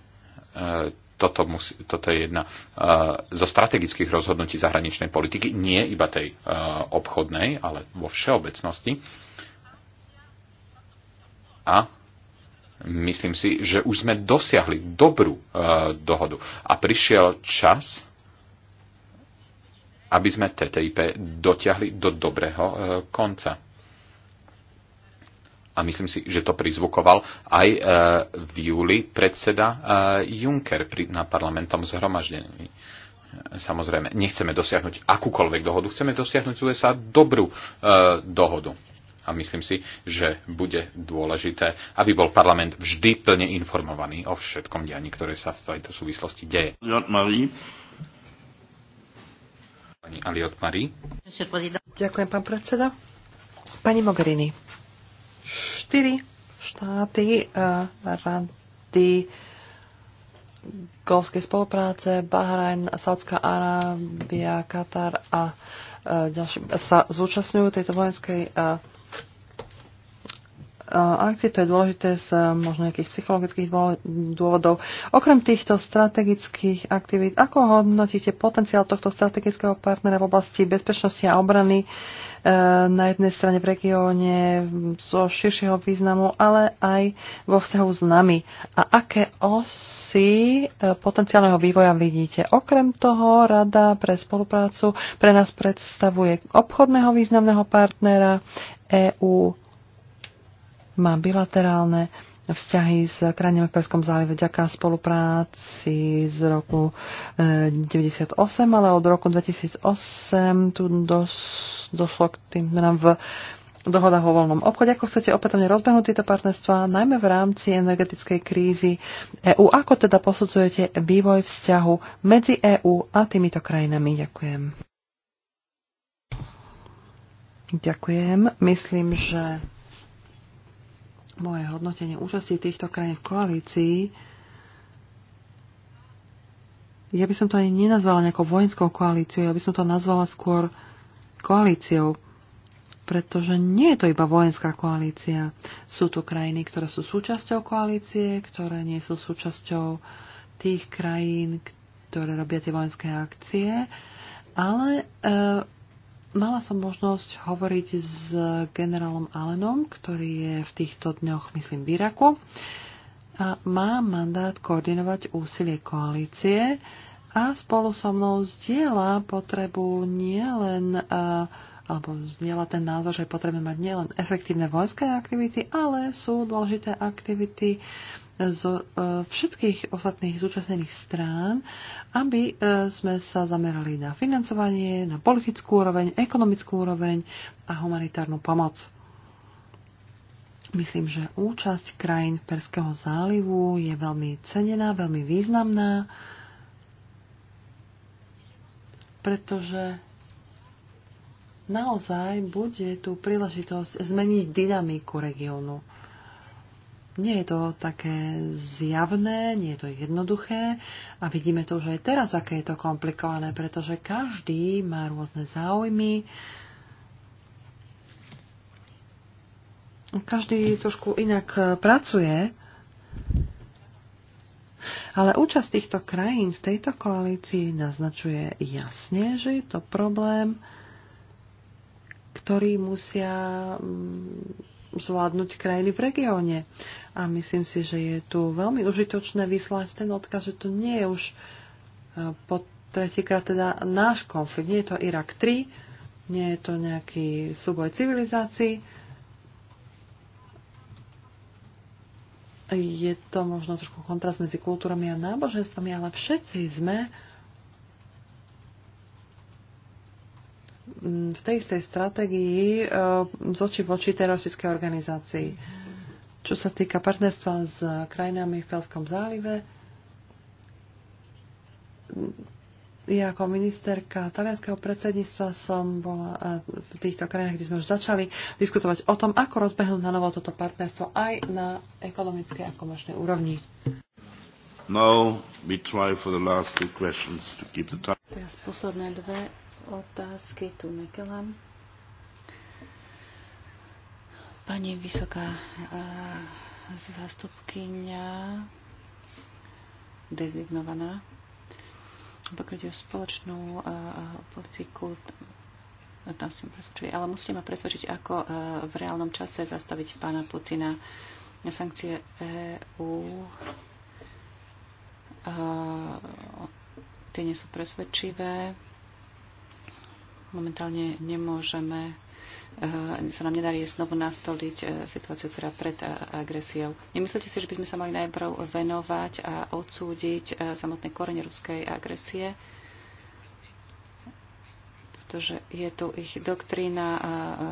toto, musí, toto je jedna zo strategických rozhodnutí zahraničnej politiky, nie iba tej obchodnej, ale vo všeobecnosti. A myslím si, že už sme dosiahli dobrú e, dohodu a prišiel čas, aby sme TTIP dotiahli do dobrého e, konca. A myslím si, že to prizvukoval aj e, v júli predseda Juncker na parlamentom zhromaždení. Samozrejme, nechceme dosiahnuť akúkoľvek dohodu, chceme dosiahnuť z USA dobrú dohodu a myslím si, že bude dôležité, aby bol parlament vždy plne informovaný o všetkom dianí, ktoré sa v tejto súvislosti deje. Pani Aliot Marie. Ďakujem, pán predseda. Pani Mogherini, štyri štáty uh, rady golfskej spolupráce, Bahrajn, Saudská Arábia, Katar a uh, eh, ďalší sa zúčastňujú tejto vojenskej uh, akcií, to je dôležité z eh, možno nejakých psychologických dôvodov. Okrem týchto strategických aktivít, ako hodnotíte potenciál tohto strategického partnera v oblasti bezpečnosti a obrany eh, na jednej strane v regióne zo širšieho významu, ale aj vo vzťahu s nami? A aké osy eh, potenciálneho vývoja vidíte? Okrem toho, Rada pre spoluprácu pre nás predstavuje obchodného významného partnera EU? má bilaterálne vzťahy s krajinami v Perskom zálive vďaka spolupráci z roku 1998, eh, ale od roku 2008 tu dos, došlo k tým nám v dohodách o voľnom obchode. Ako chcete opätovne rozbehnúť tieto partnerstvá, najmä v rámci energetickej krízy EÚ? Ako teda posudzujete vývoj vzťahu medzi EÚ a týmito krajinami? Ďakujem. Ďakujem. Myslím, že moje hodnotenie účasti týchto krajín v koalícii, ja by som to ani nenazvala nejakou vojenskou koalíciou, ja by som to nazvala skôr koalíciou, pretože nie je to iba vojenská koalícia. Sú tu krajiny, ktoré sú súčasťou koalície, ktoré nie sú súčasťou tých krajín, ktoré robia tie vojenské akcie, ale e, Mala som možnosť hovoriť s generálom Allenom, ktorý je v týchto dňoch, myslím, v Iraku a má mandát koordinovať úsilie koalície a spolu so mnou zdieľa potrebu nielen alebo zdieľa ten názor, že potrebujeme mať nielen efektívne vojenské aktivity, ale sú dôležité aktivity zo e, všetkých ostatných zúčastnených strán, aby e, sme sa zamerali na financovanie, na politickú úroveň, ekonomickú úroveň a humanitárnu pomoc. Myslím, že účasť krajín Perského zálivu je veľmi cenená, veľmi významná, pretože naozaj bude tu príležitosť zmeniť dynamiku regiónu. Nie je to také zjavné, nie je to jednoduché a vidíme to už aj teraz, aké je to komplikované, pretože každý má rôzne záujmy, každý trošku inak e, pracuje, ale účasť týchto krajín v tejto koalícii naznačuje jasne, že je to problém, ktorý musia mm, zvládnuť krajiny v regióne. A myslím si, že je tu veľmi užitočné vyslať ten odkaz, že to nie je už e, po tretíkrát teda náš konflikt. Nie je to Irak 3, nie je to nejaký súboj civilizácií. Je to možno trošku kontrast medzi kultúrami a náboženstvami, ale všetci sme v tej istej stratégii eh, z oči oči teroristické organizácii. Čo sa týka partnerstva s krajinami v Pelskom zálive, ja ako ministerka talianského predsedníctva som bola eh, v týchto krajinách, kde sme už začali diskutovať o tom, ako rozbehnúť na novo toto partnerstvo aj na ekonomickej a komerčnej úrovni. Now we try for the last two questions to keep the time. Yes, posledné dve otázky tu nekelám. Pani vysoká eh, zastupkynia dezignovaná, pokiaľ ide o spoločnú eh, politiku, eh, tam ste ma presvedčili, ale musíte ma presvedčiť, ako v reálnom čase zastaviť pána Putina na sankcie Uh, Tie nie sú presvedčivé momentálne nemôžeme eh, sa nám nedarí znovu nastoliť eh, situáciu, ktorá pred eh, agresiou. Nemyslíte si, že by sme sa mali najprv venovať a odsúdiť samotné korene ruskej agresie? Pretože je tu ich doktrína,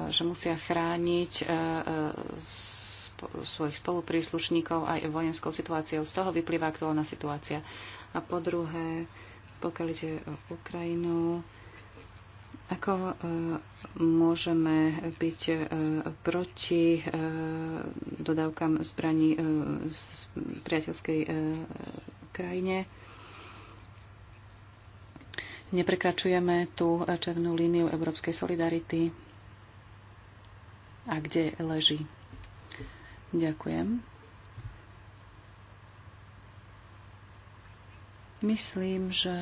že musia chrániť svojich spolupríslušníkov aj vojenskou situáciou. Z toho vyplýva aktuálna situácia. A po druhé, pokiaľ ide o Ukrajinu, ako e, môžeme byť e, proti e, dodávkam zbraní z priateľskej krajine? Neprekračujeme tú červenú líniu európskej solidarity. A kde leží? Ďakujem. Myslím, že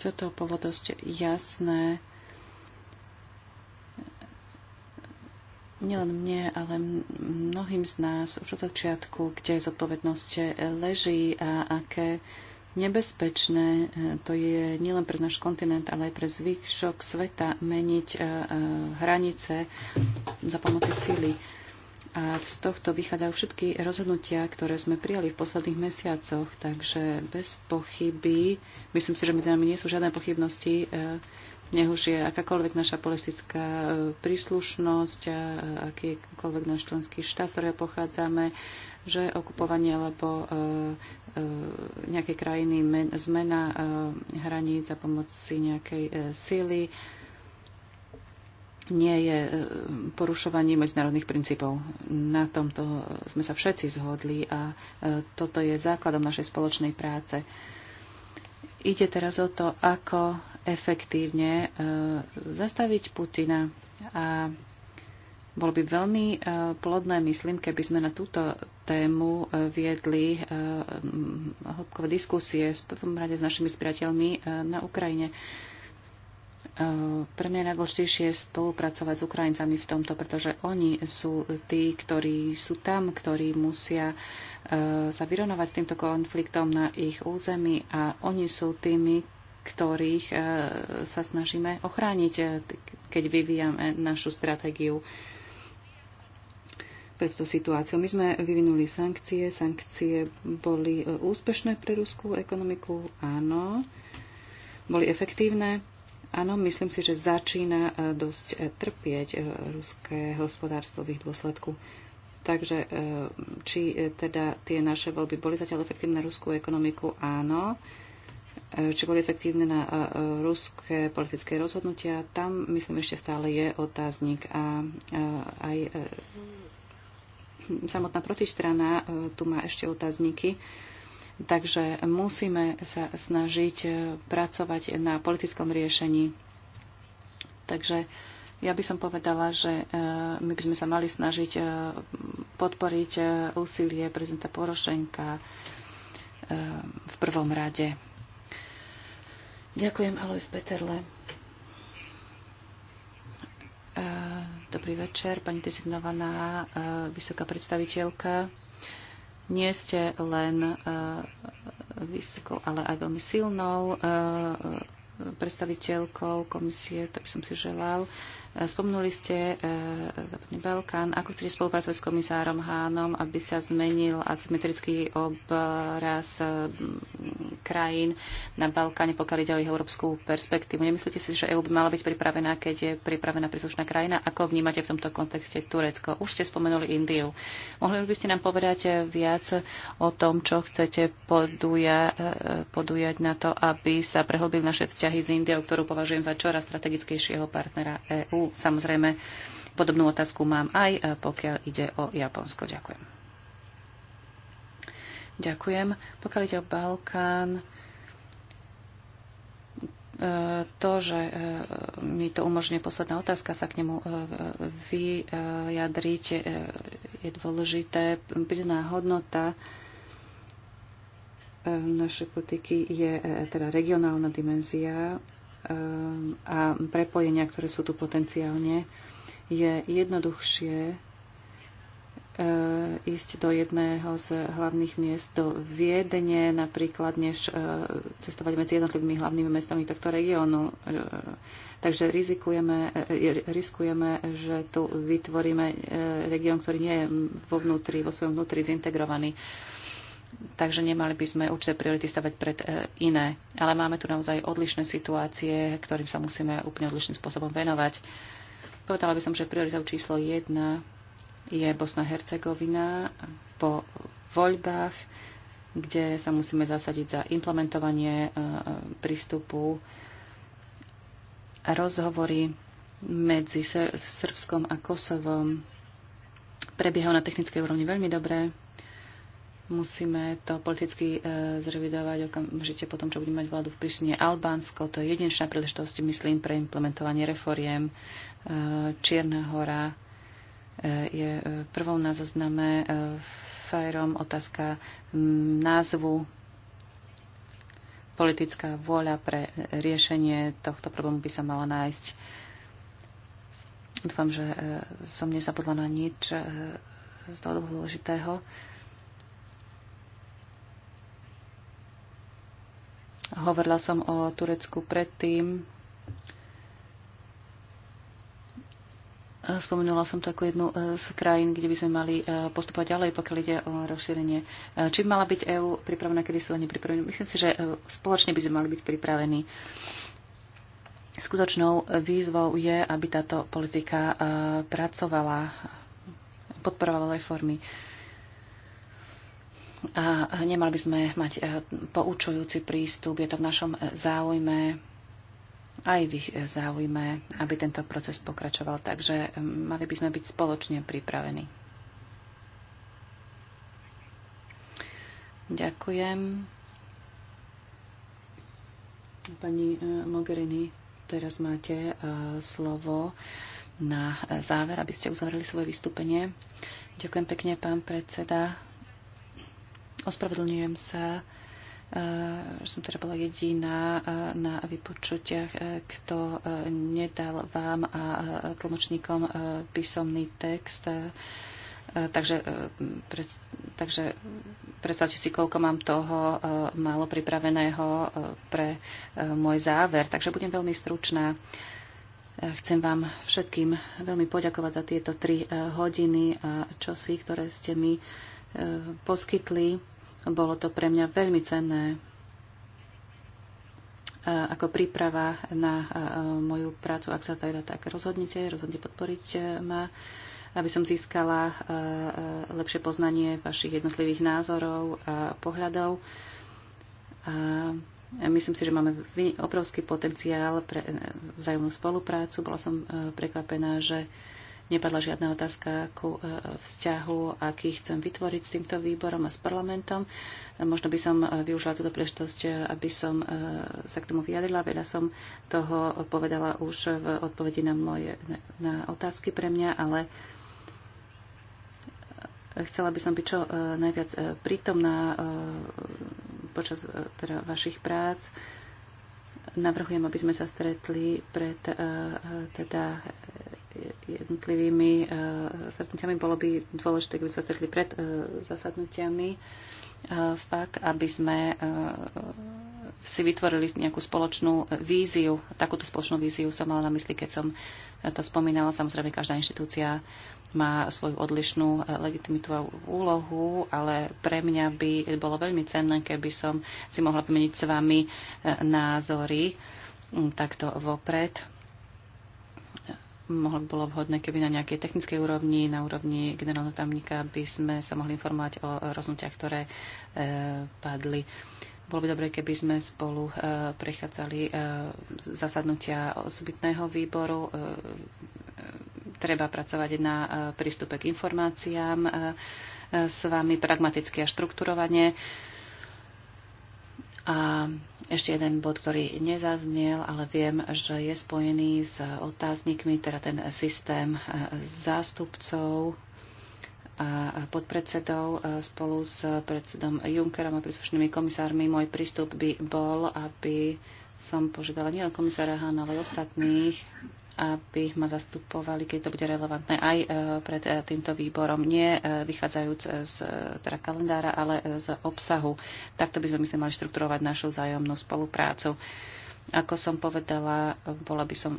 toto bolo dosť jasné nielen mne, ale mnohým z nás už od začiatku, kde zodpovednosť leží a aké nebezpečné e, to je nielen pre náš kontinent, ale aj pre zvyšok sveta meniť e, e, hranice za pomoci síly. A z tohto vychádzajú všetky rozhodnutia, ktoré sme prijali v posledných mesiacoch. Takže bez pochyby, myslím si, že medzi nami nie sú žiadne pochybnosti, e, nech už je akákoľvek naša politická e, príslušnosť a akýkoľvek náš členský štát, z ktorého pochádzame, že okupovanie alebo e, nejakej krajiny, zmena hraníc za pomoci nejakej sily nie je e, porušovanie medzinárodných princípov. Na tomto sme sa všetci zhodli a e, toto je základom našej spoločnej práce. Ide teraz o to, ako efektívne e, zastaviť Putina a bolo by veľmi plodné, myslím, keby sme na túto tému viedli hĺbkové diskusie v prvom rade s našimi spriateľmi na Ukrajine. Pre mňa je najdôležitejšie spolupracovať s Ukrajincami v tomto, pretože oni sú tí, ktorí sú tam, ktorí musia e, sa vyrovnovať s týmto konfliktom na ich území a oni sú tými, ktorých e, sa snažíme ochrániť, e, keď vyvíjame našu stratégiu pred tú situáciou. My sme vyvinuli sankcie. Sankcie boli úspešné pre ruskú ekonomiku, áno. Boli efektívne. Áno, myslím si, že začína e, dosť e, trpieť e, ruské hospodárstvo v ich dôsledku. Takže či teda tie naše voľby boli zatiaľ efektívne na ruskú ekonomiku? Áno. Či boli efektívne na ruské politické rozhodnutia? Tam, myslím, ešte stále je otáznik. A aj samotná protistrana tu má ešte otázniky Takže musíme sa snažiť e, pracovať na politickom riešení. Takže ja by som povedala, že e, my by sme sa mali snažiť e, podporiť úsilie prezidenta Porošenka v prvom rade. Ďakujem, Alois Peterle. Dobrý večer, pani dezignovaná vysoká predstaviteľka nie ste len e, vysokou, ale aj veľmi silnou e, e, predstaviteľkou komisie, to by som si želal. E, Spomnuli ste e, Západný Balkán. Ako chcete spolupracovať s komisárom Hánom, aby sa zmenil asymetrický obraz e, krajín na Balkáne, pokiaľ ide o ich európsku perspektívu? Nemyslíte si, že EU by mala byť pripravená, keď je pripravená príslušná krajina? Ako vnímate v tomto kontexte Turecko? Už ste spomenuli Indiu. Mohli by ste nám povedať viac o tom, čo chcete poduja, podujať na to, aby sa prehlbili naše vzťahy s Indiou, ktorú považujem za čoraz strategickejšieho partnera EÚ? Samozrejme, podobnú otázku mám aj, e, pokiaľ ide o Japonsko. Ďakujem. Ďakujem. Pokiaľ ide o Balkán, e, to, že e, mi to umožňuje posledná otázka sa k nemu vyjadriť, je dôležité. Pridaná hodnota našej politiky je teda regionálna dimenzia Ehm, a prepojenia, ktoré sú tu potenciálne, je jednoduchšie ehm, ísť do jedného z hlavných miest, do Viedne napríklad, než ehm, cestovať medzi jednotlivými hlavnými mestami tohto regiónu. Takže rizikujeme, e, e, riskujeme, že tu vytvoríme e, región, ktorý nie je vo vnútri, vo svojom vnútri zintegrovaný takže nemali by sme určité priority stavať pred e, iné. Ale máme tu naozaj odlišné situácie, ktorým sa musíme úplne odlišným spôsobom venovať. Povedala by som, že prioritou číslo 1 je Bosna-Hercegovina po voľbách, kde sa musíme zasadiť za implementovanie e, e, prístupu a rozhovory medzi Srbskom a Kosovom prebiehajú na technickej úrovni veľmi dobre. Musíme to politicky e, zrevidovať okamžite potom, čo budeme mať vládu v Prištine. Albánsko, to je jedinečná príležitosť, myslím, pre implementovanie reforiem. E, Čierna hora e, je e, prvou na zozname. E, Fajrom otázka m, názvu politická vôľa pre riešenie tohto problému by sa mala nájsť. Dúfam, že e, som nezabudla na nič e, z toho dôležitého. Hovorila som o Turecku predtým. Spomenula som to ako jednu e, z krajín, kde by sme mali e, postupovať ďalej, pokiaľ ide o rozšírenie. E, či by mala byť EÚ pripravená, kedy sú oni pripravení? Myslím si, že spoločne by sme mali byť pripravení. Skutočnou výzvou je, aby táto politika pracovala, podporovala reformy. formy a nemali by sme mať e, poučujúci prístup. Je to v našom e, záujme, aj v ich e, záujme, aby tento proces pokračoval. Takže mali by sme byť spoločne pripravení. Ďakujem. Pani Mogherini, teraz máte slovo na záver, aby ste uzavreli svoje vystúpenie. Ďakujem pekne, pán predseda. Ospravedlňujem sa, eh, že som teda bola jediná eh, na vypočutiach, eh, kto nedal vám a tlmočníkom písomný text. Takže, pred, takže predstavte si, koľko mám toho málo pripraveného pre môj záver. Takže budem veľmi stručná. Chcem vám všetkým veľmi poďakovať za tieto tri hodiny a čosi, ktoré ste mi Eh, poskytli. Bolo to pre mňa veľmi cenné eh, ako príprava na eh, moju prácu, ak sa teda tak rozhodnete, rozhodne podporiť ma, aby som získala lepšie poznanie vašich jednotlivých názorov a pohľadov. A myslím si, že máme obrovský potenciál pre vzájomnú spoluprácu. Bola som prekvapená, že Nepadla žiadna otázka ku e, vzťahu, aký chcem vytvoriť s týmto výborom a s parlamentom. Možno by som e, využila túto príležitosť, e, aby som sa k tomu vyjadrila. Veľa som toho povedala už v odpovedi na, moje, na otázky pre mňa, ale chcela by som byť čo najviac prítomná počas teda vašich prác. Navrhujem, aby sme sa stretli pred teda jednotlivými e, zasadnutiami. Bolo by dôležité, keby sme stretli pred e, zasadnutiami e, fakt, aby sme si vytvorili nejakú spoločnú víziu. Takúto spoločnú víziu som mala na mysli, keď som to spomínala. Samozrejme, každá inštitúcia má svoju odlišnú legitimitu a úlohu, ale pre mňa by bolo veľmi cenné, keby som si mohla pomeniť s vami názory takto vopred mohlo by bolo vhodné, keby na nejakej technickej úrovni, na úrovni generálneho tamníka by sme sa mohli informovať o rozhodnutiach, ktoré e, padli. Bolo by dobre, keby sme spolu e, prechádzali e, zasadnutia osobitného výboru. E, e treba pracovať na e, prístupe k informáciám e, e s vami pragmaticky a štrukturovane. E, a ešte jeden bod, ktorý nezaznel, ale viem, že je spojený s otáznikmi, teda ten systém e, zástupcov a podpredsedov e, spolu s predsedom Junckerom a príslušnými komisármi. Môj prístup by bol, aby som požiadala nielen komisára Hána, ale aj ostatných, aby ma zastupovali, keď to bude relevantné aj e, pred e, týmto výborom, nie e, vychádzajúc z teda kalendára, ale z obsahu. Takto by sme, myslím, mali štrukturovať našu vzájomnú spoluprácu. Ako som povedala, bola by som,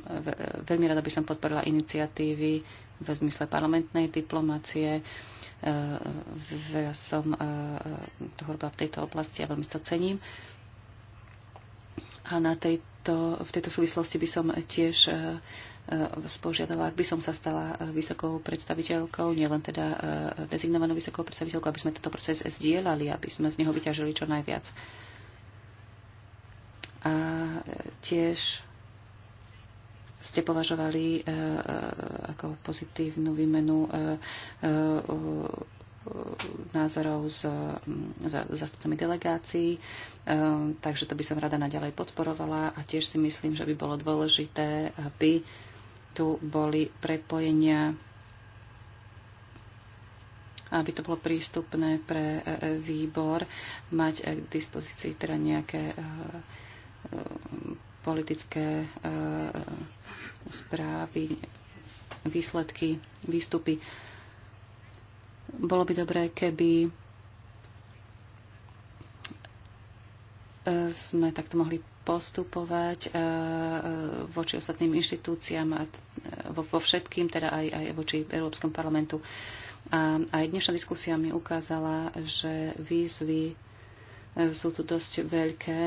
veľmi rada by som podporila iniciatívy v zmysle parlamentnej diplomácie. Ja som toho robila v tejto oblasti a veľmi to cením. A na tejto, v tejto súvislosti by som tiež e, e, spožiadala, ak by som sa stala e, vysokou predstaviteľkou, nielen teda dezignovanou vysokou predstaviteľkou, aby sme tento proces zdieľali, aby sme z neho vyťažili čo najviac. A tiež ste považovali ako pozitívnu výmenu názorov s zastupcami delegácií, ehm, takže to by som rada naďalej podporovala a tiež si myslím, že by bolo dôležité, aby tu boli prepojenia, aby to bolo prístupné pre e, e, výbor, mať e, k dispozícii teda nejaké politické správy, výsledky, výstupy. Bolo by dobré, keby e, sme takto mohli postupovať e, e, voči ostatným inštitúciám a vo všetkým, teda aj, aj voči Európskom parlamentu. A aj dnešná diskusia mi ukázala, že výzvy sú tu dosť veľké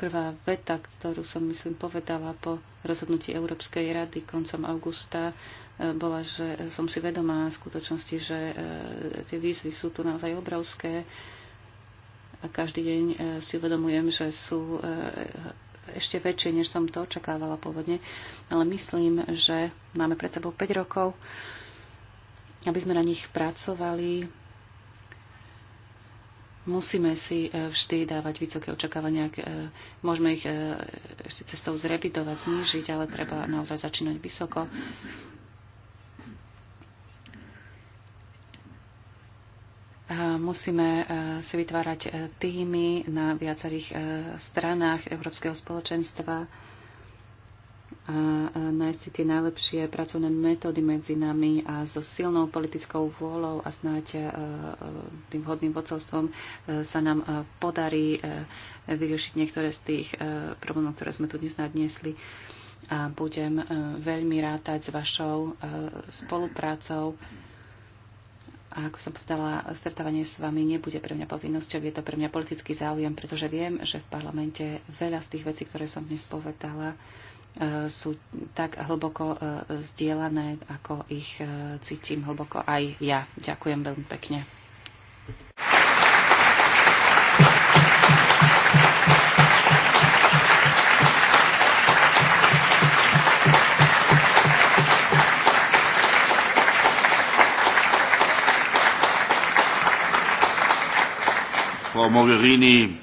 Prvá veta, ktorú som myslím povedala po rozhodnutí Európskej rady koncom augusta, e, bola, že som si vedomá skutočnosti, že e, tie výzvy sú tu naozaj obrovské a každý deň e, si uvedomujem, že sú ešte väčšie, než som to očakávala pôvodne. Ale myslím, že máme pred sebou 5 rokov, aby sme na nich pracovali, musíme si e, vždy dávať vysoké očakávania, e, môžeme ich e, ešte cestou zrevidovať, znížiť, ale treba naozaj začínať vysoko. Musíme si vytvárať týmy na viacerých stranách Európskeho spoločenstva nájsť si tie najlepšie pracovné metódy medzi nami a so silnou politickou vôľou a snáď tým vhodným vodcovstvom sa nám podarí vyriešiť niektoré z tých problémov, ktoré sme tu dnes nadniesli. A budem veľmi rátať s vašou spoluprácou. A ako som povedala, stretávanie s vami nebude pre mňa povinnosťou, je to pre mňa politický záujem, pretože viem, že v parlamente veľa z tých vecí, ktoré som dnes povedala, E, sú tak hlboko e, zdieľané, ako ich e, cítim hlboko aj ja. Ďakujem veľmi pekne. Frau Mogherini,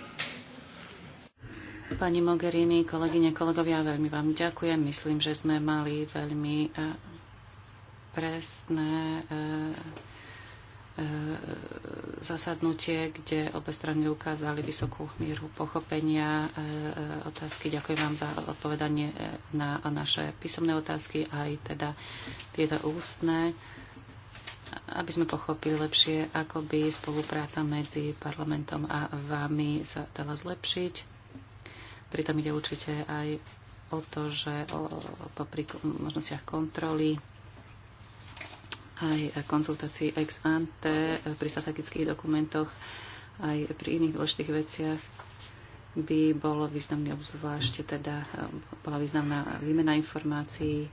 Pani Mogherini, kolegyne, kolegovia, veľmi vám ďakujem. Myslím, že sme mali veľmi e, presné e, e, zasadnutie, kde obe strany ukázali vysokú mieru pochopenia otázky. Ďakujem vám za odpovedanie na naše písomné otázky, aj teda tieto ústne, aby sme pochopili lepšie, ako by spolupráca medzi parlamentom a vami sa dala zlepšiť Pritom ide určite aj o to, že o, o, pri možnostiach kontroly aj konzultácií ex ante pri strategických dokumentoch aj pri iných dôležitých veciach by bolo významné obzvlášť, teda e, bola významná výmena informácií,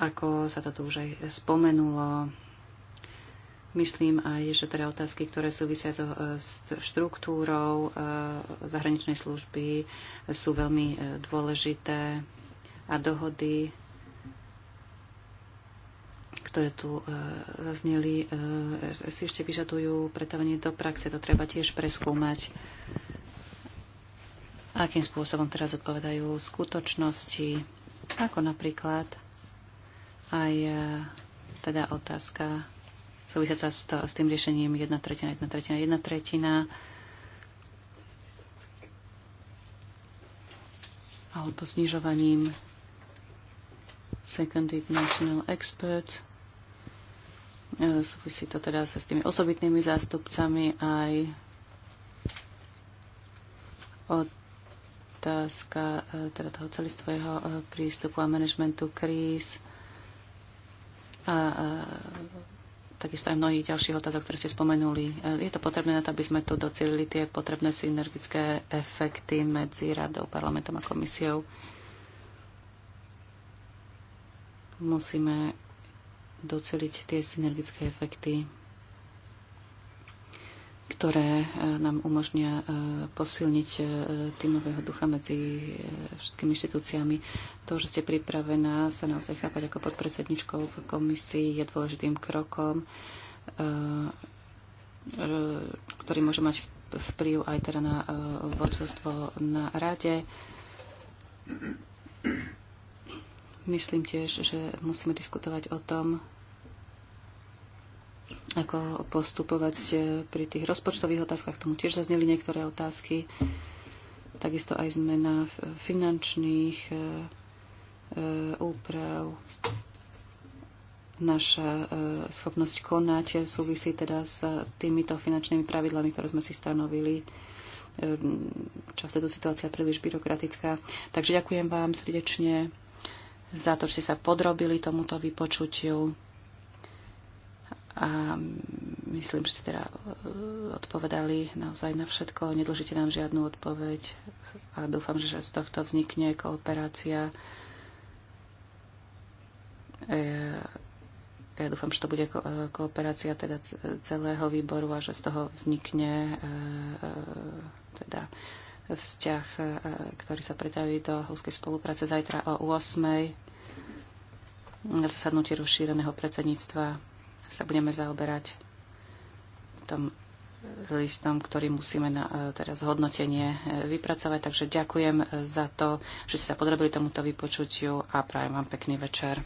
ako sa to tu už aj spomenulo, Myslím aj, že teda otázky, ktoré súvisia so e, štruktúrou e, zahraničnej služby, e, sú veľmi dôležité a dohody, ktoré tu zazneli, si ešte vyžadujú pretavenie do praxe. To treba tiež preskúmať, akým spôsobom teraz odpovedajú skutočnosti, ako napríklad aj teda otázka súvisia sa s, to, s tým riešením 1 tretina, 1 tretina, 1 tretina. alebo znižovaním Seconded National expert. E, súvisí to teda sa s tými osobitnými zástupcami aj otázka e, teda toho celistvého e, prístupu a manažmentu kríz a, a takisto aj mnohých ďalších otázok, ktoré ste spomenuli. E, je to potrebné na to, aby sme tu docelili tie potrebné synergické efekty medzi radou, parlamentom a komisiou. Musíme doceliť tie synergické efekty ktoré e, nám umožnia e, posilniť e, týmového ducha medzi všetkými inštitúciami. To, že ste pripravená sa naozaj chápať ako podpredsedničkou v komisii, je dôležitým krokom, ktorý môže mať vplyv aj teda na vodcovstvo na rade. Myslím tiež, že musíme diskutovať o tom, ako postupovať e, pri tých rozpočtových otázkach. K tomu tiež zazneli niektoré otázky. Takisto aj zmena finančných e, e, úprav. Naša schopnosť konať súvisí teda s týmito finančnými pravidlami, ktoré sme si stanovili. Často je tu situácia príliš byrokratická. Takže ďakujem vám srdečne za to, že ste sa podrobili tomuto vypočutiu. A myslím, že ste teda e, odpovedali naozaj na všetko. Nedlžite nám žiadnu odpoveď a dúfam, že z tohto vznikne kooperácia. E, ja dúfam, že to bude e, kooperácia teda celého výboru a že z toho vznikne teda vzťah, ktorý sa pretaví do úzkej spolupráce zajtra o 8. na rozšíreného predsedníctva sa budeme zaoberať tom listom, ktorý musíme na e, teraz hodnotenie e, vypracovať. Takže ďakujem za to, že ste sa podrobili tomuto vypočutiu a prajem vám pekný večer.